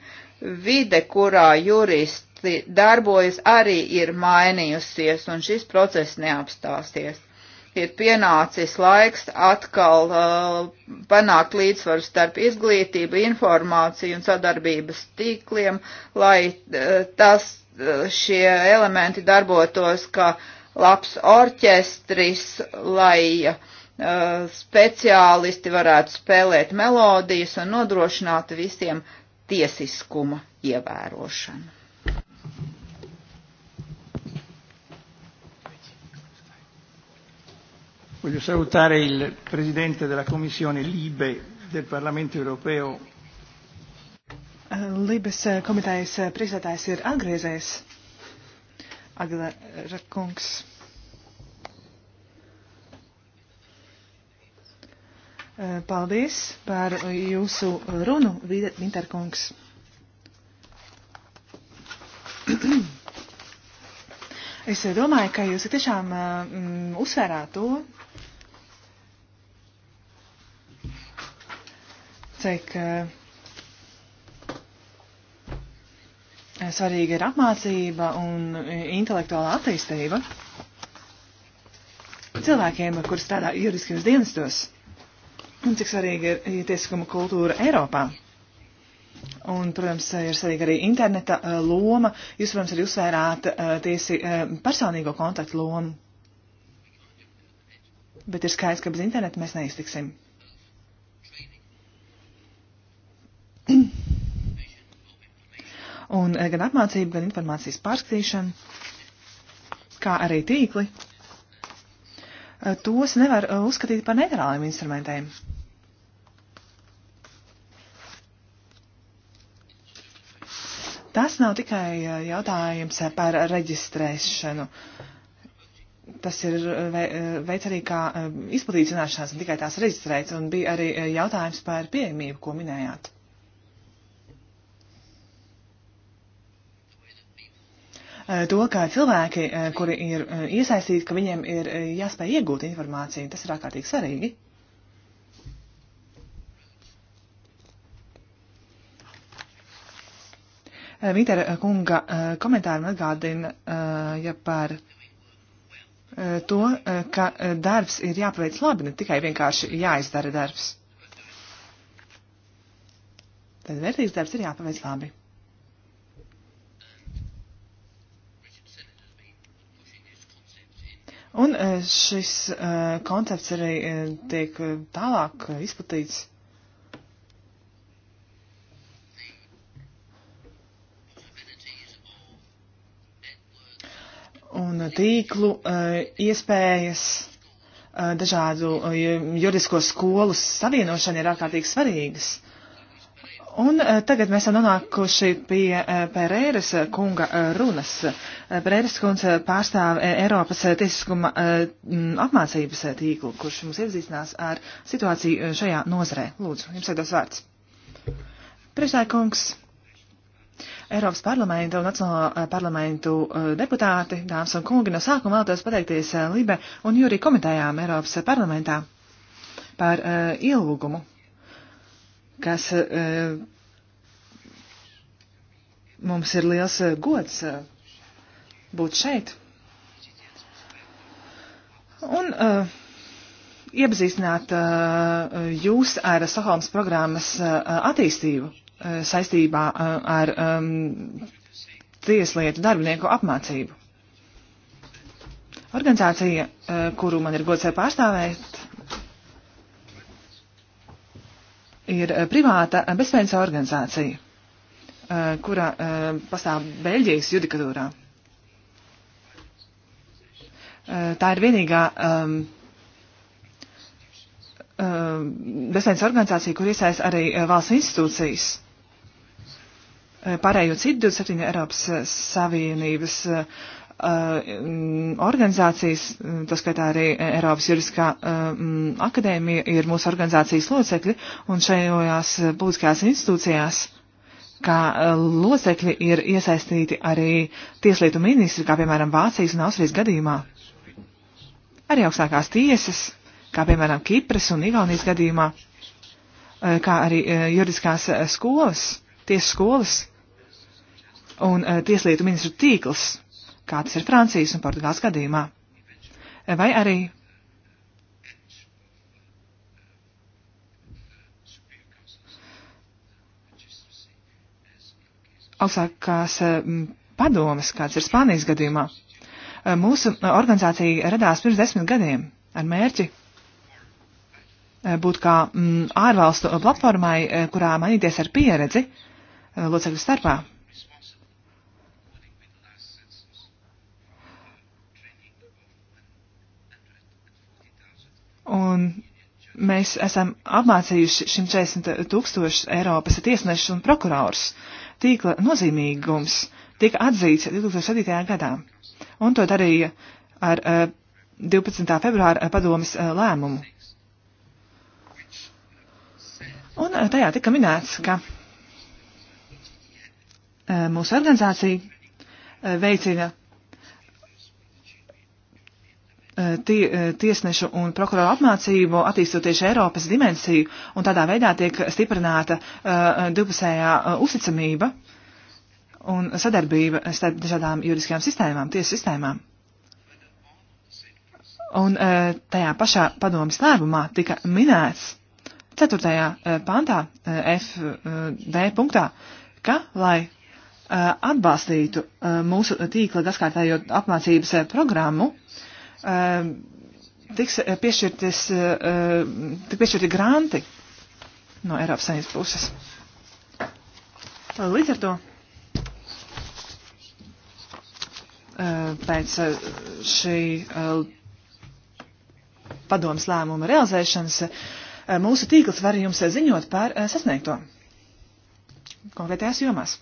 Vide, kurā juristi darbojas, arī ir mainījusies, un šis process neapstāsies. Ir pienācis laiks atkal uh, panākt līdzsvaru starp izglītību, informāciju un sadarbības tīkliem, lai uh, tas, uh, šie elementi darbotos, ka uh, labs orķestris, lai uh, speciālisti varētu spēlēt melodijas un nodrošināt visiem tiesiskuma ievērošanu. Voglio salutare il Presidente della Commissione Libe del Parlamento europeo. Libes eh, komitejas eh, priekšsēdētājs ir atgriezies Aglera kungs. Eh, paldies par jūsu runu, Vinterkungs. *clears throat* Es domāju, ka jūs tiešām eh, mm, uzsvērāt to, cik uh, Svarīga ir apmācība un intelektuāla attīstība cilvēkiem, kur strādā juridiskajos dienestos, un cik svarīga ir tiesiskuma kultūra Eiropā. Un, protams, ir svarīga arī interneta eh, loma. Jūs, protams, arī uzsvērāt eh, tiesi eh, personīgo kontaktu lomu. Bet ir skaidrs, ka bez interneta mēs neiztiksim. un eh, gan apmācība, gan informācijas pārskatīšana, kā arī tīkli, eh, tos nevar eh, uzskatīt par neitrāliem instrumentiem. Tas nav tikai jautājums par reģistrēšanu. Tas ir veids arī, kā izplatīt zināšanas, ne tikai tās reģistrēt, un bija arī jautājums par pieejamību, ko minējāt. Eh, to, ka cilvēki, eh, kuri ir eh, iesaistīti, ka viņiem ir jāspēj iegūt informāciju. Tas ir ārkārtīgi svarīgi. Vītera kunga komentāri man atgādina ja par to, ka darbs ir jāpaveic labi, ne tikai vienkārši jāizdara darbs. Tad vērtīgs darbs ir jāpaveic labi. Un e, šis e, koncepts arī e, tiek tālāk izplatīts. Un tīklu iespējas dažādu juridisko skolu savienošana ir ārkārtīgi svarīgas. Un eh, tagad mēs esam nonākuši pie eh, Pereiras eh, kunga runas. Pereiras kungs pārstāv Eiropas tiesiskuma apmācības tīklu, kurš mums iepazīstinās ar situāciju šajā nozarē. Lūdzu, jums ir dos vārds. Priekšsēkungs, Eiropas parlamenta un Nacionālo parlamentu deputāti, dāmas un kungi, no sākuma vēlētos pateikties Libe un Jūrī komitējām Eiropas parlamentā par ielūgumu kas e, mums ir liels e, gods e, būt šeit. Un uh, iepazīstināt uh, jūs ar Stokholmas programmas uh, attīstību uh, saistībā uh, ar um, tieslietu darbinieku apmācību. Organizācija, uh, kuru man ir gods pārstāvēt, ir eh, privāta bezpējas organizācija, eh, kura eh, pastāv Beļģijas judikatūrā. Tā ir vienīgā um, um, bezpējas organizācija, kur iesaist arī valsts institūcijas. Pārējo citu 27 Eiropas Savienības uh, Uh, mm, organizācijas, mm, tas skaitā arī Eiropas juridiskā um, akadēmija, ir mūsu organizācijas locekļi, un šajās uh, būtiskajās institūcijās, kā locekļi, ir iesaistīti arī tieslietu ministri, kā piemēram Vācijas un Austrijas gadījumā, arī augstākās tiesas, kā piemēram Kipras un Igaunijas gadījumā, kā arī juridiskās skolas, tiesu skolas un tieslietu ministru tīkls kā tas ir Francijas un Portugāles gadījumā. Vai arī augstākās mm, padomas, kāds ir Spānijas gadījumā. Mūsu organizācija radās pirms desmit gadiem ar mērķi eh, būt kā mm, ārvalstu platformai, eh, kurā mainīties ar pieredzi eh, locekļu starpā. Un mēs esam apmācījuši šim 40 tūkstošu Eiropas tiesnešus un prokurors. Tīkla nozīmīgums tika atzīts 2007. gadā, un to darīja ar 12. Eh, februāra padomis eh, lēmumu. Un eh, tajā tika minēts, ka mūsu organizācija veicina Eh, tie, eh, tiesnešu un prokuroru apmācību, attīstoties Eiropas dimensiju, un tādā veidā tiek stiprināta uh, divpusējā uh, uzticamība un sadarbība starp dažādām juridiskajām sistēmām, tiesu sistēmām. Un uh, tajā pašā padomas lēmumā tika minēts 4. pantā FD punktā, ka, lai atbalstītu mūsu tīkla gaskārtējot apmācības programmu, uh, Ehm, tiks eh, piešķirties, eh, eh, tik piešķirti granti no Eiropas saimnības puses. Līdz ar to pēc šī padomas lēmuma realizēšanas mūsu tīkls var jums ziņot par sasniegto konkrētajās jomās.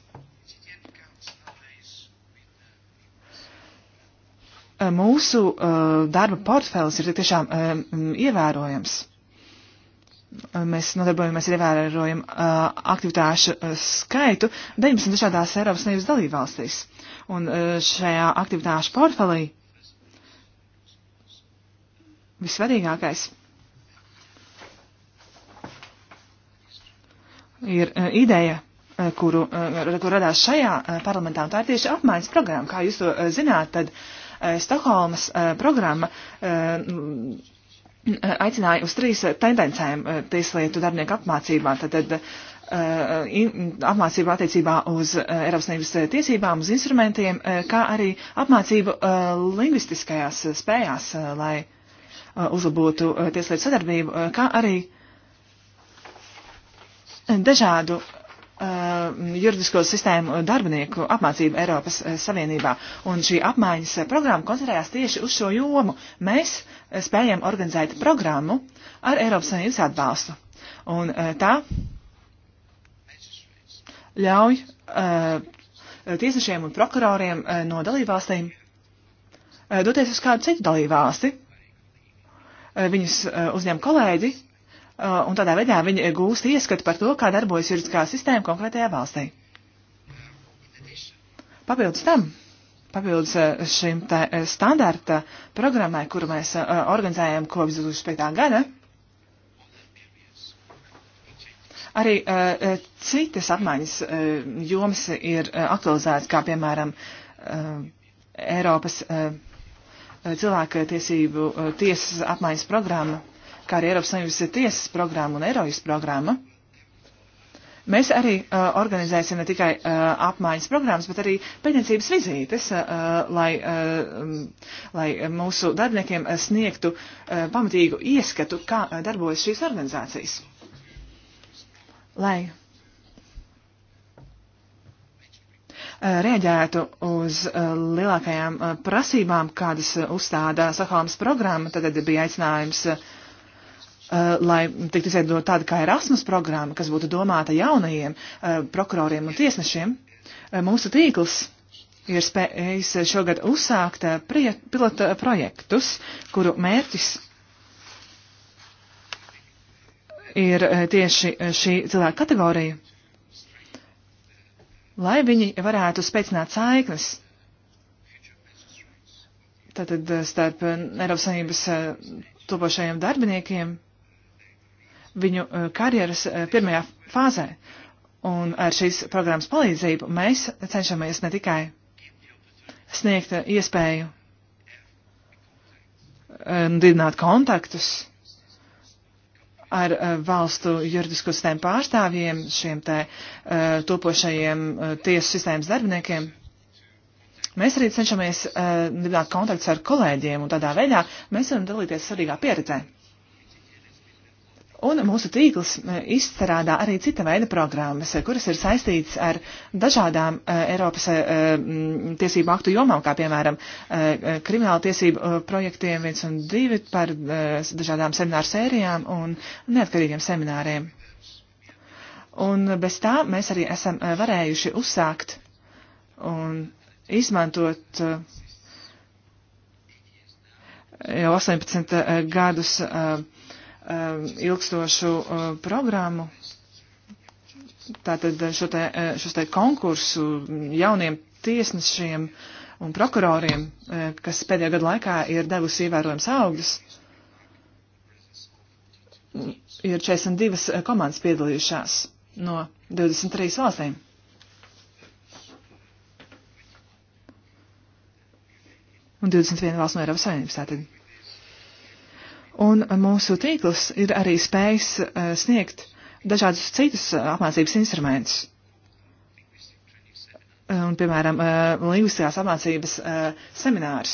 Eh, mūsu eh, darba portfēlis ir tiešām eh, ievērojams. Mēs nodarbojamies ar ievērojumu aktivitāšu skaitu 19 dažādās Eiropas Savienības dalībvalstīs. Un šajā aktivitāšu portfelī visvarīgākais ir ideja kuru, kur radās šajā parlamentā, un tā ir tieši apmaiņas programma. Kā jūs to zināt, tad uh, Eh, Stokholmas eh, programma eh, mm, aicināja uz trīs tendencēm tieslietu darbinieku apmācībā. Tad, tad, apmācība attiecībā uz Eiropas Savienības tiesībām, uz instrumentiem, kā arī apmācību lingvistiskajās spējās, lai uzlabotu tieslietu sadarbību, kā arī dažādu Um, juridisko sistēmu darbinieku apmācību Eiropas uh, Savienībā. Un šī apmaiņas uh, programma koncentrējās tieši uz šo jomu. Mēs uh, spējam organizēt programmu ar Eiropas Savienības atbalstu. Un tā ļauj tiesnešiem un prokuroriem no dalībvalstīm doties uz kādu citu dalībvalsti. Viņus uzņem kolēģi Uh, un tādā veidā viņi gūst ieskatu par to, kā darbojas juridiskā sistēma konkrētajā valstī. Papildus tam, papildus uh, šim uh, standarta programmai, kuru mēs organizējam kopš 2005. gada, arī citas apmaiņas jomas ir aktualizētas, kā piemēram Eiropas cilvēku tiesību tiesas apmaiņas programma kā arī Eiropas Savienības tiesas programma un Eiropas programma. Mēs arī uh, organizēsim ne tikai uh, apmaiņas programmas, bet arī pētniecības vizītes, uh, lai, uh, lai mūsu darbiniekiem uh, sniegtu uh, pamatīgu ieskatu, kā uh, darbojas šīs organizācijas. Lai uh, rēģētu uz uh, lielākajām prasībām, kādas uzstāda Sahalmas programma, tad bija aicinājums uh, Uh, lai tiktu izveidot tāda kā Erasmus programma, kas būtu domāta jaunajiem uh, prokuroriem un tiesnešiem, uh, mūsu tīkls ir spējis šogad uzsākt pilota projektus, kuru mērķis ir tieši šī cilvēka kategorija, lai viņi varētu spēcināt saiknes tātad starp Eiropas Savienības topošajiem darbiniekiem viņu eh, karjeras eh, pirmajā fāzē. Un ar šīs programmas palīdzību mēs cenšamies ne tikai sniegt eh, iespēju dibināt kontaktus ar valstu juridisko sistēmu pārstāvjiem, šiem te topošajiem tiesu sistēmas darbiniekiem. Mēs arī cenšamies dibināt kontaktus ar kolēģiem, un tādā veidā mēs varam dalīties svarīgā pieredzē. Un mūsu tīkls e, izstrādā arī cita veida programmas, e, kuras ir saistītas ar dažādām e, Eiropas tiesību aktu jomām, kā piemēram krimināla tiesību projektiem 1 un 2 par dažādām semināru sērijām un neatkarīgiem semināriem. Un bez tā mēs arī esam varējuši uzsākt un izmantot jau 18 gadus uh, Um, ilgstošu uh, programmu, tātad uh, šo te, uh, šos te konkursu jauniem tiesnešiem un prokuroriem, kas pēdējā gada laikā ir devusi ievērojams augļus. Ir 42 komandas piedalījušās no 23 valstīm. Un 21 valsts no Eiropas Savienības tātad. Un mūsu tīkls ir arī spējis eh, sniegt dažādus citus eh, apmācības instrumentus. Eh, un, piemēram, lingvistiskās apmācības seminārus.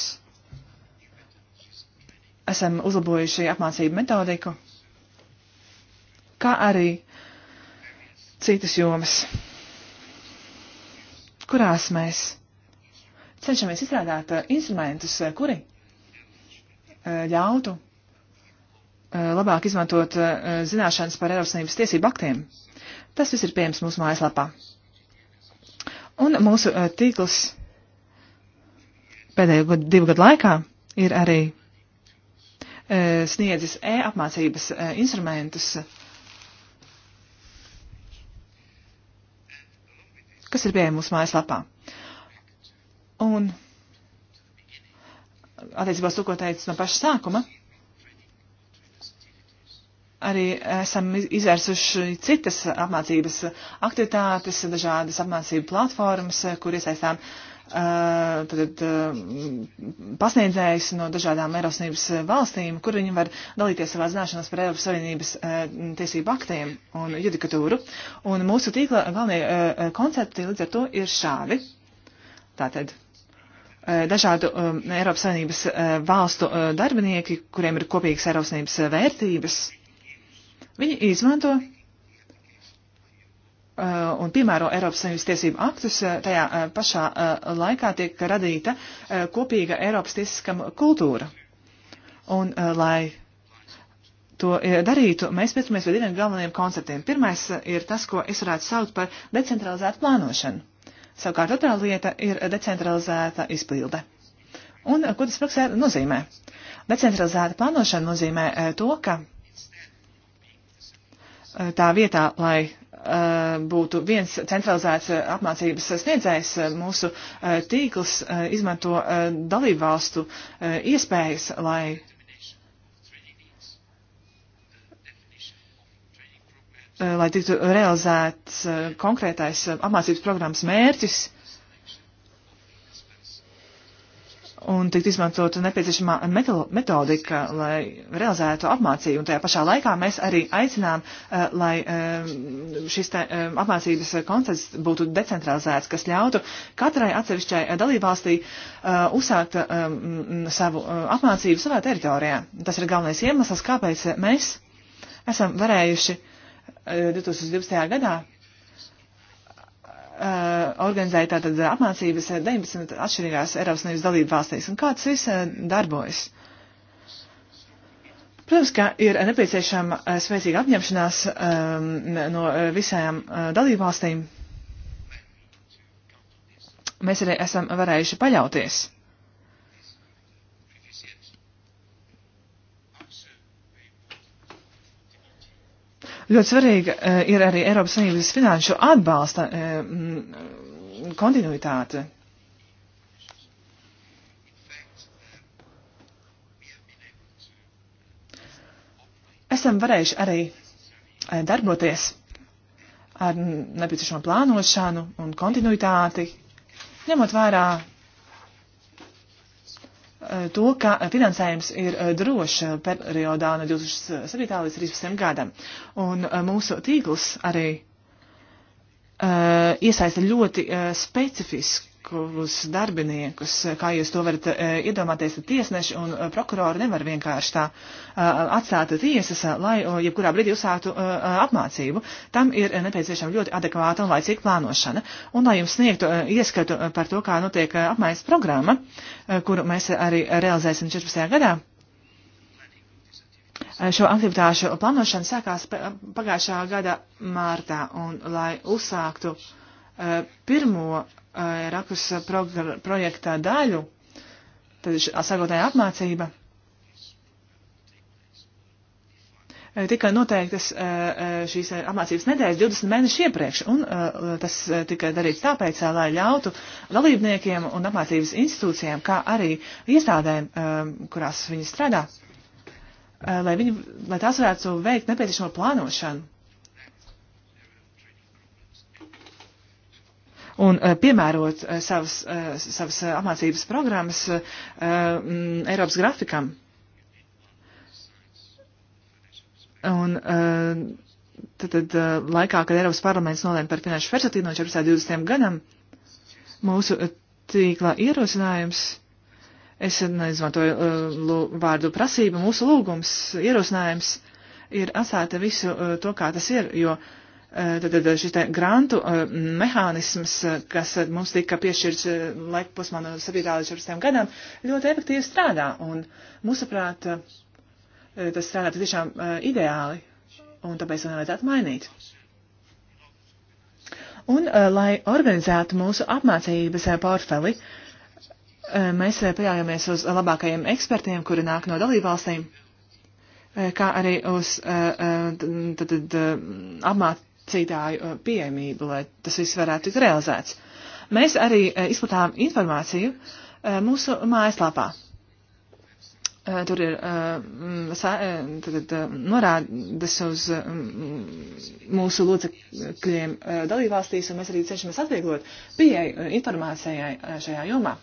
Esam uzlabojuši apmācību metodiku, kā arī citas jomas, kurās mēs cenšamies izstrādāt instrumentus, kuri ļautu Eh, labāk izmantot eh, zināšanas par Eiropas Savienības tiesību aktiem. Tas viss ir pieejams mūsu mājaslapā. Un mūsu eh, tīkls pēdējo gadu, divu gadu laikā ir arī sniedzis e-apmācības instrumentus, kas ir pieejami mūsu mājaslapā. Un attiecībā uz to, ko teicu no paša sākuma arī esam izvērsuši citas apmācības aktivitātes, dažādas apmācību platformas, kur iesaistām uh, tad, uh, pasniedzējus no dažādām Eiropas Savienības valstīm, kur viņi var dalīties savā zināšanās par Eiropas Savienības uh, tiesību aktiem un judikatūru. Un mūsu tīkla galvenie koncepti līdz ar to ir šādi. Tātad dažādu um, Eiropas Savienības valstu darbinieki, kuriem ir kopīgas Eiropas Savienības vērtības Viņi izmanto uh, un piemēro Eiropas Savienības tiesību aktus, uh, tajā uh, pašā laikā tiek radīta kopīga Eiropas tiesiskam kultūra. Un, lai to darītu, mēs pieturamies pie diviem galvenajiem konceptiem. Pirmais ir tas, ko es varētu saukt par decentralizētu plānošanu. Savukārt otrā lieta ir decentralizēta izpilde. Un ko tas praksē nozīmē? Decentralizēta plānošana nozīmē to, ka Eh, tā vietā, lai eh, būtu viens centralizēts eh, apmācības sniedzējs, mūsu tīkls izmanto dalību valstu iespējas, lai lai tiktu realizēts konkrētais apmācības programmas mērķis, un tikt izmantota nepieciešamā metodika, lai realizētu apmācību. Un tajā pašā laikā mēs arī aicinām, eh, lai eh, šis te, eh, apmācības koncepts būtu decentralizēts, kas ļautu katrai atsevišķai dalībvalstī uzsākt savu apmācību savā teritorijā. Tas ir galvenais iemesls, kāpēc mēs esam varējuši 2012. gadā Eh, organizēja tātad apmācības 19 atšķirīgās Eiropas Savienības dalību valstīs. Un kā tas viss eh, darbojas? Protams, ka ir nepieciešama eh, spēcīga apņemšanās um, no visām uh, dalībvalstīm. Mēs arī esam varējuši paļauties Ļoti svarīga e, ir arī Eiropas Savienības finanšu atbalsta e, kontinuitāte. Esam varējuši arī e, darboties ar nepieciešamo plānošanu un kontinuitāti, ņemot vērā Eh, to, ka finansējums ir eh, drošs periodā no 2007. līdz 2013. gadam. Un eh, mūsu tīkls arī iesaista ļoti specifisku vairākus darbiniekus. Kā jūs to varat eh, iedomāties, tad tiesneši un eh, prokurori nevar vienkārši tā eh, atstāt tiesas, lai jebkurā brīdī uzsāktu apmācību. Tam ir nepieciešama ļoti adekvāta un laicīga plānošana. Un lai jums sniegtu ieskatu par to, kā notiek apmaiņas programma, kuru mēs arī realizēsim 14. gadā, Šo aktivitāšu plānošana sākās pagājušā gada mārtā, un lai uzsāktu pirmo Eh, Rakus eh, projektā daļu, tad sākotnēja apmācība eh, tika noteiktas šīs apmācības nedēļas 20 mēneši iepriekš, un tas tika darīts tāpēc, lai ļautu dalībniekiem un apmācības institūcijām, kā arī iestādēm, kurās viņi strādā, lai, viņi, lai tās varētu veikt nepieciešamo plānošanu. un eh, piemērot eh, savas, eh, savas apmācības programmas mm, Eiropas grafikam. Un tad, tad laikā, kad Eiropas parlaments nolēma par finanšu perspektīvu no 14. 20. gadam, mūsu tīklā ierosinājums, es neizmantoju vārdu prasība, mūsu lūgums, ierosinājums ir atstāt visu to, kā tas ir, jo uh, Eh, tad šis te grantu eh, mehānisms, eh, kas mums tika piešķirts laika posmā no 7. līdz 14. gadam, ļoti efektīvi strādā. Un, mūsuprāt, tas strādā tiešām ideāli. Un tāpēc to nevajadzētu mainīt. Un, lai organizētu mūsu apmācības portfeli, mēs paļaujamies uz labākajiem ekspertiem, kuri nāk no dalībvalstīm, kā arī uz tad, tad, apmāt, cītāju uh, pieejamību, lai tas viss varētu tikt realizēts. Mēs arī uh, izplatām informāciju uh, mūsu mājaslapā. Tur ir tad, norādes uz mūsu locekļiem dalībvalstīs, un mēs arī cenšamies atvieglot pieeju informācijai šajā jomā.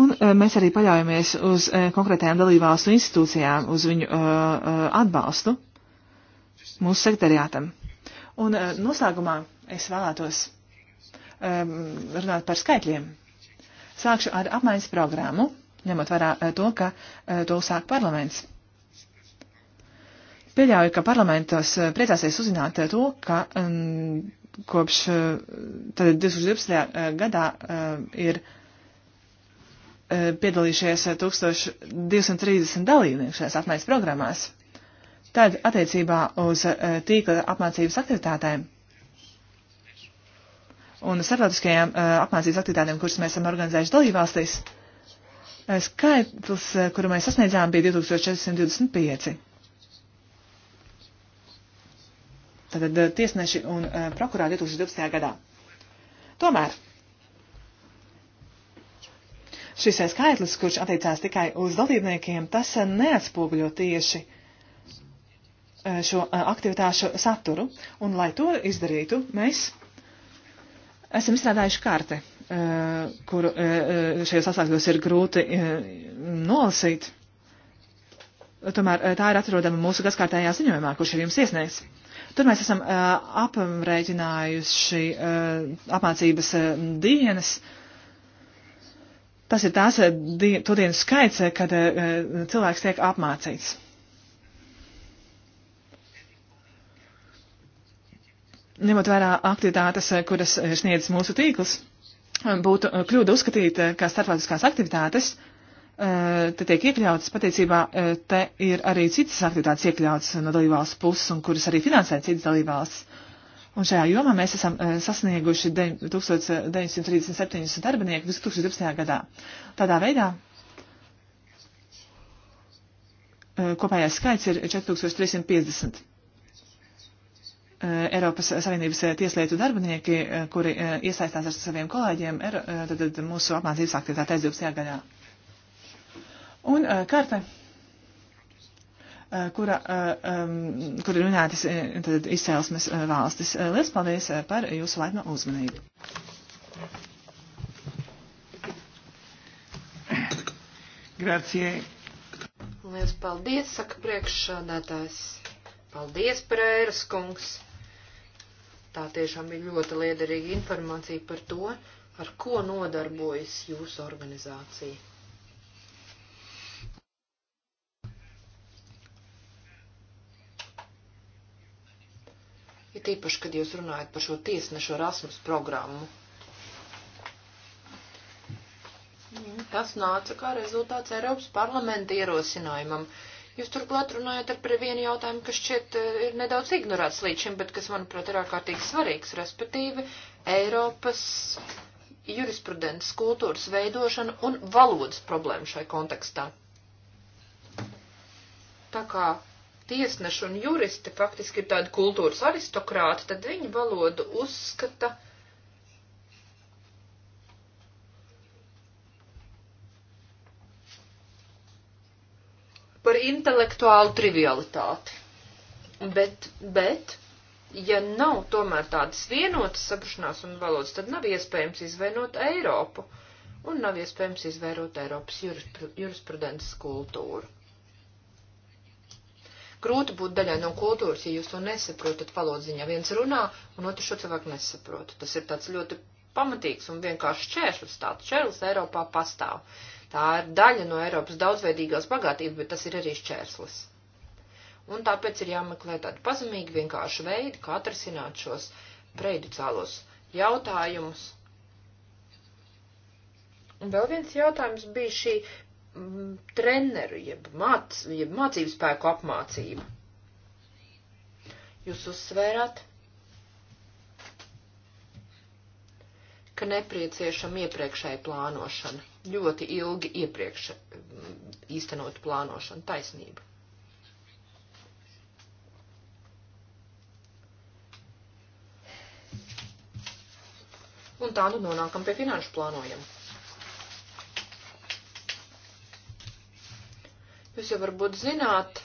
Un eh, mēs arī paļaujamies uz eh, konkrētajām dalībvalstu institūcijām, uz viņu eh, atbalstu mūsu sekretariātam. Un noslēgumā es vēlētos runāt par skaitļiem. Sākšu ar apmaiņas programmu, ņemot vērā to, ka to uzsāk parlaments. Pieļauju, ka parlamentos priecāsies uzzināt to, ka um, kopš tad 2012. gadā uh, ir uh, E, piedalījušies 1230 dalībnieku šajās apmaiņas programmās. Tad attiecībā uz e, tīkla apmācības aktivitātēm un starptautiskajām e, apmācības aktivitātēm, kuras mēs esam organizējuši dalībvalstīs, skaitlis, kuru mēs sasniedzām, bija 2425. Tātad tiesneši un prokurāri 2012. gadā. Tomēr Šis skaitlis, kurš attiecās tikai uz dalībniekiem, tas neatspoguļo tieši e, šo e, aktivitāšu saturu. Un, lai to izdarītu, mēs esam izstrādājuši karti, e, kuru šajos atslēgļos ir grūti nolasīt. Tomēr tā ir atrodama mūsu gaskārtējā ziņojumā, kurš ir jums iesniegts. Tur mēs esam aprēķinājuši apmācības dienas. Uh, Tas ir tās eh, dien, to dienu skaits, eh, kad eh, cilvēks tiek apmācīts. Ņemot vērā aktivitātes, kuras sniedz mūsu tīkls, būtu kļūda uzskatīt, kā starptautiskās aktivitātes, te tiek iekļautas, patiecībā te ir arī citas aktivitātes iekļautas no dalībvalsts puses un kuras arī finansē citas dalībvalsts. Un šajā jomā mēs esam eh, sasnieguši 1937 darbinieku 2012. gadā. Tādā veidā eh, kopējais skaits ir 4350. Eh, Eiropas Savienības tieslietu darbinieki, kuri iesaistās ar saviem kolēģiem mūsu apmācības aktivitātēs 12. gadā. Un karte Eh, kura, eh, kur ir minētas eh, izcēlesmes valstis. Lielas paldies par jūsu laipno uzmanību. Grazie. Lielas paldies, saka priekšsādātājs. Paldies, Prēras kungs. Tā tiešām ir ļoti liederīga informācija par to, ar ko nodarbojas jūsu organizācija. tīpaši, kad jūs runājat par šo tiesnešu Erasmus programmu. Tas nāca kā rezultāts Eiropas parlamenta ierosinājumam. Jūs turklāt runājat ar par vienu jautājumu, kas šķiet eh, ir nedaudz ignorēts līdz šim, bet kas, manuprāt, ir ārkārtīgi svarīgs, respektīvi Eiropas jurisprudences kultūras veidošana un valodas problēma šai kontekstā. Tā kā tiesneši un juristi faktiski ir tādi kultūras aristokrāti, tad viņi valodu uzskata. Par intelektuālu trivialitāti. Bet, bet, ja nav tomēr tādas vienotas saprašanās un valodas, tad nav iespējams izveidot Eiropu un nav iespējams izveidot Eiropas jurisprudences kultūru. Grūti būt daļai no kultūras, ja jūs to nesaprotat valodziņā. Viens runā, un otrs šo cilvēku nesaprot. Tas ir tāds ļoti pamatīgs un vienkārši čēršļus. Tāds čērlis Eiropā pastāv. Tā ir daļa no Eiropas daudzveidīgās bagātības, bet tas ir arī šķērslis. Un tāpēc ir jāmeklē tādi pazemīgi, vienkārši veidi, kā atrasināt šos preidicālos jautājumus. Un vēl viens jautājums bija šī Mm, treneru, jeb, māc, jeb mācību spēku apmācību. Jūs uzsvērāt, ka nepieciešama iepriekšēja plānošana, ļoti ilgi iepriekš mm, īstenot plānošanu, taisnība. Un tā nu nonākam pie finanšu plānojuma. Jūs jau varbūt zināt,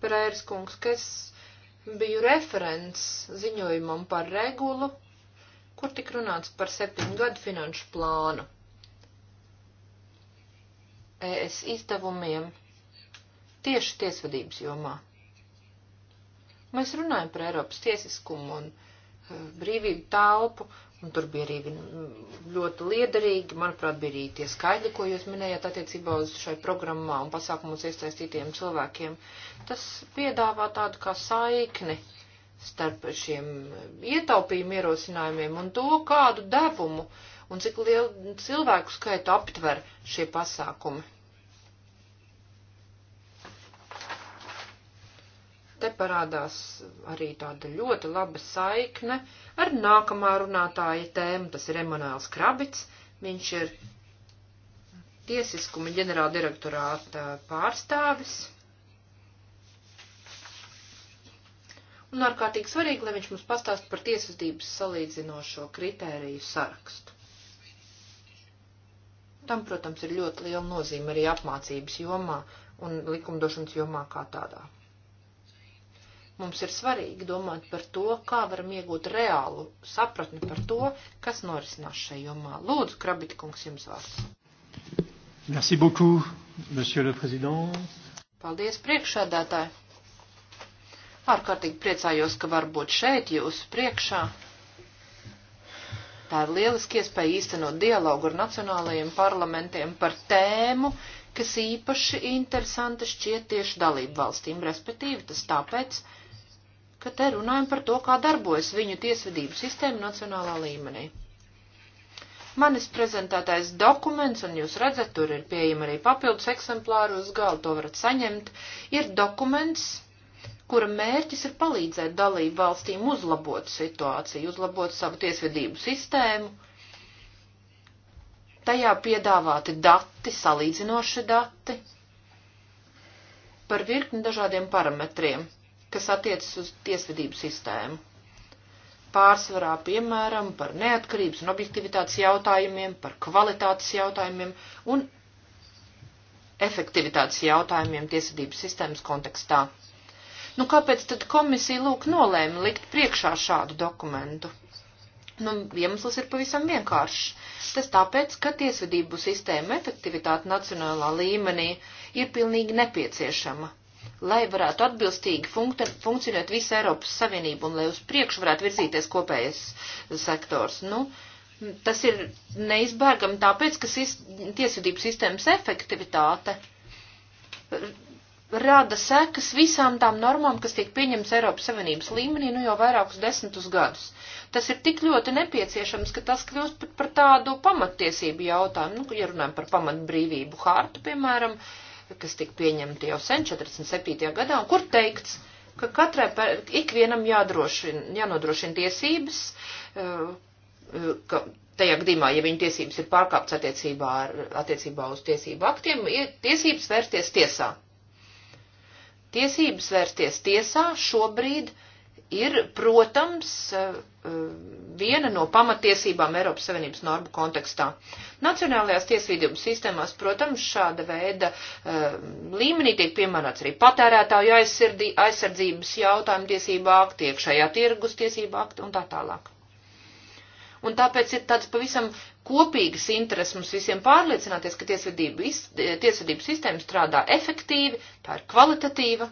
Prērs kungs, ka es biju referents ziņojumam par regulu, kur tik runāts par septiņu gadu finanšu plānu. ES izdevumiem tieši tiesvedības jomā. Mēs runājam par Eiropas tiesiskumu un e, brīvību telpu, Un tur bija arī ļoti liederīgi, manuprāt, bija arī tie skaidri, ko jūs minējāt attiecībā uz šai programmā un pasākumus iesaistītiem cilvēkiem. Tas piedāvā tādu kā saikni starp šiem ietaupījumu ierosinājumiem un to, kādu devumu un cik lielu cilvēku skaitu aptver šie pasākumi. Te parādās arī tāda ļoti laba saikne ar nākamā runātāja tēmu, tas ir Emanuēls Krabits. Viņš ir tiesiskuma ģenerāla direktorāta pārstāvis. Un ārkārtīgi svarīgi, lai viņš mums pastāst par tiesvedības salīdzinošo kritēriju sarakstu. Tam, protams, ir ļoti liela nozīme arī apmācības jomā un likumdošanas jomā kā tādā. Mums ir svarīgi domāt par to, kā varam iegūt reālu sapratni par to, kas norisinās šajā jomā. Lūdzu, Krabitkungs, jums vārds. Merci beaucoup, monsieur le président. Paldies, priekšādātāji. Ārkārtīgi priecājos, ka var būt šeit jūsu priekšā. Tā ir lieliski iespēja īstenot dialogu ar nacionālajiem parlamentiem par tēmu, kas īpaši interesanta šķiet tieši dalību valstīm, respektīvi tas tāpēc, ka te runājam par to, kā darbojas viņu tiesvedību sistēma nacionālā līmenī. Manis prezentētais dokuments, un jūs redzat, tur ir pieejama arī papildus eksemplāru uz galu, to varat saņemt, ir dokuments, kura mērķis ir palīdzēt dalību valstīm uzlabot situāciju, uzlabot savu tiesvedību sistēmu. Tajā piedāvāti dati, salīdzinoši dati par virkni dažādiem parametriem, kas attiecas uz tiesvedību sistēmu. Pārsvarā, piemēram, par neatkarības un objektivitātes jautājumiem, par kvalitātes jautājumiem un efektivitātes jautājumiem tiesvedības sistēmas kontekstā. Nu, kāpēc tad komisija lūk nolēma likt priekšā šādu dokumentu? Nu, iemesls ir pavisam vienkāršs. Tas tāpēc, ka tiesvedību sistēma efektivitāte nacionālā līmenī ir pilnīgi nepieciešama lai varētu atbilstīgi funkcionēt visa Eiropas Savienība un lai uz priekšu varētu virzīties kopējais sektors. Nu, tas ir neizbēgami tāpēc, ka sis, tiesvedības sistēmas efektivitāte rada sekas visām tām normām, kas tiek pieņemts Eiropas Savienības līmenī nu jau vairākus desmitus gadus. Tas ir tik ļoti nepieciešams, ka tas kļūst pat par tādu pamattiesību jautājumu, nu, ja runājam par pamatbrīvību hārtu, piemēram, uh, kas tika pieņemti jau sen, 47. gadā, un kur teikts, ka katrai, ikvienam jādrošina, jānodrošina tiesības, eh, eh, ka tajā gadījumā, ja viņa tiesības ir pārkāptas attiecībā, ar, attiecībā uz tiesību aktiem, ir tiesības vērsties tiesā. Tiesības vērsties tiesā šobrīd ir, protams, eh, viena no pamatiesībām Eiropas Savienības normu kontekstā. Nacionālajās tiesvedības sistēmās, protams, šāda veida eh, līmenī tiek piemērots arī patērētāju aizsardzības jautājumu tiesību akti, iekšējā tirgus tiesību akti un tā tālāk. Un tāpēc ir tāds pavisam kopīgas intereses mums visiem pārliecināties, ka tiesvedību, tiesvedību sistēma strādā efektīvi, tā ir kvalitatīva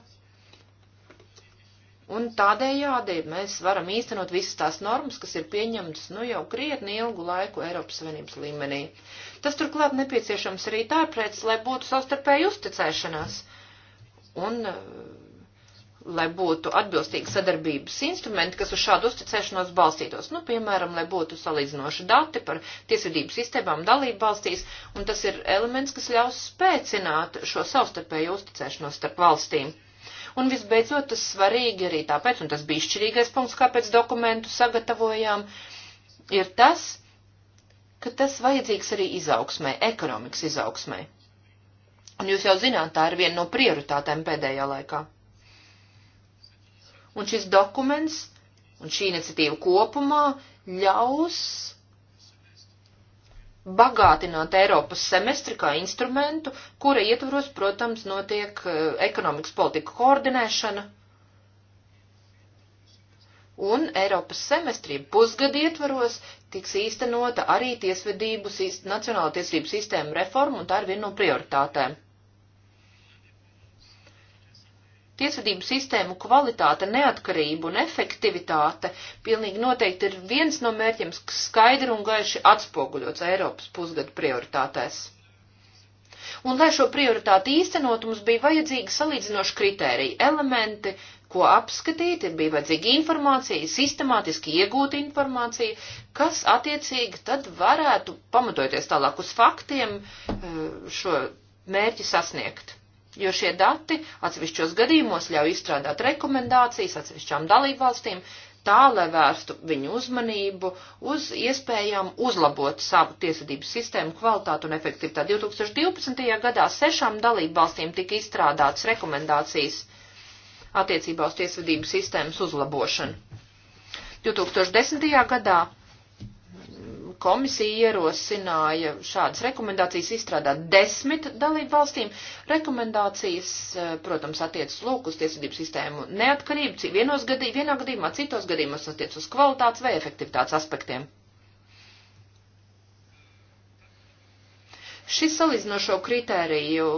Un tādējādi mēs varam īstenot visas tās normas, kas ir pieņemtas nu jau krietni ilgu laiku Eiropas Savienības līmenī. Tas turklāt nepieciešams arī tāpēc, lai būtu savstarpēji uzticēšanās un eh, lai būtu atbilstīgi sadarbības instrumenti, kas uz šādu uzticēšanos balstītos. Nu, piemēram, lai būtu salīdzinoši dati par tiesvedības sistēmām dalību valstīs, un tas ir elements, kas ļaus spēcināt šo savstarpēju uzticēšanos starp valstīm. Un visbeidzot, tas svarīgi arī tāpēc, un tas bija izšķirīgais punkts, kāpēc dokumentu sagatavojām, ir tas, ka tas vajadzīgs arī izaugsmai, ekonomikas izaugsmai. Un jūs jau zināt, tā ir viena no prioritātēm pēdējā laikā. Un šis dokuments un šī iniciatīva kopumā ļaus bagātināt Eiropas semestri kā instrumentu, kura ietvaros, protams, notiek eh, ekonomikas politika koordinēšana. Un Eiropas semestrī pusgadu ietvaros tiks īstenota arī tiesvedības, nacionāla tiesvedības sistēma reforma, un tā ir viena no prioritātēm. Tiesvedību sistēmu kvalitāte, neatkarība un efektivitāte pilnīgi noteikti ir viens no mērķiem, kas skaidri un gaiši atspoguļots Eiropas pusgada prioritātēs. Un, lai šo prioritāti īstenot, mums bija vajadzīgi salīdzinoši kritēriji, elementi, ko apskatīt, ir bija vajadzīga informācija, sistemātiski iegūta informācija, kas attiecīgi tad varētu, pamatojoties tālāk uz faktiem, eh, šo mērķi sasniegt jo šie dati atsevišķos gadījumos ļauj izstrādāt rekomendācijas atsevišķām dalībvalstīm, tā, lai vērstu viņu uzmanību uz iespējām uzlabot savu tiesvedības sistēmu kvalitātu un efektivitāti. 2012. gadā sešām dalībvalstīm tika izstrādātas rekomendācijas attiecībā uz tiesvedības sistēmas uzlabošanu. 2010. gadā komisija ierosināja šādas rekomendācijas izstrādāt desmit dalību valstīm. Rekomendācijas, eh, protams, attiecas lūk uz tiesvedības sistēmu neatkarību, vienos gadījumā, vienā gadījumā, citos gadījumos attiec uz kvalitātes vai efektivitātes aspektiem. Šis salīdzinošo kritēriju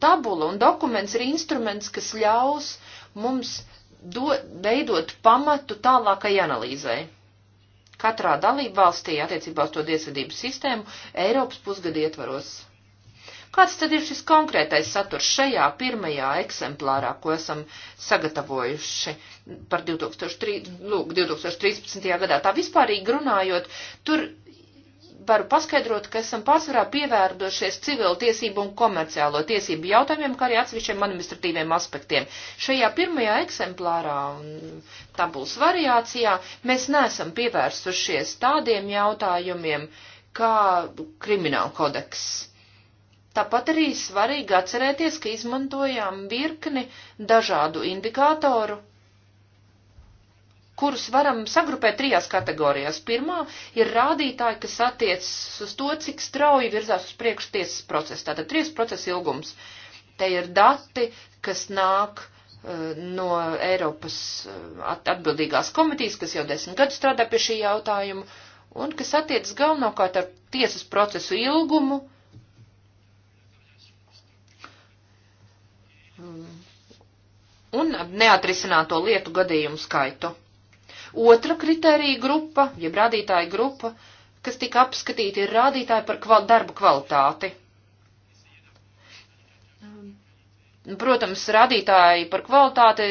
tabula un dokuments ir instruments, kas ļaus mums do, veidot pamatu tālākai analīzai katrā dalību valstī attiecībā uz to tiesvedību sistēmu Eiropas pusgadu ietvaros. Kāds tad ir šis konkrētais saturs šajā pirmajā eksemplārā, ko esam sagatavojuši par 2003, lūk, 2013. gadā? Tā vispārīgi runājot, tur varu paskaidrot, ka esam pārsvarā pievērdušies civilu tiesību un komerciālo tiesību jautājumiem, kā arī atsevišķiem administratīviem aspektiem. Šajā pirmajā eksemplārā un tabulas variācijā mēs neesam pievērsušies tādiem jautājumiem kā krimināla kodeks. Tāpat arī svarīgi atcerēties, ka izmantojām virkni dažādu indikātoru, kurus varam sagrupēt trijās kategorijās. Pirmā ir rādītāji, kas attiecas uz to, cik strauji virzās uz priekšu tiesas procesu. Tātad trīs procesa ilgums. Te ir dati, kas nāk uh, no Eiropas eh, atbildīgās komitīs, kas jau desmit gadu strādā pie šī jautājuma, un kas attiecas galvenokārt ar tiesas procesu ilgumu, un neatrisināto lietu gadījumu skaitu. Otra kritērija grupa, jeb rādītāja grupa, kas tika apskatīta, ir rādītāji par kval darbu kvalitāti. Protams, rādītāji par kvalitāti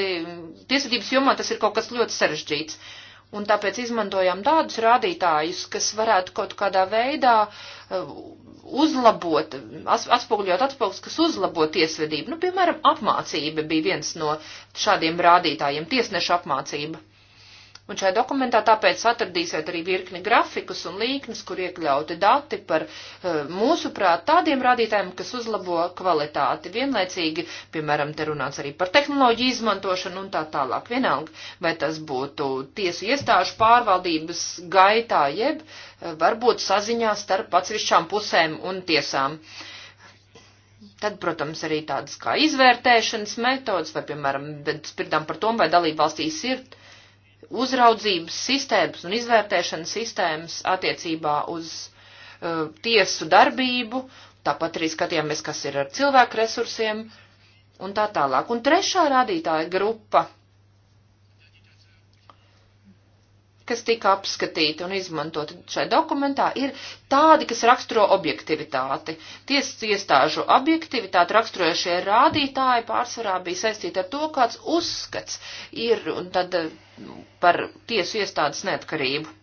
tiesvedības jomā tas ir kaut kas ļoti sarežģīts. Un tāpēc izmantojām tādus rādītājus, kas varētu kaut kādā veidā uh, uzlabot, atspoguļot atspoguļus, kas uzlabo tiesvedību. Nu, piemēram, apmācība bija viens no šādiem rādītājiem, tiesneša apmācība. Un šajā dokumentā tāpēc atradīsiet arī virkni grafikus un līknes, kur iekļauti dati par eh, mūsuprāt tādiem rādītājiem, kas uzlabo kvalitāti. Vienlaicīgi, piemēram, te runāts arī par tehnoloģiju izmantošanu un tā tālāk. Vienalga, vai tas būtu tiesu iestāžu pārvaldības gaitā, jeb eh, varbūt saziņā starp atsevišķām pusēm un tiesām. Tad, protams, arī tādas kā izvērtēšanas metodas, vai, piemēram, spirdām par to, vai dalība valstīs ir uzraudzības sistēmas un izvērtēšanas sistēmas attiecībā uz uh, tiesu darbību, tāpat arī skatījāmies, kas ir ar cilvēku resursiem un tā tālāk. Un trešā rādītāja grupa kas tika apskatīti un izmantoti šajā dokumentā, ir tādi, kas raksturo objektivitāti. Tiesas iestāžu objektivitāti raksturojošie rādītāji pārsvarā bija saistīti ar to, kāds uzskats ir un tad eh, par tiesu iestādes neatkarību.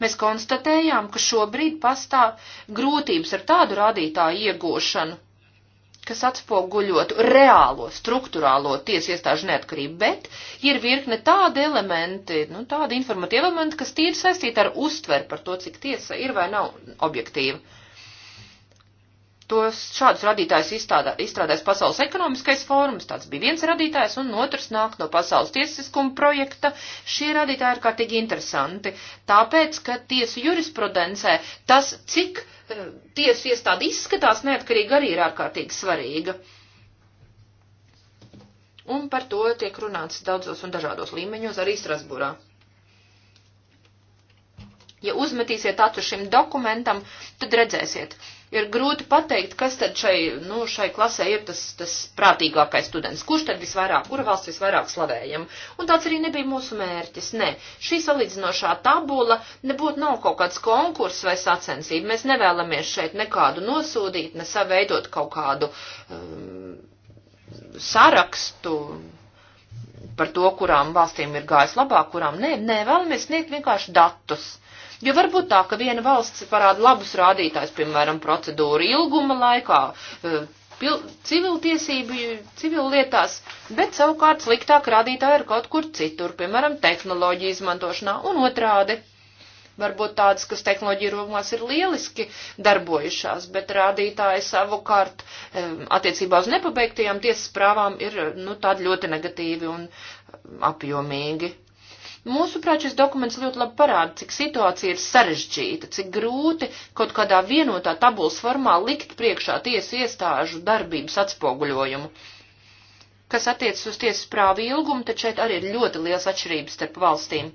Mēs konstatējām, ka šobrīd pastāv grūtības ar tādu rādītāju iegūšanu, kas atspoguļotu reālo struktūrālo tiesu iestāžu neatkarību, bet ir virkne tādi elementi, nu, tādi informatīvi elementi, kas tīri saistīti ar uztver par to, cik tiesa ir vai nav objektīva tos šādus radītājus izstrādā, izstrādājas Pasaules ekonomiskais fórums, tāds bija viens radītājs, un otrs nāk no Pasaules tiesiskuma projekta. Šie radītāji ir kārtīgi interesanti, tāpēc, ka tiesu jurisprudencē tas, cik uh, tiesu iestāde izskatās neatkarīgi, arī ir ārkārtīgi svarīga. Un par to tiek runāts daudzos un dažādos līmeņos, arī Strasbūrā. Ja uzmetīsiet acu šim dokumentam, tad redzēsiet, ir grūti pateikt, kas tad šai, nu, šai klasē ir tas, tas prātīgākais students, kurš tad visvairāk, kura valsts visvairāk slavējam. Un tāds arī nebija mūsu mērķis. Nē, šī salīdzinošā tabula nebūtu nav kaut kāds konkurss vai sacensība. Mēs nevēlamies šeit nekādu nosūdīt, ne saveidot kaut kādu um, sarakstu par to, kurām valstīm ir gājis labāk, kurām nē, nē, vēlamies sniegt vienkārši datus Jo varbūt tā, ka viena valsts parāda labus rādītājus, piemēram, procedūru ilguma laikā, eh, civiltiesību, civillietās, bet savukārt sliktāk rādītāji ir kaut kur citur, piemēram, tehnoloģiju izmantošanā un otrādi. Varbūt tādas, kas tehnoloģija rūpnās ir lieliski darbojušās, bet rādītāji savukārt eh, attiecībā uz nepabeigtajām tiesas prāvām ir, nu, tādi ļoti negatīvi un eh, apjomīgi. Mūsuprāt, šis dokuments ļoti labi parāda, cik situācija ir sarežģīta, cik grūti kaut kādā vienotā tabulas formā likt priekšā tiesu iestāžu darbības atspoguļojumu. Kas attiecas uz tiesas prāvu ilgumu, tad šeit arī ir ļoti liels atšķirības starp valstīm.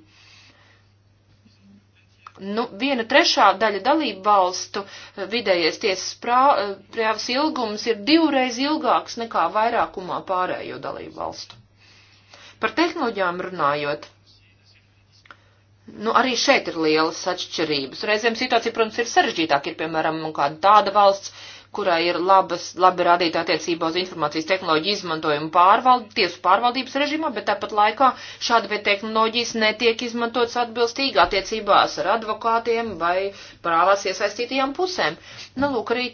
Nu, viena trešā daļa dalību valstu eh, vidējais tiesas eh, prāvas ilgums ir divreiz ilgāks nekā vairākumā pārējo dalību valstu. Par tehnoloģijām runājot, Nu, arī šeit ir lielas atšķirības. Reizēm situācija, protams, ir sarežģītāka. Ir, piemēram, nu, kāda tāda valsts, kurā ir labas, labi rādīta attiecībā uz informācijas tehnoloģiju izmantojumu pārvald, tiesu pārvaldības režīmā, bet tāpat laikā šāda veida tehnoloģijas netiek izmantotas atbilstīgi attiecībās ar advokātiem vai prāvās iesaistītajām pusēm. Nu, lūk, arī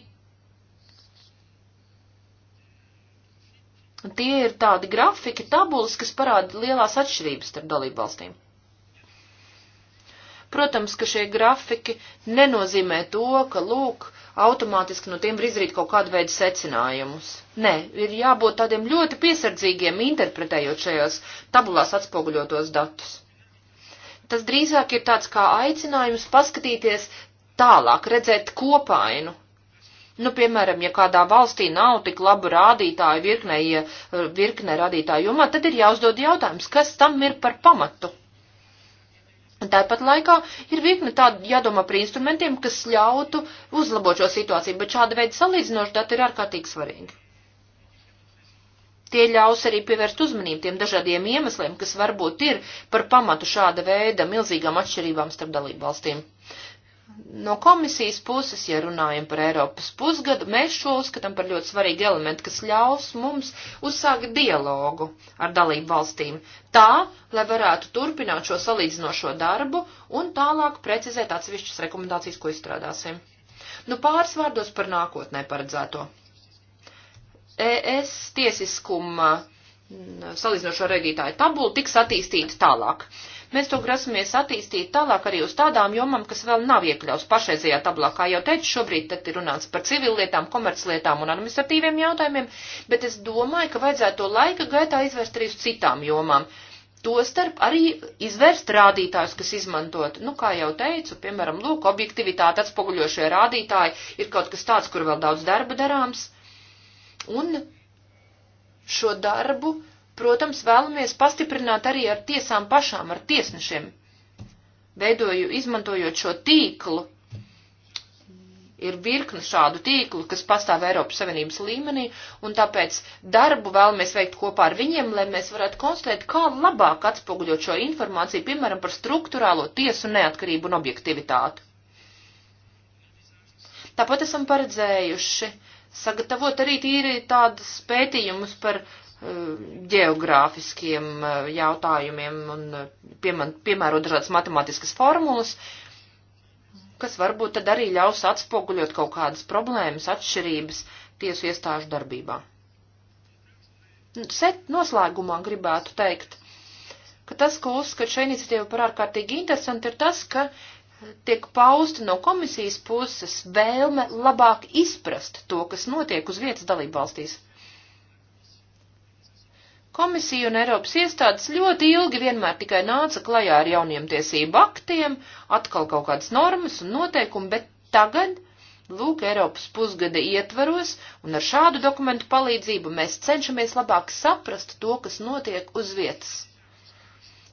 tie ir tādi grafiki, tabulas, kas parāda lielās atšķirības starp dalību valstīm. Protams, ka šie grafiki nenozīmē to, ka, lūk, automātiski no tiem var izrīt kaut kādu veidu secinājumus. Nē, ir jābūt tādiem ļoti piesardzīgiem, interpretējot šajās tabulās atspoguļotos datus. Tas drīzāk ir tāds kā aicinājums paskatīties tālāk, redzēt kopainu. Nu, piemēram, ja kādā valstī nav tik labu rādītāju virknē, virknē rādītāju jomā, tad ir jāuzdod jautājums, kas tam ir par pamatu. Tāpat laikā ir virkne tādu jādomā par instrumentiem, kas ļautu uzlabot šo situāciju, bet šāda veida salīdzinoši dati ir ārkārtīgi svarīgi. Tie ļaus arī pievērst uzmanību tiem dažādiem iemesliem, kas varbūt ir par pamatu šāda veida milzīgām atšķirībām starp dalību valstīm no komisijas puses, ja runājam par Eiropas pusgadu, mēs šo uzskatām par ļoti svarīgu elementu, kas ļaus mums uzsākt dialogu ar dalību valstīm, tā, lai varētu turpināt šo salīdzinošo darbu un tālāk precizēt atsevišķas rekomendācijas, ko izstrādāsim. Nu, pāris vārdos par nākotnē paredzēto. ES tiesiskuma mm, salīdzinošo redītāju tabulu tiks attīstīta tālāk. Uh, Mēs to grasamies attīstīt tālāk arī uz tādām jomām, kas vēl nav iekļauts pašreizajā tablā. Kā jau teicu, šobrīd tad ir runāts par civillietām, komerclietām un administratīviem jautājumiem, bet es domāju, ka vajadzētu to laika gaitā izvērst arī uz citām jomām. Tostarp arī izvērst rādītājus, kas izmantot. Nu, kā jau teicu, piemēram, lūk, objektivitāte atspoguļošie rādītāji ir kaut kas tāds, kur vēl daudz darba darāms. Un šo darbu protams, vēlamies pastiprināt arī ar tiesām pašām, ar tiesnešiem, veidoju, izmantojot šo tīklu. Ir virkni šādu tīklu, kas pastāv Eiropas Savienības līmenī, un tāpēc darbu vēlamies veikt kopā ar viņiem, lai mēs varētu konstatēt, kā labāk atspoguļot šo informāciju, piemēram, par struktūrālo tiesu neatkarību un objektivitāti. Tāpat esam paredzējuši sagatavot arī tīri tādas pētījumus par uh, geogrāfiskiem eh, jautājumiem un eh, piemērot dažādas matemātiskas formulas, kas varbūt tad arī ļaus atspoguļot kaut kādas problēmas, atšķirības tiesu iestāžu darbībā. Nu, set noslēgumā gribētu teikt, ka tas, ko uzskat šī iniciatīva par ārkārtīgi interesanti, ir tas, ka tiek pausta no komisijas puses vēlme labāk izprast to, kas notiek uz vietas dalību valstīs. Komisija un Eiropas iestādes ļoti ilgi vienmēr tikai nāca klajā ar jauniem tiesību aktiem, atkal kaut kādas normas un noteikumi, bet tagad, lūk, Eiropas pusgada ietvaros un ar šādu dokumentu palīdzību mēs cenšamies labāk saprast to, kas notiek uz vietas.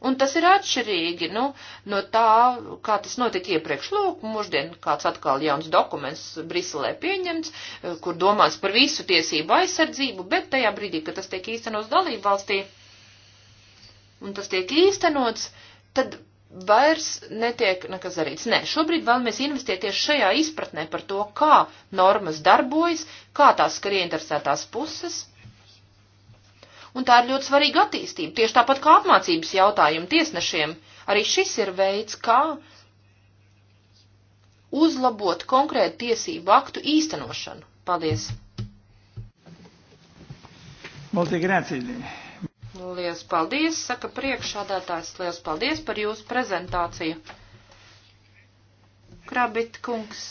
Un tas ir atšķirīgi nu, no tā, kā tas notika iepriekš. Lūk, mūždien kāds atkal jauns dokuments Briselē pieņemts, eh, kur domās par visu tiesību aizsardzību, bet tajā brīdī, kad tas tiek īstenots dalību valstī, un tas tiek īstenots, tad vairs netiek nekas darīts. Nē, šobrīd vēlamies investēt tieši šajā izpratnē par to, kā normas darbojas, kā tās skar ieinteresētās puses un tā ir ļoti svarīga attīstība, tieši tāpat kā apmācības jautājumu tiesnešiem. Arī šis ir veids, kā uzlabot konkrētu tiesību aktu īstenošanu. Paldies! Lielas paldies, saka priekšādātājs, liels paldies par jūsu prezentāciju. Krabit kungs.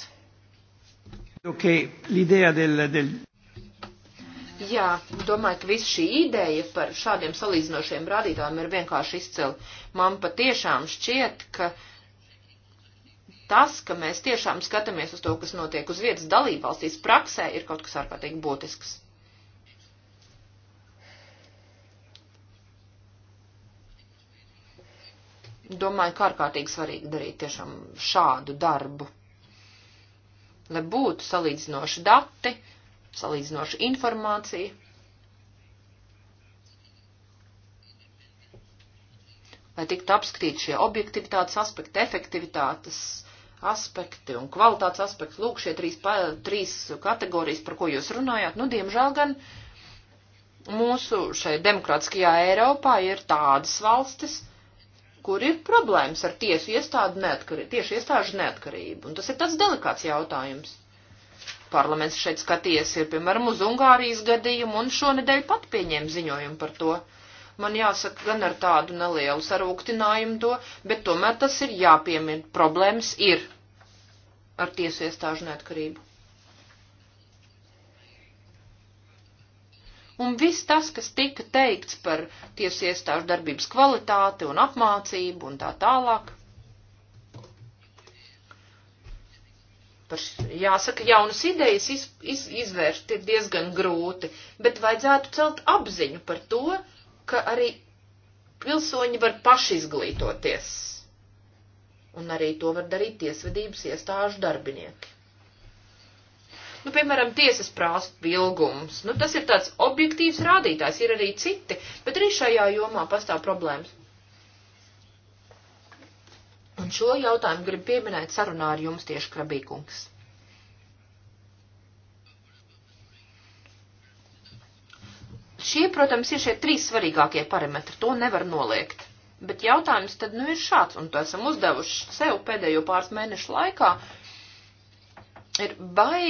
Okay, del, del... Jā, domāju, ka viss šī ideja par šādiem salīdzinošiem rādītājiem ir vienkārši izcila. Man patiešām šķiet, ka tas, ka mēs tiešām skatāmies uz to, kas notiek uz vietas dalībvalstīs praksē, ir kaut kas ārkārtīgi būtisks. Domāju, ka ārkārtīgi svarīgi darīt tiešām šādu darbu, lai būtu salīdzinoši dati salīdzinoša informācija. Lai tiktu apskatīt šie objektivitātes aspekti, efektivitātes aspekti un kvalitātes aspekti, lūk, šie trīs, pa, trīs kategorijas, par ko jūs runājāt, nu, diemžēl gan mūsu šai demokrātiskajā Eiropā ir tādas valstis, kur ir problēmas ar tiesu iestādu neatkarību, tieši iestāžu neatkarību. Un tas ir tāds delikāts jautājums. Parlaments šeit skatījies ir, piemēram, uz Ungārijas gadījumu un šonedēļ pat pieņēma ziņojumu par to. Man jāsaka gan ar tādu nelielu sarūktinājumu to, bet tomēr tas ir jāpiemin. Problēmas ir ar tiesu iestāžu neatkarību. Un viss tas, kas tika teikts par tiesu iestāžu darbības kvalitāti un apmācību un tā tālāk, par, jāsaka, jaunas idejas iz, iz, izvērst ir diezgan grūti, bet vajadzētu celt apziņu par to, ka arī pilsoņi var paši izglītoties. Un arī to var darīt tiesvedības iestāžu darbinieki. Nu, piemēram, tiesas prāstu ilgums. Nu, tas ir tāds objektīvs rādītājs, ir arī citi, bet arī šajā jomā pastāv problēmas. Un šo jautājumu grib pieminēt sarunā ar jums tieši Krabīkungs. Šie, protams, ir šie trīs svarīgākie parametri, to nevar noliegt. Bet jautājums tad nu ir šāds, un to esam uzdevuši sev pēdējo pāris mēnešu laikā, ir vai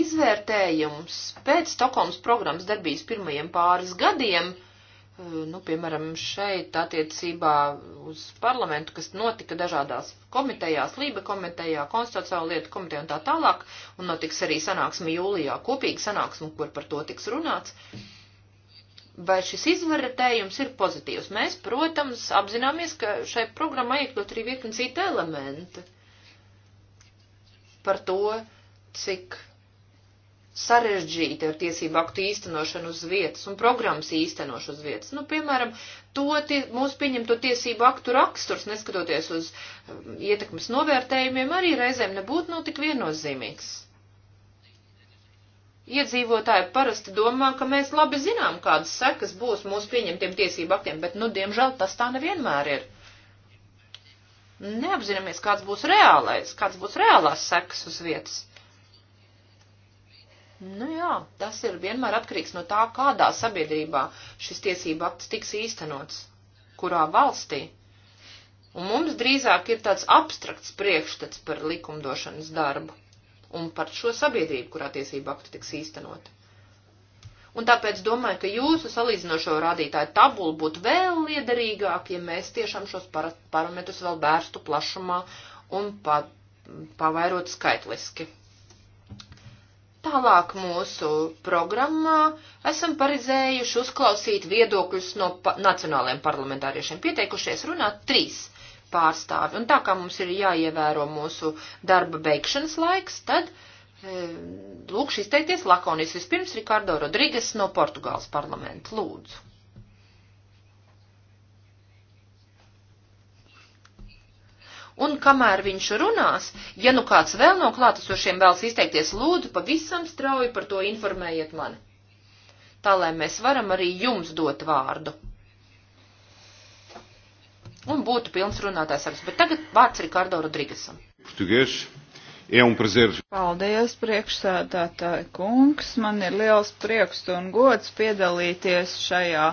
izvērtējums pēc Stokholmas programmas darbības pirmajiem pāris gadiem – nu, piemēram, šeit attiecībā uz parlamentu, kas notika dažādās komitejās, Lība komitejā, konstitucionāla lieta komitejā un tā tālāk, un notiks arī sanāksme jūlijā, kopīga sanāksme, kur par to tiks runāts. Vai šis izvērtējums ir pozitīvs? Mēs, protams, apzināmies, ka šai programmai iekļūt arī virkni citi elementi par to, cik sarežģīti ar tiesību aktu īstenošanu uz vietas un programmas īstenošanu uz vietas. Nu, piemēram, to tie, mūsu pieņemto tiesību aktu raksturs, neskatoties uz um, ietekmes novērtējumiem, arī reizēm nebūtu nav nu tik viennozīmīgs. Iedzīvotāji parasti domā, ka mēs labi zinām, kādas sekas būs mūsu pieņemtiem tiesību aktiem, bet, nu, diemžēl tas tā nevienmēr ir. Neapzināmies, kāds būs reālais, kāds būs reālās sekas uz vietas. Nu jā, tas ir vienmēr atkarīgs no tā, kādā sabiedrībā šis tiesība akts tiks īstenots, kurā valstī. Un mums drīzāk ir tāds abstrakts priekšstats par likumdošanas darbu un par šo sabiedrību, kurā tiesība akti tiks īstenoti. Un tāpēc domāju, ka jūsu salīdzinošo rādītāju tabula būtu vēl liederīgāk, ja mēs tiešām šos parametrus vēl vērstu plašumā un pa, pavairot skaitliski. Tālāk mūsu programmā esam paredzējuši uzklausīt viedokļus no pa nacionālajiem parlamentāriešiem. Pieteikušies runāt trīs pārstāvi. Un tā kā mums ir jāievēro mūsu darba beigšanas laiks, tad e, lūkšu izteikties lakonis. Vispirms Rikardo Rodrigas no Portugāles parlamenta. Lūdzu. Un kamēr viņš runās, ja nu kāds vēl no klātesošiem vēlas izteikties, lūdzu, pavisam strauji par to informējiet mani. Tā lai mēs varam arī jums dot vārdu. Un būtu pilns runātājs saraksts. Bet tagad vārds Rikardo Rodrigasam. Portugiešu. É um prazer. Paldies, priekšsēdētāji kungs. Man ir liels prieks un gods piedalīties šajā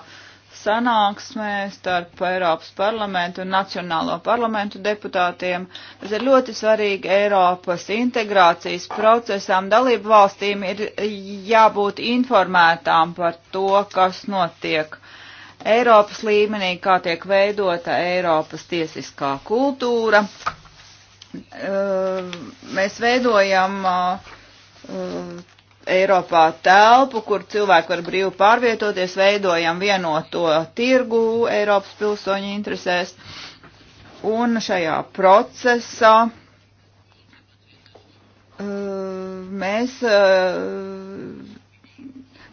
sanāksmē starp Eiropas parlamentu un Nacionālo parlamentu deputātiem. Tas ir ļoti svarīgi Eiropas integrācijas procesām. Dalību valstīm ir jābūt informētām par to, kas notiek Eiropas līmenī, kā tiek veidota Eiropas tiesiskā kultūra. Mēs veidojam Eiropā telpu, kur cilvēki var brīvi pārvietoties, veidojam vienoto tirgu Eiropas pilsoņu interesēs. Un šajā procesā eh, mēs, eh,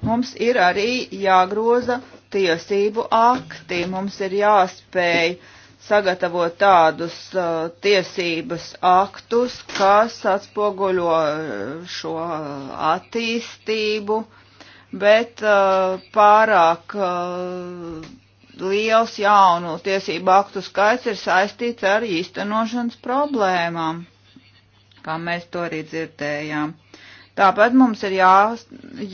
mums ir arī jāgroza tiesību akti, mums ir jāspēj uh, sagatavot tādus uh, tiesības aktus, kas atspoguļo uh, šo attīstību, bet uh, pārāk uh, liels jaunu tiesību aktu skaits ir saistīts ar īstenošanas problēmām, kā mēs to arī dzirdējām. Tāpēc mums ir jā,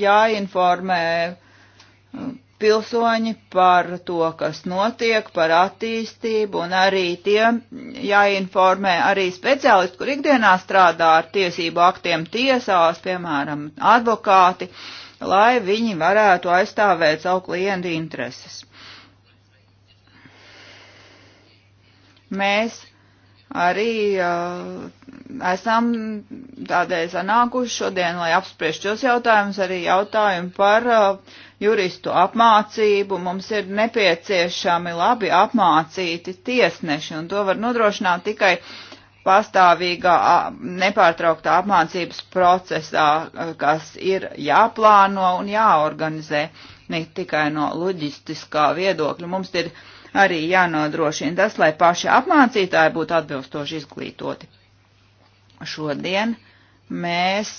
jāinformē uh, pilsoņi par to, kas notiek, par attīstību, un arī tiem jāinformē arī speciālisti, kur ikdienā strādā ar tiesību aktiem tiesās, piemēram, advokāti, lai viņi varētu aizstāvēt savu klientu intereses. Mēs arī uh, esam tādēļ sanākuši šodien, lai apspriež šos jautājumus, arī jautājumu par uh, juristu apmācību, mums ir nepieciešami labi apmācīti tiesneši, un to var nodrošināt tikai pastāvīgā nepārtrauktā apmācības procesā, kas ir jāplāno un jāorganizē, ne tikai no loģistiskā viedokļa. Mums ir arī jānodrošina tas, lai paši apmācītāji būtu atbilstoši izglītoti. Šodien mēs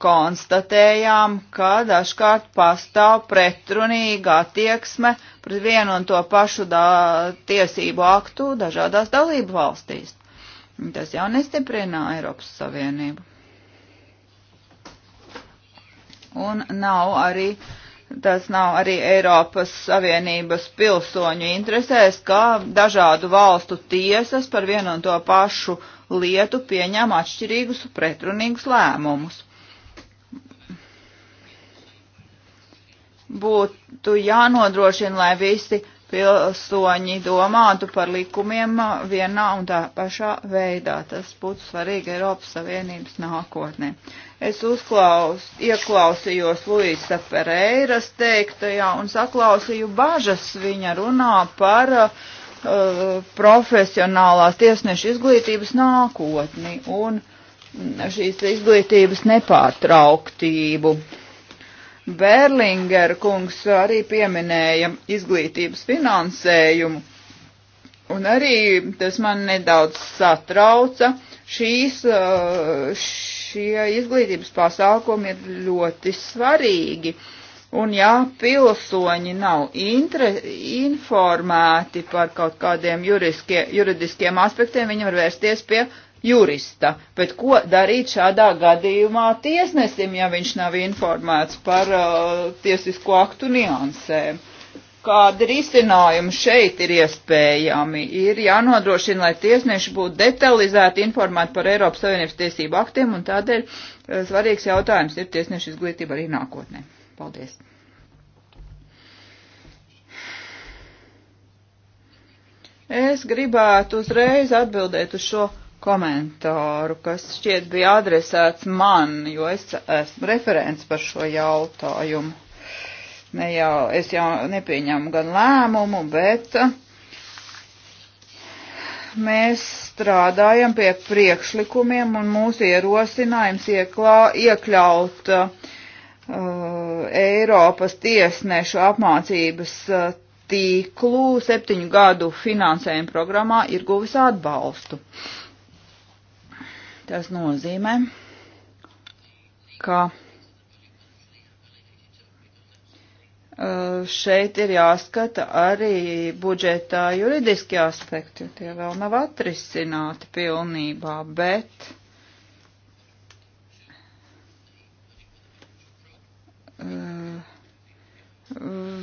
konstatējām, ka dažkārt pastāv pretrunīga attieksme pret vienu un to pašu da tiesību aktu dažādās dalību valstīs. Tas jau nestiprina Eiropas Savienību. Un nav arī, tas nav arī Eiropas Savienības pilsoņu interesēs, ka dažādu valstu tiesas par vienu un to pašu lietu pieņem atšķirīgus pretrunīgus lēmumus. būtu jānodrošina, lai visi pilsoņi domātu par likumiem vienā un tā pašā veidā. Tas būtu svarīgi Eiropas Savienības nākotnē. Es uzklaus, ieklausījos Luisa Pereiras teiktajā un saklausīju bažas viņa runā par uh, profesionālās tiesnešu izglītības nākotni un šīs izglītības nepārtrauktību. Uh, Berlinger kungs arī pieminēja izglītības finansējumu. Un arī tas man nedaudz satrauca. Šīs, uh, šie izglītības pasākumi ir ļoti svarīgi. Un ja pilsoņi nav intre, informēti par kaut kādiem juriskie, juridiskiem aspektiem, viņi var vērsties pie jurista, bet ko darīt šādā gadījumā tiesnesim, ja viņš nav informēts par uh, tiesisko aktu niansēm? Kādi risinājumi šeit ir iespējami? Ir jānodrošina, lai tiesneši būtu detalizēti informēti par Eiropas Savienības tiesību aktiem, un tādēļ uh, svarīgs jautājums ir tiesnešu izglītība arī nākotnē. Paldies! Es gribētu uzreiz atbildēt uz šo jautājumu komentāru, kas šķiet bija adresēts man, jo es esmu referents par šo jautājumu. Ne jau, es jau nepieņemu gan lēmumu, bet uh, mēs strādājam pie priekšlikumiem un mūsu ierosinājums ieklā, iekļaut uh, Eiropas tiesnešu apmācības uh, tīklu septiņu gadu finansējuma programmā ir guvis atbalstu. Uh, Tas nozīmē, ka uh, šeit ir jāskata arī budžetā juridiski aspekti, jo tie vēl nav atrisināti pilnībā, bet uh,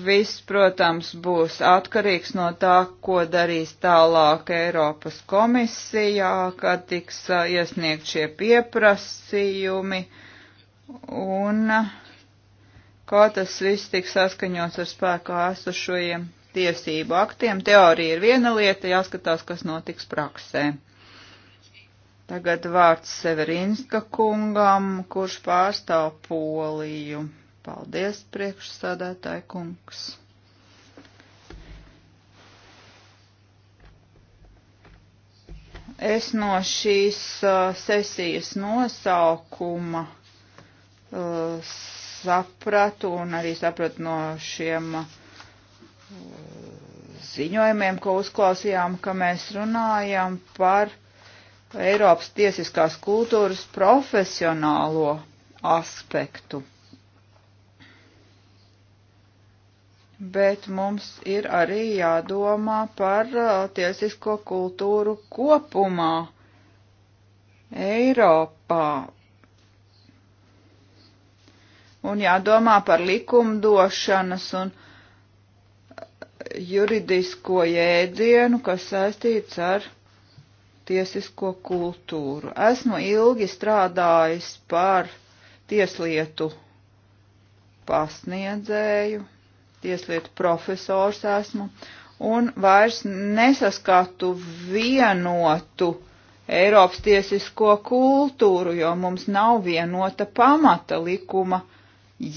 Viss, protams, būs atkarīgs no tā, ko darīs tālāk Eiropas komisijā, kad tiks iesniegt šie pieprasījumi un kā tas viss tiks saskaņots ar spēkā esošajiem tiesību aktiem. Teorija ir viena lieta, jāskatās, kas notiks praksē. Tagad vārds Severinska kungam, kurš pārstāv Poliju. Paldies, priekšsādātāji kungs. Es no šīs uh, sesijas nosaukuma uh, sapratu un arī sapratu no šiem uh, ziņojumiem, ko uzklausījām, ka mēs runājam par Eiropas tiesiskās kultūras profesionālo aspektu. bet mums ir arī jādomā par uh, tiesisko kultūru kopumā Eiropā. Un jādomā par likumdošanas un uh, juridisko jēdzienu, kas saistīts ar tiesisko kultūru. Esmu ilgi strādājis par tieslietu pasniedzēju, tieslietu profesors esmu, un vairs nesaskatu vienotu Eiropas tiesisko kultūru, jo mums nav vienota pamata likuma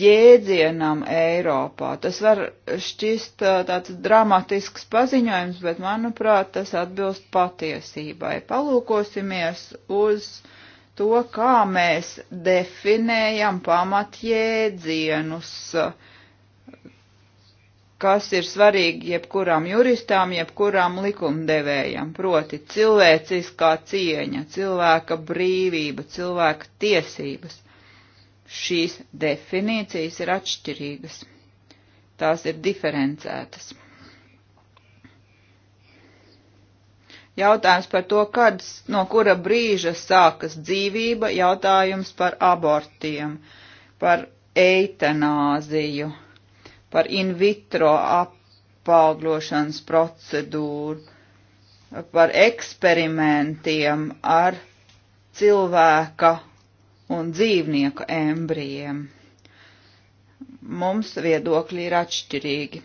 jēdzienam Eiropā. Tas var šķist uh, tāds dramatisks paziņojums, bet manuprāt, tas atbilst patiesībai. Palūkosimies uz to, kā mēs definējam pamatjēdzienus. Uh, kas ir svarīgi jebkurām juristām, jebkurām likumdevējam, proti cilvēciskā cieņa, cilvēka brīvība, cilvēka tiesības. Šīs definīcijas ir atšķirīgas, tās ir diferencētas. Jautājums par to, kad, no kura brīža sākas dzīvība, jautājums par abortiem, par eitanāziju par in vitro apauglošanas procedūru, par eksperimentiem ar cilvēka un dzīvnieku embrijiem. Mums viedokļi ir atšķirīgi.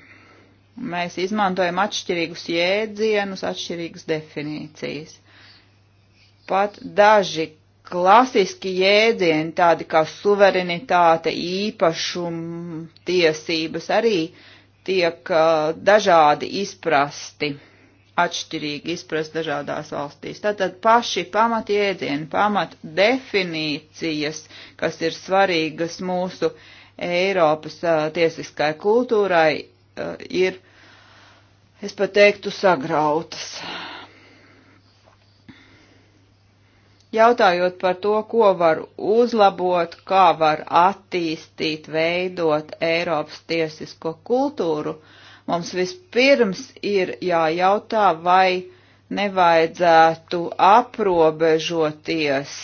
Mēs izmantojam atšķirīgus jēdzienus, atšķirīgas definīcijas. Pat daži klasiski jēdzieni, tādi kā suverenitāte, īpašuma tiesības, arī tiek uh, dažādi izprasti, atšķirīgi izprast dažādās valstīs. Tātad paši pamat jēdzieni, pamat definīcijas, kas ir svarīgas mūsu Eiropas uh, tiesiskai kultūrai, uh, ir, es pat teiktu, sagrautas. jautājot par to, ko var uzlabot, kā var attīstīt, veidot Eiropas tiesisko kultūru, mums vispirms ir jājautā, vai nevajadzētu aprobežoties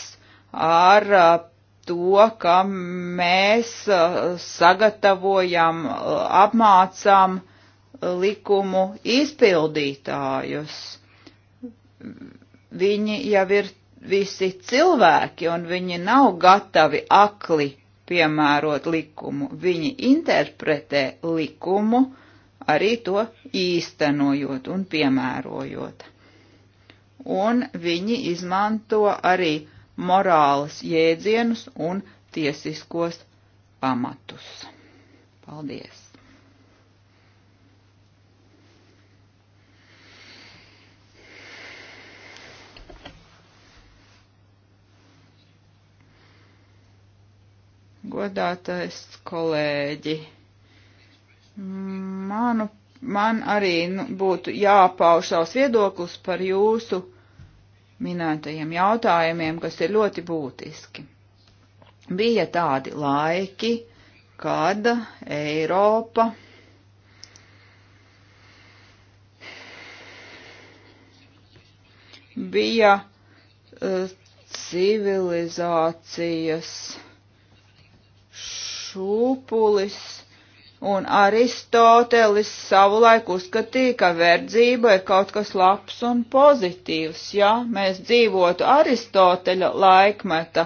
ar to, ka mēs sagatavojam, apmācām likumu izpildītājus. Viņi jau ir visi cilvēki, un viņi nav gatavi akli piemērot likumu. Viņi interpretē likumu, arī to īstenojot un piemērojot. Un viņi izmanto arī morāles jēdzienus un tiesiskos pamatus. Paldies! Godātais kolēģi, manu, man arī nu, būtu jāpauž savs viedoklis par jūsu minētajiem jautājumiem, kas ir ļoti būtiski. Bija tādi laiki, kad Eiropa bija uh, civilizācijas Šūpulis un Aristotelis savulaik uzskatīja, ka verdzība ir kaut kas labs un pozitīvs. Ja mēs dzīvotu Aristoteļa laikmeta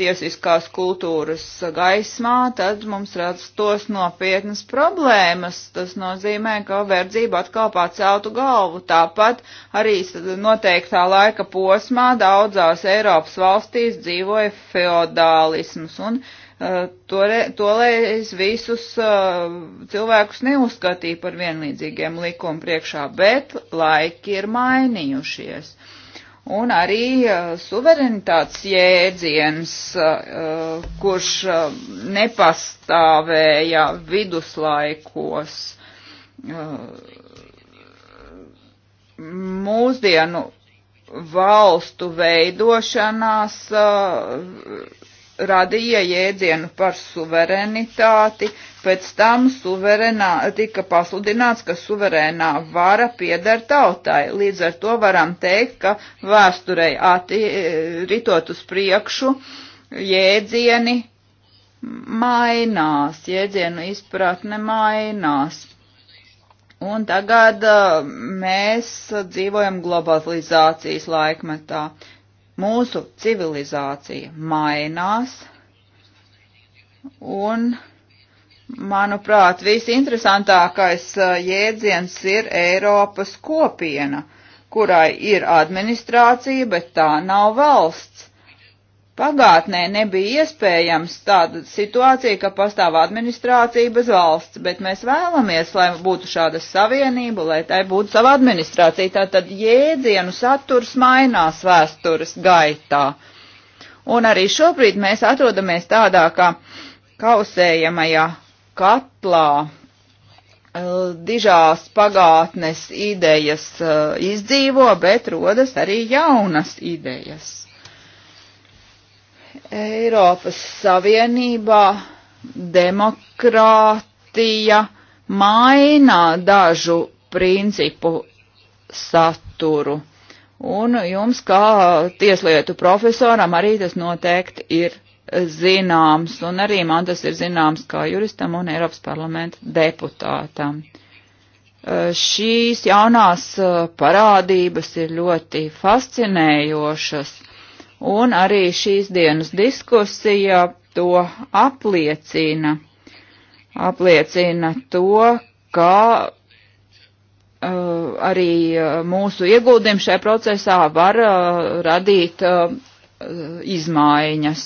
tiesiskās kultūras gaismā, tad mums rastos nopietnas problēmas. Tas nozīmē, ka verdzība atkal paceltu galvu. Tāpat arī noteiktā laika posmā daudzās Eiropas valstīs dzīvoja feodālisms un feodālisms Eh, Toreiz visus eh, cilvēkus neuzskatīja par vienlīdzīgiem likuma priekšā, bet laiki ir mainījušies. Un arī eh, suverenitātes jēdziens, kurš nepastāvēja viduslaikos, mūsdienu valstu veidošanās radīja jēdzienu par suverenitāti, pēc tam suverenā, tika pasludināts, ka suverēnā vara pieder tautai. Līdz ar to varam teikt, ka vēsturei atti, ritot uz priekšu jēdzieni mainās, jēdzienu izpratne mainās. Un tagad eh, mēs dzīvojam globalizācijas laikmetā. Mūsu civilizācija mainās, un, manuprāt, visinteresantākais uh, jēdziens ir Eiropas kopiena, kurai ir administrācija, bet tā nav valsts Pagātnē nebija iespējams tāda situācija, ka pastāv administrācija bez valsts, bet mēs vēlamies, lai būtu šāda savienība, lai tai būtu sava administrācija. Tātad jēdzienu saturs mainās vēstures gaitā. Un arī šobrīd mēs atrodamies tādā kā kausējamajā katlā. Eh, dižās pagātnes idejas eh, izdzīvo, bet rodas arī jaunas idejas. Eiropas Savienībā demokrātija maina dažu principu saturu. Un jums, kā tieslietu profesoram, arī tas noteikti ir zināms, un arī man tas ir zināms kā juristam un Eiropas parlamenta deputātam. Eh, šīs jaunās eh, parādības ir ļoti fascinējošas un arī šīs dienas diskusija to apliecina. Apliecina to, ka uh, arī uh, mūsu ieguldījumi šajā procesā var uh, radīt uh, izmaiņas.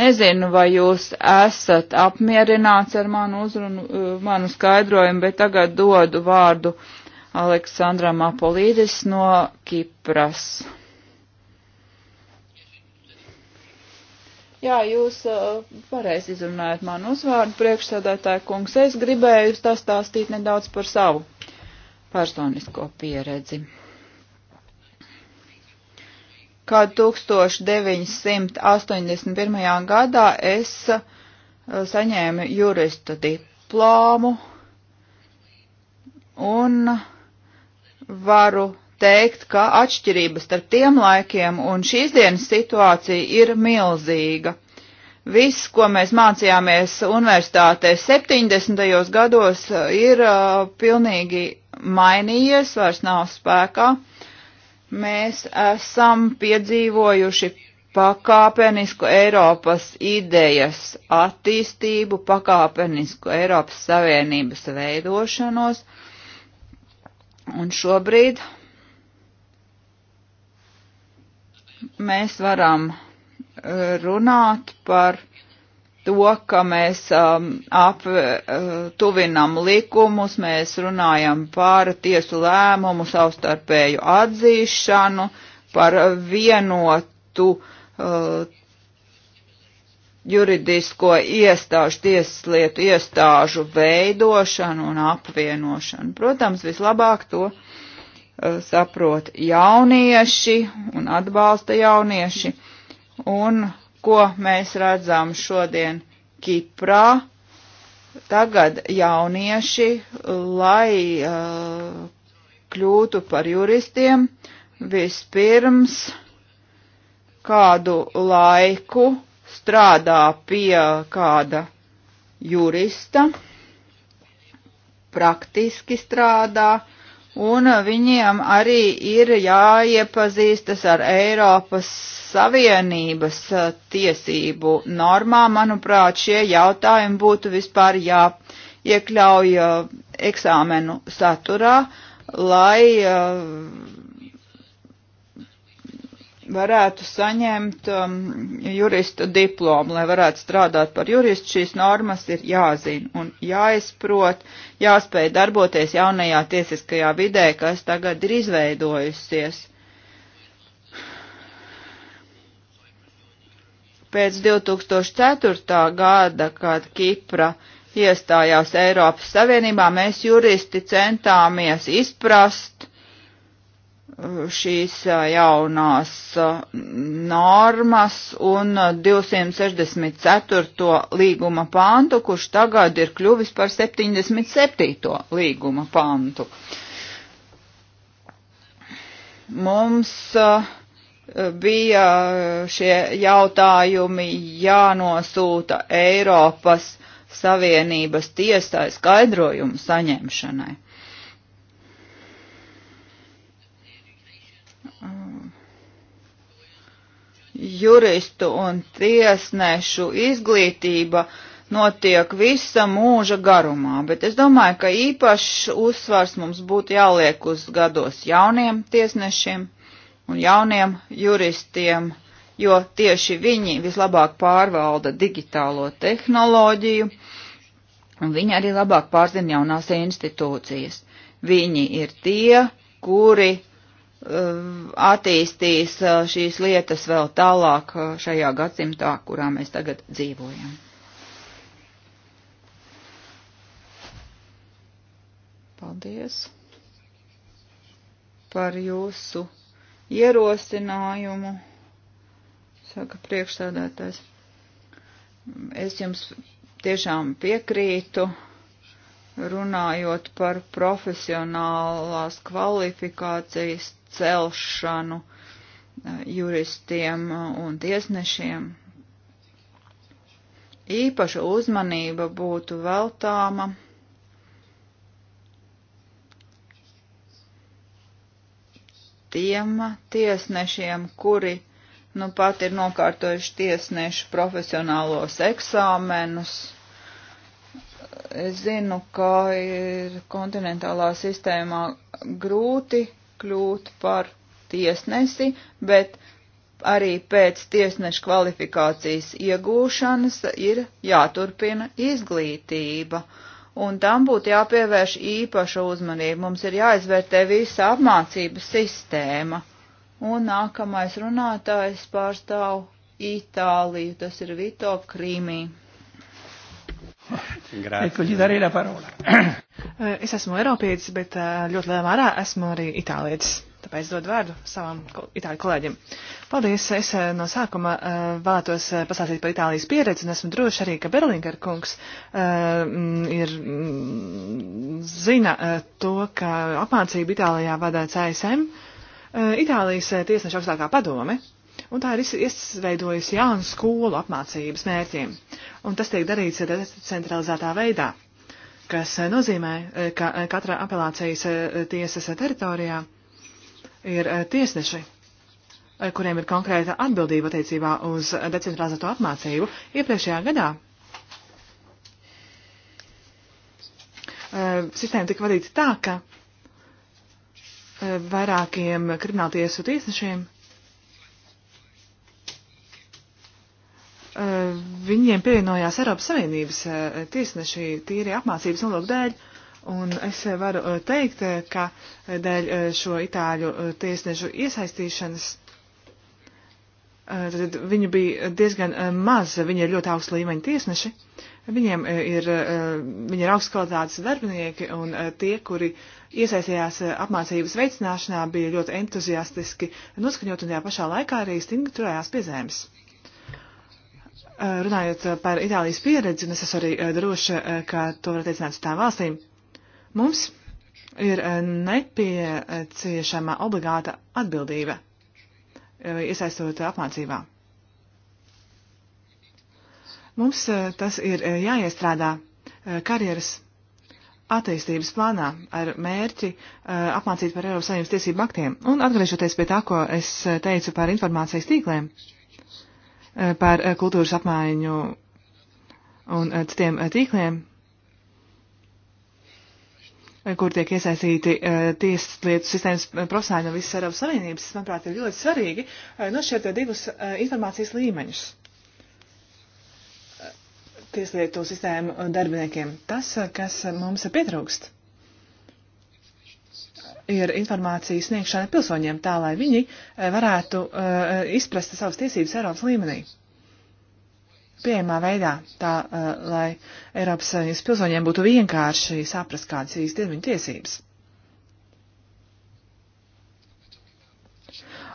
Nezinu, vai jūs esat apmierināts ar manu uzrunu, uh, manu skaidrojumu, bet tagad dodu vārdu Aleksandram Apolīdis no Kipras. Jā, jūs pareizi izrunājat manu uzvārdu, priekšsēdētāja kungs. Es gribēju pastāstīt nedaudz par savu personisko pieredzi. Kā 1981. gadā es saņēmu jurista diplomu un varu teikt, ka atšķirības starp tiem laikiem un šīs dienas situācija ir milzīga. Viss, ko mēs mācījāmies universitātē 70. gados, ir uh, pilnīgi mainījies, vairs nav spēkā. Mēs esam piedzīvojuši pakāpenisku Eiropas idejas attīstību, pakāpenisku Eiropas Savienības veidošanos, un šobrīd mēs varam eh, runāt par to, ka mēs um, ap, uh, tuvinam likumus, mēs runājam par tiesu lēmumu savstarpēju atzīšanu, par vienotu uh, juridisko iestāžu, tieslietu iestāžu veidošanu un apvienošanu. Protams, vislabāk to uh, Eh, saprot jaunieši un atbalsta jaunieši. Un ko mēs redzam šodien Kiprā? Tagad jaunieši, lai uh, kļūtu par juristiem, vispirms kādu laiku strādā pie kāda jurista, praktiski strādā, uh, un viņiem arī ir jāiepazīstas ar Eiropas Savienības eh, tiesību normām. Manuprāt, šie jautājumi būtu vispār jāiekļauj eh, eksāmenu saturā, lai eh, varētu saņemt um, jurista diplomu, lai varētu strādāt par juristu, šīs normas ir jāzina un jāizprot, jāspēj darboties jaunajā tiesiskajā vidē, kas tagad ir izveidojusies. Pēc 2004. gada, kad Kipra iestājās Eiropas Savienībā, mēs juristi centāmies izprast, šīs jaunās normas un 264. līguma pāntu, kurš tagad ir kļuvis par 77. līguma pāntu. Mums bija šie jautājumi jānosūta Eiropas Savienības tiesai skaidrojumu saņemšanai. juristu un tiesnešu izglītība notiek visa mūža garumā, bet es domāju, ka īpašs uzsvars mums būtu jāliek uz gados jauniem tiesnešiem un jauniem juristiem, jo tieši viņi vislabāk pārvalda digitālo tehnoloģiju, un viņi arī labāk pārzina jaunās institūcijas. Viņi ir tie, kuri Uh, attīstīs uh, šīs lietas vēl tālāk uh, šajā gadsimtā, kurā mēs tagad dzīvojam. Paldies par jūsu ierosinājumu, saka priekšstādātājs. Es jums tiešām piekrītu runājot par profesionālās kvalifikācijas celšanu eh, juristiem eh, un tiesnešiem. Īpaša uzmanība būtu veltāma tiem tiesnešiem, kuri nu pat ir nokārtojuši tiesnešu profesionālos eksāmenus. Es zinu, ka ir kontinentālā sistēmā grūti kļūt par tiesnesi, bet arī pēc tiesneša kvalifikācijas iegūšanas ir jāturpina izglītība. Un tam būtu jāpievērš īpaša uzmanība. Mums ir jāizvērtē visa apmācības sistēma. Un nākamais runātājs pārstāv Itāliju, tas ir Vito Krīmī. *laughs* Ecco, gli darei la parola. Eh, es esmu Eiropietis, bet eh, ļoti lielā mērā esmu arī itālietis. Tāpēc dod vārdu savam itāļu kolēģim. Paldies, es eh, no sākuma vēlētos pasāstīt par Itālijas pieredzi, un esmu droši arī, ka Berlinger kungs mm, ir mm, zina to, ka apmācību Itālijā vada CSM, Itālijas tiesneša augstākā padome un tā ir izveidojusi jaunu skolu apmācības mērķiem. Un tas tiek darīts decentralizētā veidā, kas nozīmē, eh, ka eh, katra apelācijas eh, tiesas teritorijā ir tiesneši, kuriem ir konkrēta atbildība attiecībā uz decentralizēto apmācību. Iepriekšējā gadā sistēma tika vadīta tā, ka vairākiem krimināltiesu tiesnešiem Eh, viņiem pievienojās Eiropas Savienības eh, tiesneši tīri apmācības nolūku dēļ, un es eh, varu teikt, ka dēļ šo itāļu tiesnešu iesaistīšanas tad viņu bija diezgan maz, viņi ir ļoti augsta līmeņa tiesneši, viņiem ir, viņi ir augsts kvalitātes darbinieki, un tie, kuri iesaistījās apmācības veicināšanā, bija ļoti entuziastiski noskaņot un tajā pašā laikā arī stingri turējās pie zemes. Eh, runājot eh, par Itālijas pieredzi, un es esmu arī eh, droša, ka to var attiecināt uz tām valstīm, mums ir nepieciešama obligāta atbildība iesaistot apmācībā. Mums tas ir jāiestrādā karjeras attīstības plānā ar mērķi uh, apmācīt par Eiropas Savienības tiesību aktiem. Un atgriežoties pie tā, ko es teicu par informācijas tīkliem, uh, Eh, par eh, kultūras apmaiņu un eh, citiem tīkliem, kur tiek iesaistīti tieslietu sistēmas profesionāļi no visas Eiropas Savienības, tas, manuprāt, ir ļoti svarīgi nošķirt divus informācijas līmeņus tieslietu sistēmu darbiniekiem. Tas, kas mums pietrūkst ir informācijas sniegšana pilsoņiem tā, lai viņi eh, varētu uh, izprast savas tiesības Eiropas līmenī. Pieejamā veidā, tā, uh, lai Eiropas Savienības pilsoņiem būtu vienkārši saprast, kādas īsti ir viņu tiesības.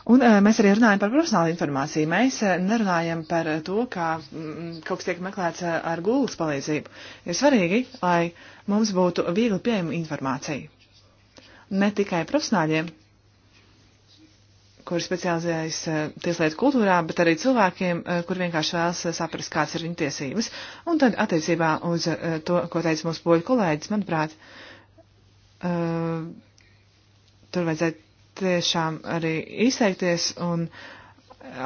Un mēs arī runājam par profesionālu informāciju. Mēs nerunājam par to, kā mm, kaut kas tiek meklēts ar Google palīdzību. Ir svarīgi, lai mums būtu viegli pieejama informācija ne tikai profesionāļiem, kuri specializējas eh, tieslietu kultūrā, bet arī cilvēkiem, eh, kur vienkārši vēlas eh, saprast, kāds ir viņu tiesības. Un tad attiecībā uz to, ko teica mūsu poļu kolēģis, manuprāt, tur vajadzētu tiešām arī izteikties un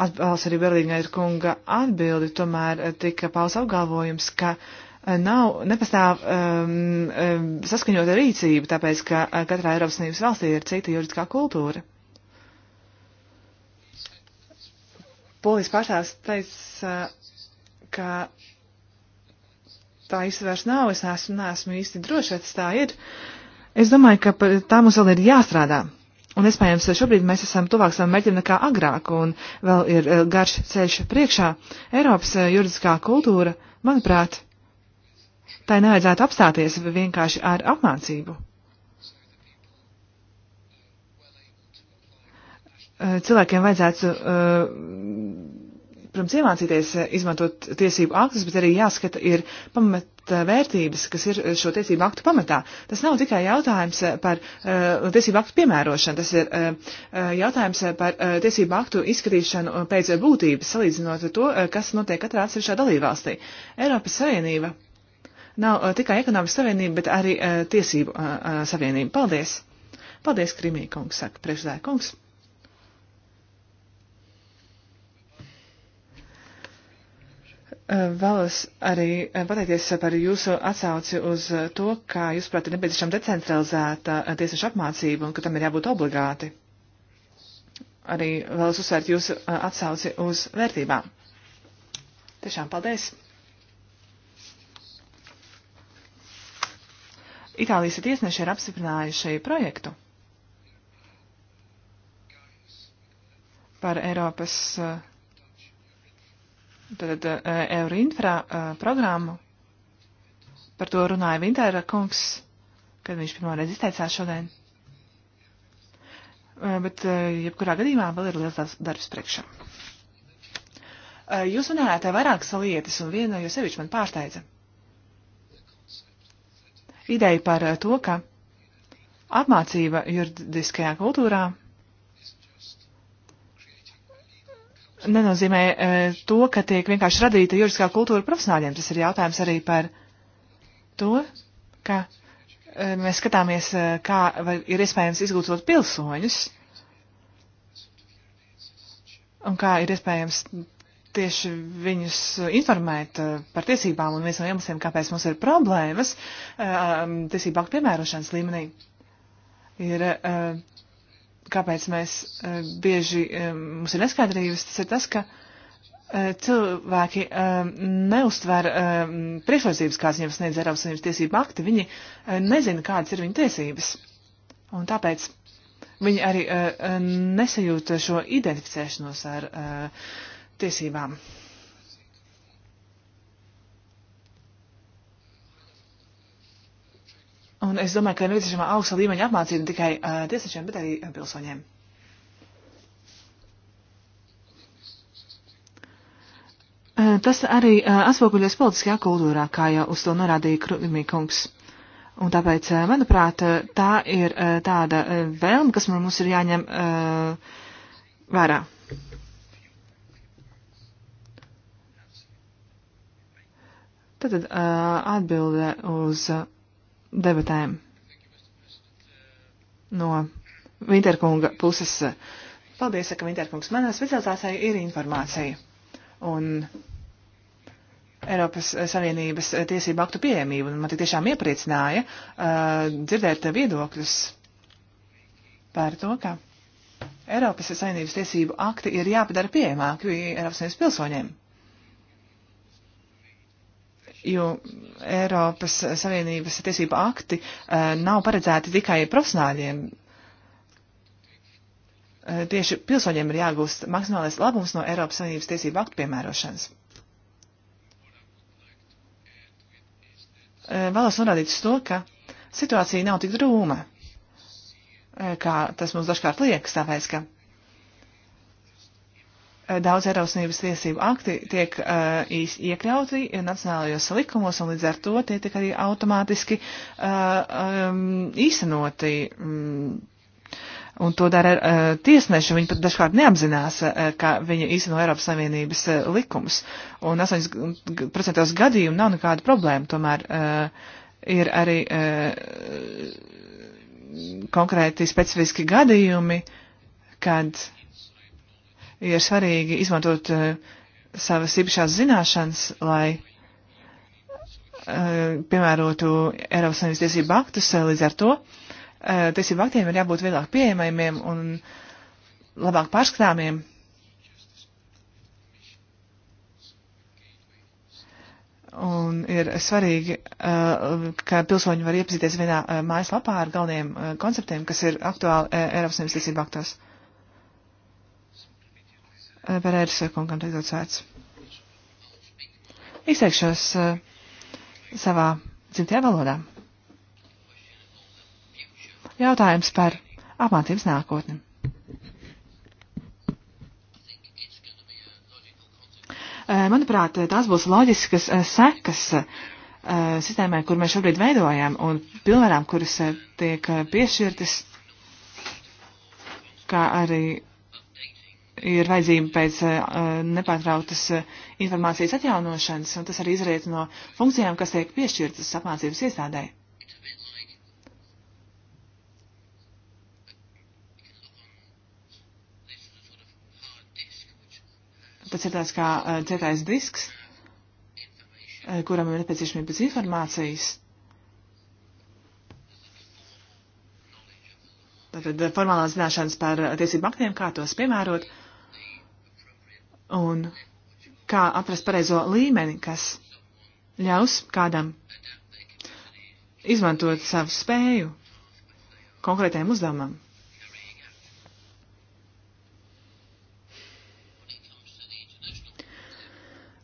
atbalsts arī Berlīņa ir kunga atbildi, tomēr tika paus apgalvojums, ka uh, nav, nepastāv um, um, saskaņota rīcība, tāpēc, ka uh, katrā Eiropas Savienības valstī ir cita juridiskā kultūra. Polijas pārstāvs teica, uh, ka tā īsti vairs nav, es neesmu, neesmu īsti droši, vai tas tā ir. Es domāju, ka par tā mums vēl ir jāstrādā. Un, iespējams, šobrīd mēs esam tuvāk savam mērķim nekā agrāk, un vēl ir uh, garš ceļš priekšā. Eiropas juridiskā kultūra, manuprāt, tai nevajadzētu apstāties vienkārši ar apmācību. Eh, cilvēkiem vajadzētu, eh, protams, iemācīties izmantot tiesību aktus, bet arī jāskata ir pamatvērtības, kas ir šo tiesību aktu pamatā. Tas nav tikai jautājums par eh, tiesību aktu piemērošanu, tas ir jautājums par tiesību aktu izskatīšanu pēc būtības, salīdzinot to, kas notiek katrā atsevišķā dalībvalstī. Eiropas Savienība nav eh, tikai ekonomikas savienība, bet arī eh, tiesību eh, savienība. Paldies! Paldies, Krimī kungs, saka priekšsēdē kungs. Vēlos arī pateikties par jūsu atsauci uz to, ka jūs, prāt, ir nepieciešama decentralizēta tiesneša apmācība un ka tam ir jābūt obligāti. Arī vēlos uzsvērt jūsu atsauci uz vērtībām. Tiešām paldies! Itālijas tiesneši ir apstiprinājuši projektu par Eiropas eh, tad, Euroinfra eh, eh, programmu. Par to runāja Vintēra kungs, kad viņš pirmoreiz izteicās šodien. Bet jebkurā gadījumā vēl ir liels darbs priekšā. Jūs runājāt vairākas lietas, un viena no jūs sevišķi man pārsteidza ideju par eh, to, ka apmācība juridiskajā kultūrā nenozīmē eh, to, ka tiek vienkārši radīta juridiskā kultūra profesionāļiem. Tas ir jautājums arī par to, ka eh, mēs skatāmies, kā ir iespējams izglītot pilsoņus un kā ir iespējams tieši viņus eh, informēt eh, par tiesībām, un viens no iemesliem, kāpēc mums ir problēmas eh, tiesību aktu piemērošanas līmenī, ir, kāpēc mēs bieži, mums ir neskaidrības, tas ir tas, ka cilvēki neustver priekšrocības, kādas viņiem sniedz Eiropas Savienības tiesība akti, viņi nezina, kādas ir viņu tiesības. Un tāpēc viņi arī nesajūt šo identificēšanos ar uh, tiesībām. Un es domāju, ka ir nepieciešama augsta līmeņa apmācība ne tikai uh, tiesnešiem, bet arī uh, pilsoņiem. Uh, tas arī uh, atspoguļojas politiskajā kultūrā, kā jau uz to norādīja Krumīkungs. Un tāpēc, uh, manuprāt, uh, tā ir uh, tāda uh, vēlme, kas mums ir jāņem uh, vērā. Tad atbilde uz debatēm no Vinterkunga puses. Paldies, ka Vinterkungs manā specialitātē ir informācija. Un Eiropas Savienības tiesību aktu pieejamību, un man tik tiešām iepriecināja uh, dzirdēt viedokļus par to, ka Eiropas Savienības tiesību akti ir jāpadara pieejamāki Eiropas Savienības pilsoņiem jo Eiropas Savienības tiesība akti eh, nav paredzēti tikai profesionāļiem. Eh, tieši pilsoņiem ir jāgūst maksimālais labums no Eiropas Savienības tiesību aktu piemērošanas. Eh, vēlos norādīt uz to, ka situācija nav tik drūma, kā tas mums dažkārt liekas, tāpēc, ka Eh, daudz Eiropas Savienības tiesību akti tiek uh, iekļauti nacionālajos likumos, un līdz ar to tie tiek arī automātiski uh, um, īstenoti. Um, un to dara uh, tiesneši, viņi pat dažkārt neapzinās, uh, ka viņi īsteno Eiropas Savienības uh, likumus. Un 8% gadījumu nav nekāda problēma, tomēr uh, ir arī uh, konkrēti specifiski gadījumi, kad uh, ir svarīgi izmantot uh, savas īpašās zināšanas, lai uh, piemērotu Eiropas Savienības tiesību aktus. Eh, līdz ar to uh, tiesību aktiem ir jābūt vieglāk pieejamiem un labāk pārskatāmiem. Un ir svarīgi, ka pilsoņi var iepazīties vienā mājaslapā ar galvenajiem konceptiem, kas ir aktuāli Eiropas Savienības tiesību aktos. Eh, Pērēras eh, kungam tiek dots vērts. Izteikšos eh, savā dzimtajā valodā. Jautājums par apmācības nākotni. Manuprāt, tās būs loģiskas sekas sistēmai, kur mēs šobrīd veidojam, un pilnvarām, kuras tiek piešķirtas, kā arī ir vajadzība pēc eh, nepārtrauktas eh, informācijas atjaunošanas, un tas arī izriet no funkcijām, kas tiek piešķirtas apmācības iestādē. Tas ir tāds kā eh, dzietais disks, kuram ir nepieciešamība pēc informācijas. Tātad formālās zināšanas par tiesību aktiem, kā tos piemērot. Uh, un kā atrast pareizo līmeni, kas ļaus kādam izmantot savu spēju konkrētajam uzdevumam.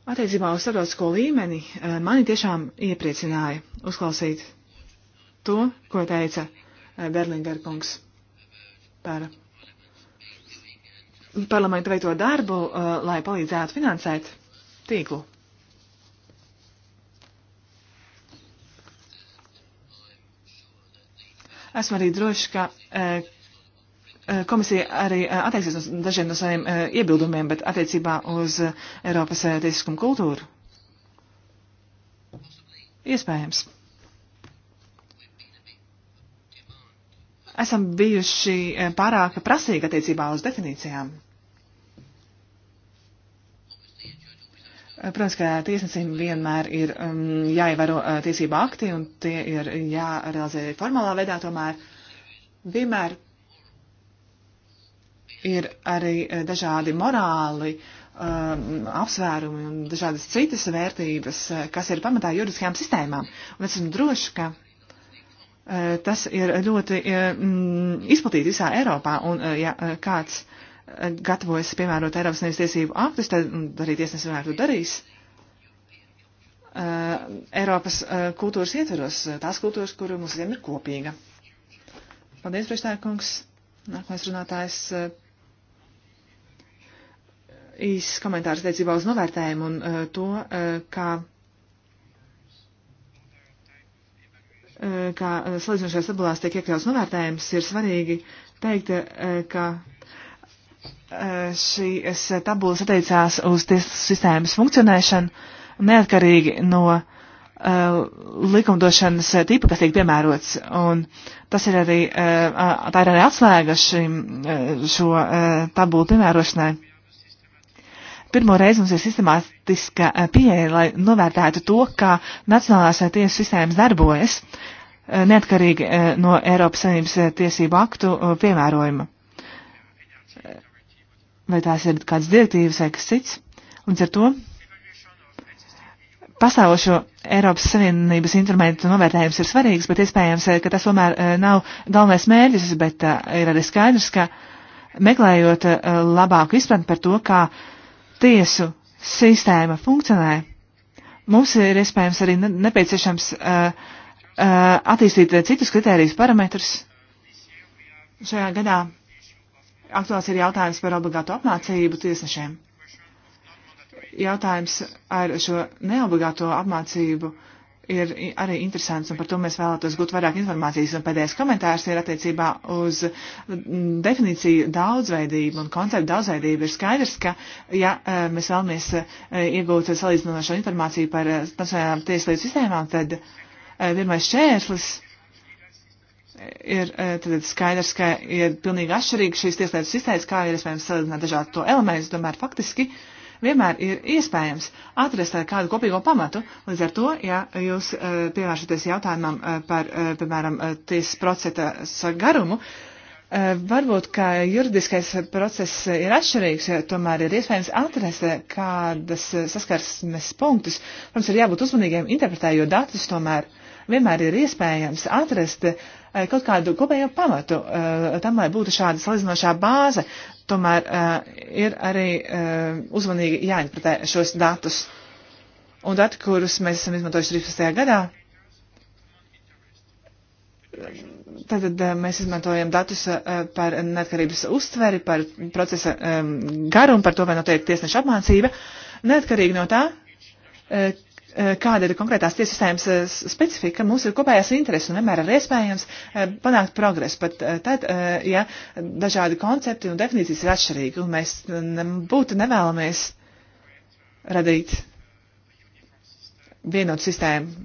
Attiecībā uz starptautisko līmeni eh, mani tiešām iepriecināja uzklausīt to, ko teica eh, Berlingerkungs par parlamentu veikto darbu, uh, lai palīdzētu finansēt tīklu. Esmu arī droši, ka uh, uh, komisija arī attieksies uz dažiem no saviem iebildumiem, bet attiecībā uz Eiropas tiesiskumu kultūru. Iespējams. esam bijuši e, pārāk prasīgi attiecībā uz definīcijām. E, protams, ka tiesnesim vienmēr ir um, jāievēro uh, e, tiesību akti un tie ir jārealizē formālā veidā, tomēr vienmēr ir arī dažādi morāli um, apsvērumi un dažādas citas vērtības, kas ir pamatā juridiskajām sistēmām. Un es esmu droši, ka Eh, tas ir ļoti eh, mm, izplatīts visā Eiropā, un eh, ja kāds gatavojas piemērot Eiropas nevis tiesību aktus, tad mm, arī tiesnes vienmēr to darīs. Eiropas kultūras ietveros, tās kultūras, kuru mums visiem ir kopīga. Paldies, priekšstājkungs. Nākamais runātājs īsts komentārs teicībā uz novērtējumu un to, kā. Ka Eh, kā eh, slēdzošajā stabilās tiek iekļauts novērtējums, ir svarīgi teikt, eh, ka šīs tabulas attiecās uz tiesu sistēmas funkcionēšanu neatkarīgi no likumdošanas tipa, kas tiek piemērots. Un tas ir arī, tā ir arī atslēga šim, šo tabulu piemērošanai pirmo reizi mums ir sistemātiska eh, pieeja, lai novērtētu to, kā nacionālās eh, tiesu sistēmas darbojas, eh, neatkarīgi no Eiropas Savienības tiesību aktu piemērojuma. Vai tās ir kādas direktīvas vai kas cits? Un ar to pasaušo Eiropas Savienības instrumentu novērtējums ir svarīgs, bet iespējams, ka tas tomēr nav galvenais mērķis, bet ir arī skaidrs, ka meklējot labāku izpratni par to, kā uh, tiesu sistēma funkcionē, mums ir iespējams arī nepieciešams uh, uh, attīstīt citus kritērijus parametrus. Šajā gadā aktuāls ir jautājums par obligātu apmācību tiesnešiem. Jautājums ar šo neobligāto apmācību uh, ir arī interesants, un par to mēs vēlētos gūt vairāk informācijas. Un pēdējais komentārs ir attiecībā uz definīciju daudzveidību un konceptu daudzveidību. Ir skaidrs, ka, ja e, mēs vēlamies e, iegūt salīdzinošo informāciju par e, nacionālām tieslietu sistēmām, tad pirmais šķērslis ir tad skaidrs, ka ir pilnīgi atšķirīgi šīs tieslietu sistēmas, kā ir iespējams salīdzināt dažādu to elementu, tomēr faktiski. Uh, vienmēr ir iespējams atrast uh, kādu kopīgo pamatu. Līdz ar to, ja jūs uh, pievēršaties jautājumam uh, par, piemēram, tiesas procesa garumu, Varbūt, ka juridiskais process ir atšķirīgs, ja tomēr ir iespējams atrast kādas saskarsmes punktus. Protams, ir jābūt uzmanīgiem interpretējot datus, tomēr vienmēr ir iespējams atrast kaut kādu kopējo pamatu tam, lai būtu šāda salīdzinošā bāze, Tomēr uh, ir arī uh, uzmanīgi jāinterpretē šos datus. Un dati, kurus mēs esam izmantojuši 13. gadā, Tātad eh, mēs izmantojam datus par neatkarības uztveri, par procesa garumu, par to, vai notiek tiesneša apmācība. Neatkarīgi no tā, Eh, kāda ir konkrētās tiesu sistēmas eh, specifika, mums ir kopējās intereses un vienmēr ir iespējams eh, panākt progresu, pat tad, ja dažādi koncepti un definīcijas ir atšķirīgi, un mēs būtu nevēlamies radīt vienotu sistēmu,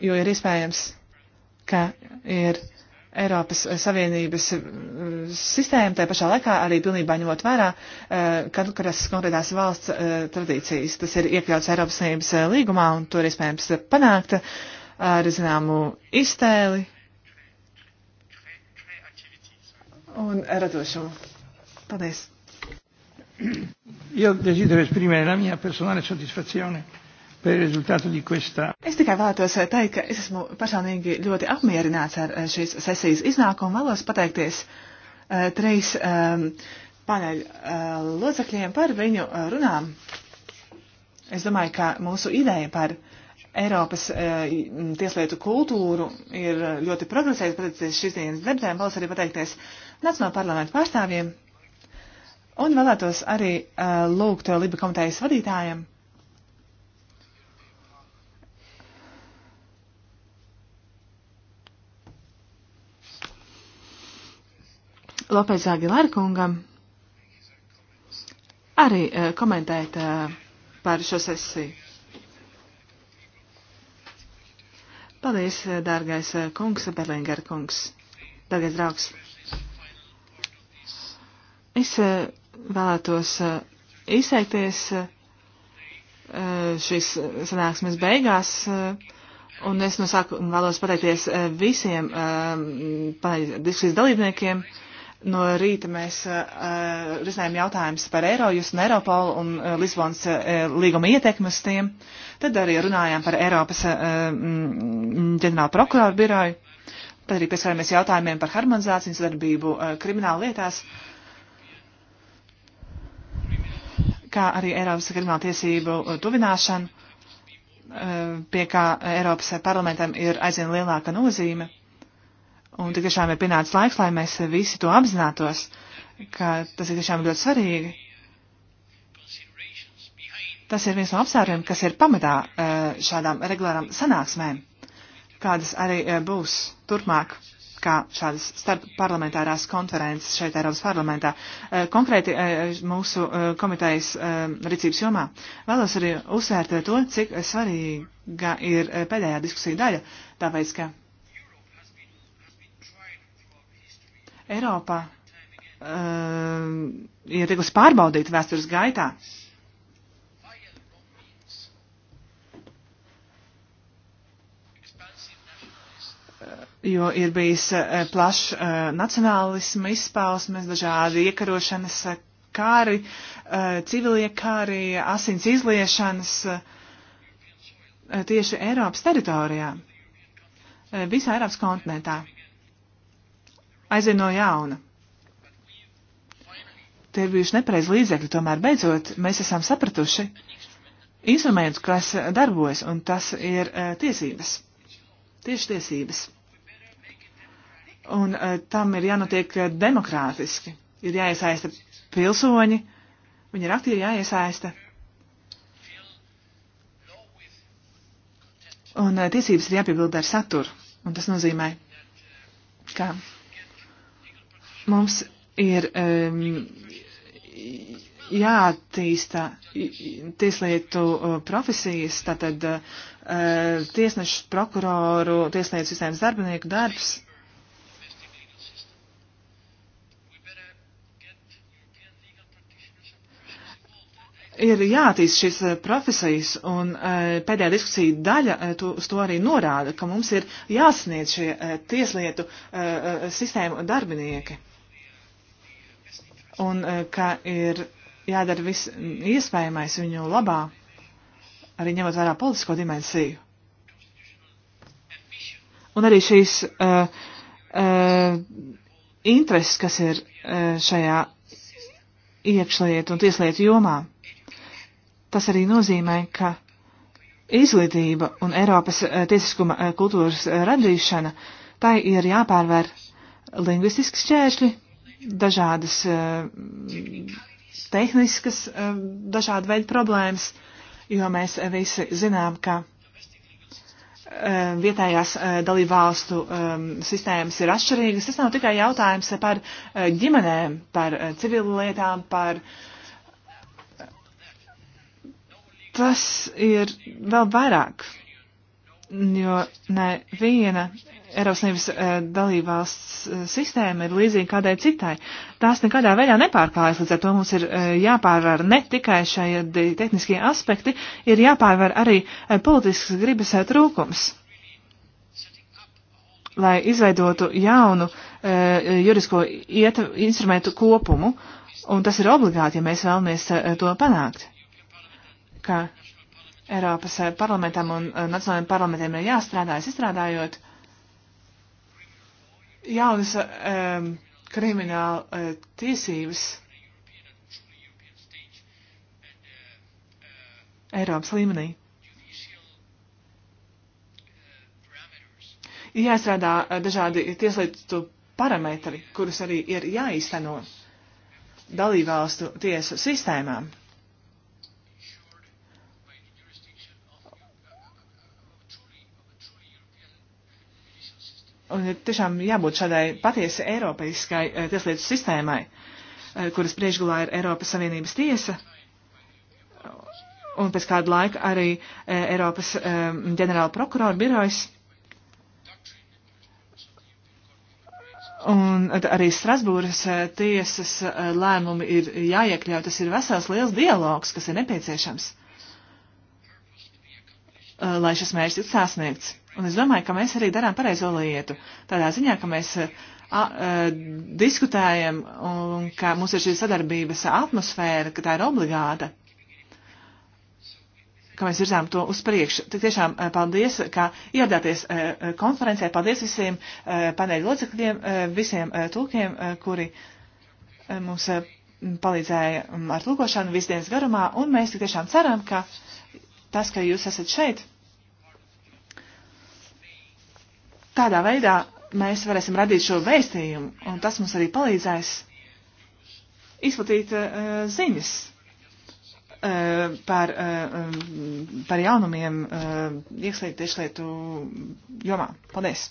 jo ir iespējams, ka ir Eiropas Savienības sistēmu, tai pašā laikā arī pilnībā ņemot vērā e, katras konkrētās valsts e, tradīcijas. Tas ir iekļauts Eiropas Savienības e, līgumā un to ir iespējams panākt ar zināmu iztēli un radošumu. Paldies! Io desidero esprimere la mia personale soddisfazione per il risultato di questa. Es tikai vēlētos eh, teikt, ka es esmu personīgi ļoti apmierināts ar eh, šīs sesijas iznākumu. Vēlos pateikties uh, trīs um, ehm, paneļu uh, locekļiem par viņu uh, runām. Es domāju, ka mūsu ideja par Eiropas uh, tieslietu kultūru ir ļoti progresējusi pateicoties šīs dienas darbiem. Vēlos arī pateikties Nacionālajā parlamentu pārstāvjiem. Un vēlētos arī uh, lūgt Liba komitejas vadītājiem Lopez Agilar kungam arī eh, komentēt eh, par šo sesiju. Paldies, eh, dārgais kungs, Berlinger kungs, dārgais draugs. Es vēlētos izteikties šīs sanāksmes beigās. Un es no sākuma vēlos pateikties visiem diskusijas dalībniekiem, uh, No rīta mēs uh, eh, eh, risinājām jautājumus par Eirojus un Eiropolu un uh, Lisbonas uh, līguma ietekmes tiem. Tad arī runājām par Eiropas uh, ģenerāla prokuroru biroju. Tad arī pieskārāmies jautājumiem par harmonizācijas darbību uh, krimināla lietās, kā arī Eiropas krimināla tiesību uh, tuvināšanu, uh, pie kā Eiropas parlamentam ir aizvien lielāka nozīme Un tik tiešām ir pienācis laiks, lai mēs visi to apzinātos, ka tas ir tiešām ļoti svarīgi. Tas ir viens no apsvērumiem, kas ir pamatā eh, šādām regulāram sanāksmēm, kādas arī eh, būs turpmāk, kā šādas starpparlamentārās konferences šeit Eiropas parlamentā, eh, konkrēti mūsu komitejas rīcības jomā. Vēlos arī uzsvērt to, cik svarīga ir pēdējā diskusija daļa, tāpēc, ka Eiropā uh, ir tikusi pārbaudīta vēstures gaitā. jo ir bijis eh, plašs uh, nacionālisma izpausmes, dažādi iekarošanas kāri, uh, civilie kāri, asins izliešanas uh, tieši Eiropas teritorijā, visā Eiropas kontinentā aizvien no jauna. Tie ir bijuši nepareizi līdzekļi, tomēr beidzot mēs esam sapratuši instrumentu, kas darbojas, un tas ir uh, tiesības. Tieši tiesības. Un uh, tam ir jānotiek demokrātiski. Ir jāiesaista pilsoņi, viņi ir aktīvi jāiesaista. Un eh, tiesības ir jāpiebilda ar saturu. Un tas nozīmē, ka Mums ir um, jāattīsta tieslietu profesijas, tātad uh, e, tiesnešu, prokuroru, tieslietu sistēmas darbinieku darbs. ir jātīst šīs e, profesijas, un e, pēdējā diskusija daļa tu, uz to arī norāda, ka mums ir jāsniedz šie tieslietu sistēmu darbinieki un eh, ka ir jādara viss iespējamais viņu labā, arī ņemot vērā politisko dimensiju. Un arī šīs uh, uh, intereses, kas ir uh, šajā iekšlietu un tieslietu jomā. Tas arī nozīmē, ka izglītība un Eiropas uh, tiesiskuma uh, kultūras uh, radīšana tai ir jāpārvar lingvistiski šķēršļi, dažādas eh, tehniskas, eh, dažāda veida problēmas, jo mēs visi zinām, ka eh, vietējās dalībvalstu ehm, sistēmas ir atšķirīgas. Tas nav tikai jautājums par ģimenēm, par civilu lietām, par. Tas ir vēl vairāk, jo neviena Eiropas Savienības eh, dalībvalsts eh, sistēma ir līdzīga kādai citai. Tās nekādā veidā nepārklājas, līdz ar to mums ir eh, jāpārvar ne tikai šie tehniskie aspekti, ir jāpārvar arī politiskas gribas trūkums. Lai izveidotu jaunu juridisko instrumentu kopumu, un tas ir obligāti, ja mēs vēlamies to panākt. Kā Eiropas parlamentam un nacionālajiem parlamentiem ir jāstrādājas, izstrādājot jaunas um, krimināla uh, tiesības Eiropas līmenī. Ir jāstrādā eh, dažādi tieslietu parametri, kurus arī ir jāizteno dalībvalstu tiesu sistēmām. Un ir tiešām jābūt šādai patiesi Eiropaiskai eh, tieslietu sistēmai, eh, kuras priekšgulā ir Eiropas Savienības tiesa. Un pēc kāda laika arī eh, Eiropas ģenerāla prokurora birojas. Un arī Strasbūras tiesas lēmumi ir jāiekļauj. Tas ir vesels liels dialogs, kas ir nepieciešams, lai šis mērķis tiktu sasniegts. Un es domāju, ka mēs arī darām pareizo lietu. Tādā ziņā, ka mēs eh, a, a, eh, diskutējam un ka mums ir šī sadarbības atmosfēra, ka tā ir obligāta, ka mēs virzām to uz priekšu. Tik tiešām eh, paldies, ka ieradāties konferencē. Paldies visiem paneļu locekļiem, visiem tulkiem, kuri mums palīdzēja mm, ar tulkošanu visdienas garumā. Un mēs tik tiešām ceram, ka tas, ka jūs esat šeit, Tādā veidā mēs varēsim radīt šo vēstījumu, un tas mums arī palīdzēs izplatīt uh, ziņas uh, par, uh, par jaunumiem uh, iekšlietu tiešlietu jomā. Paldies!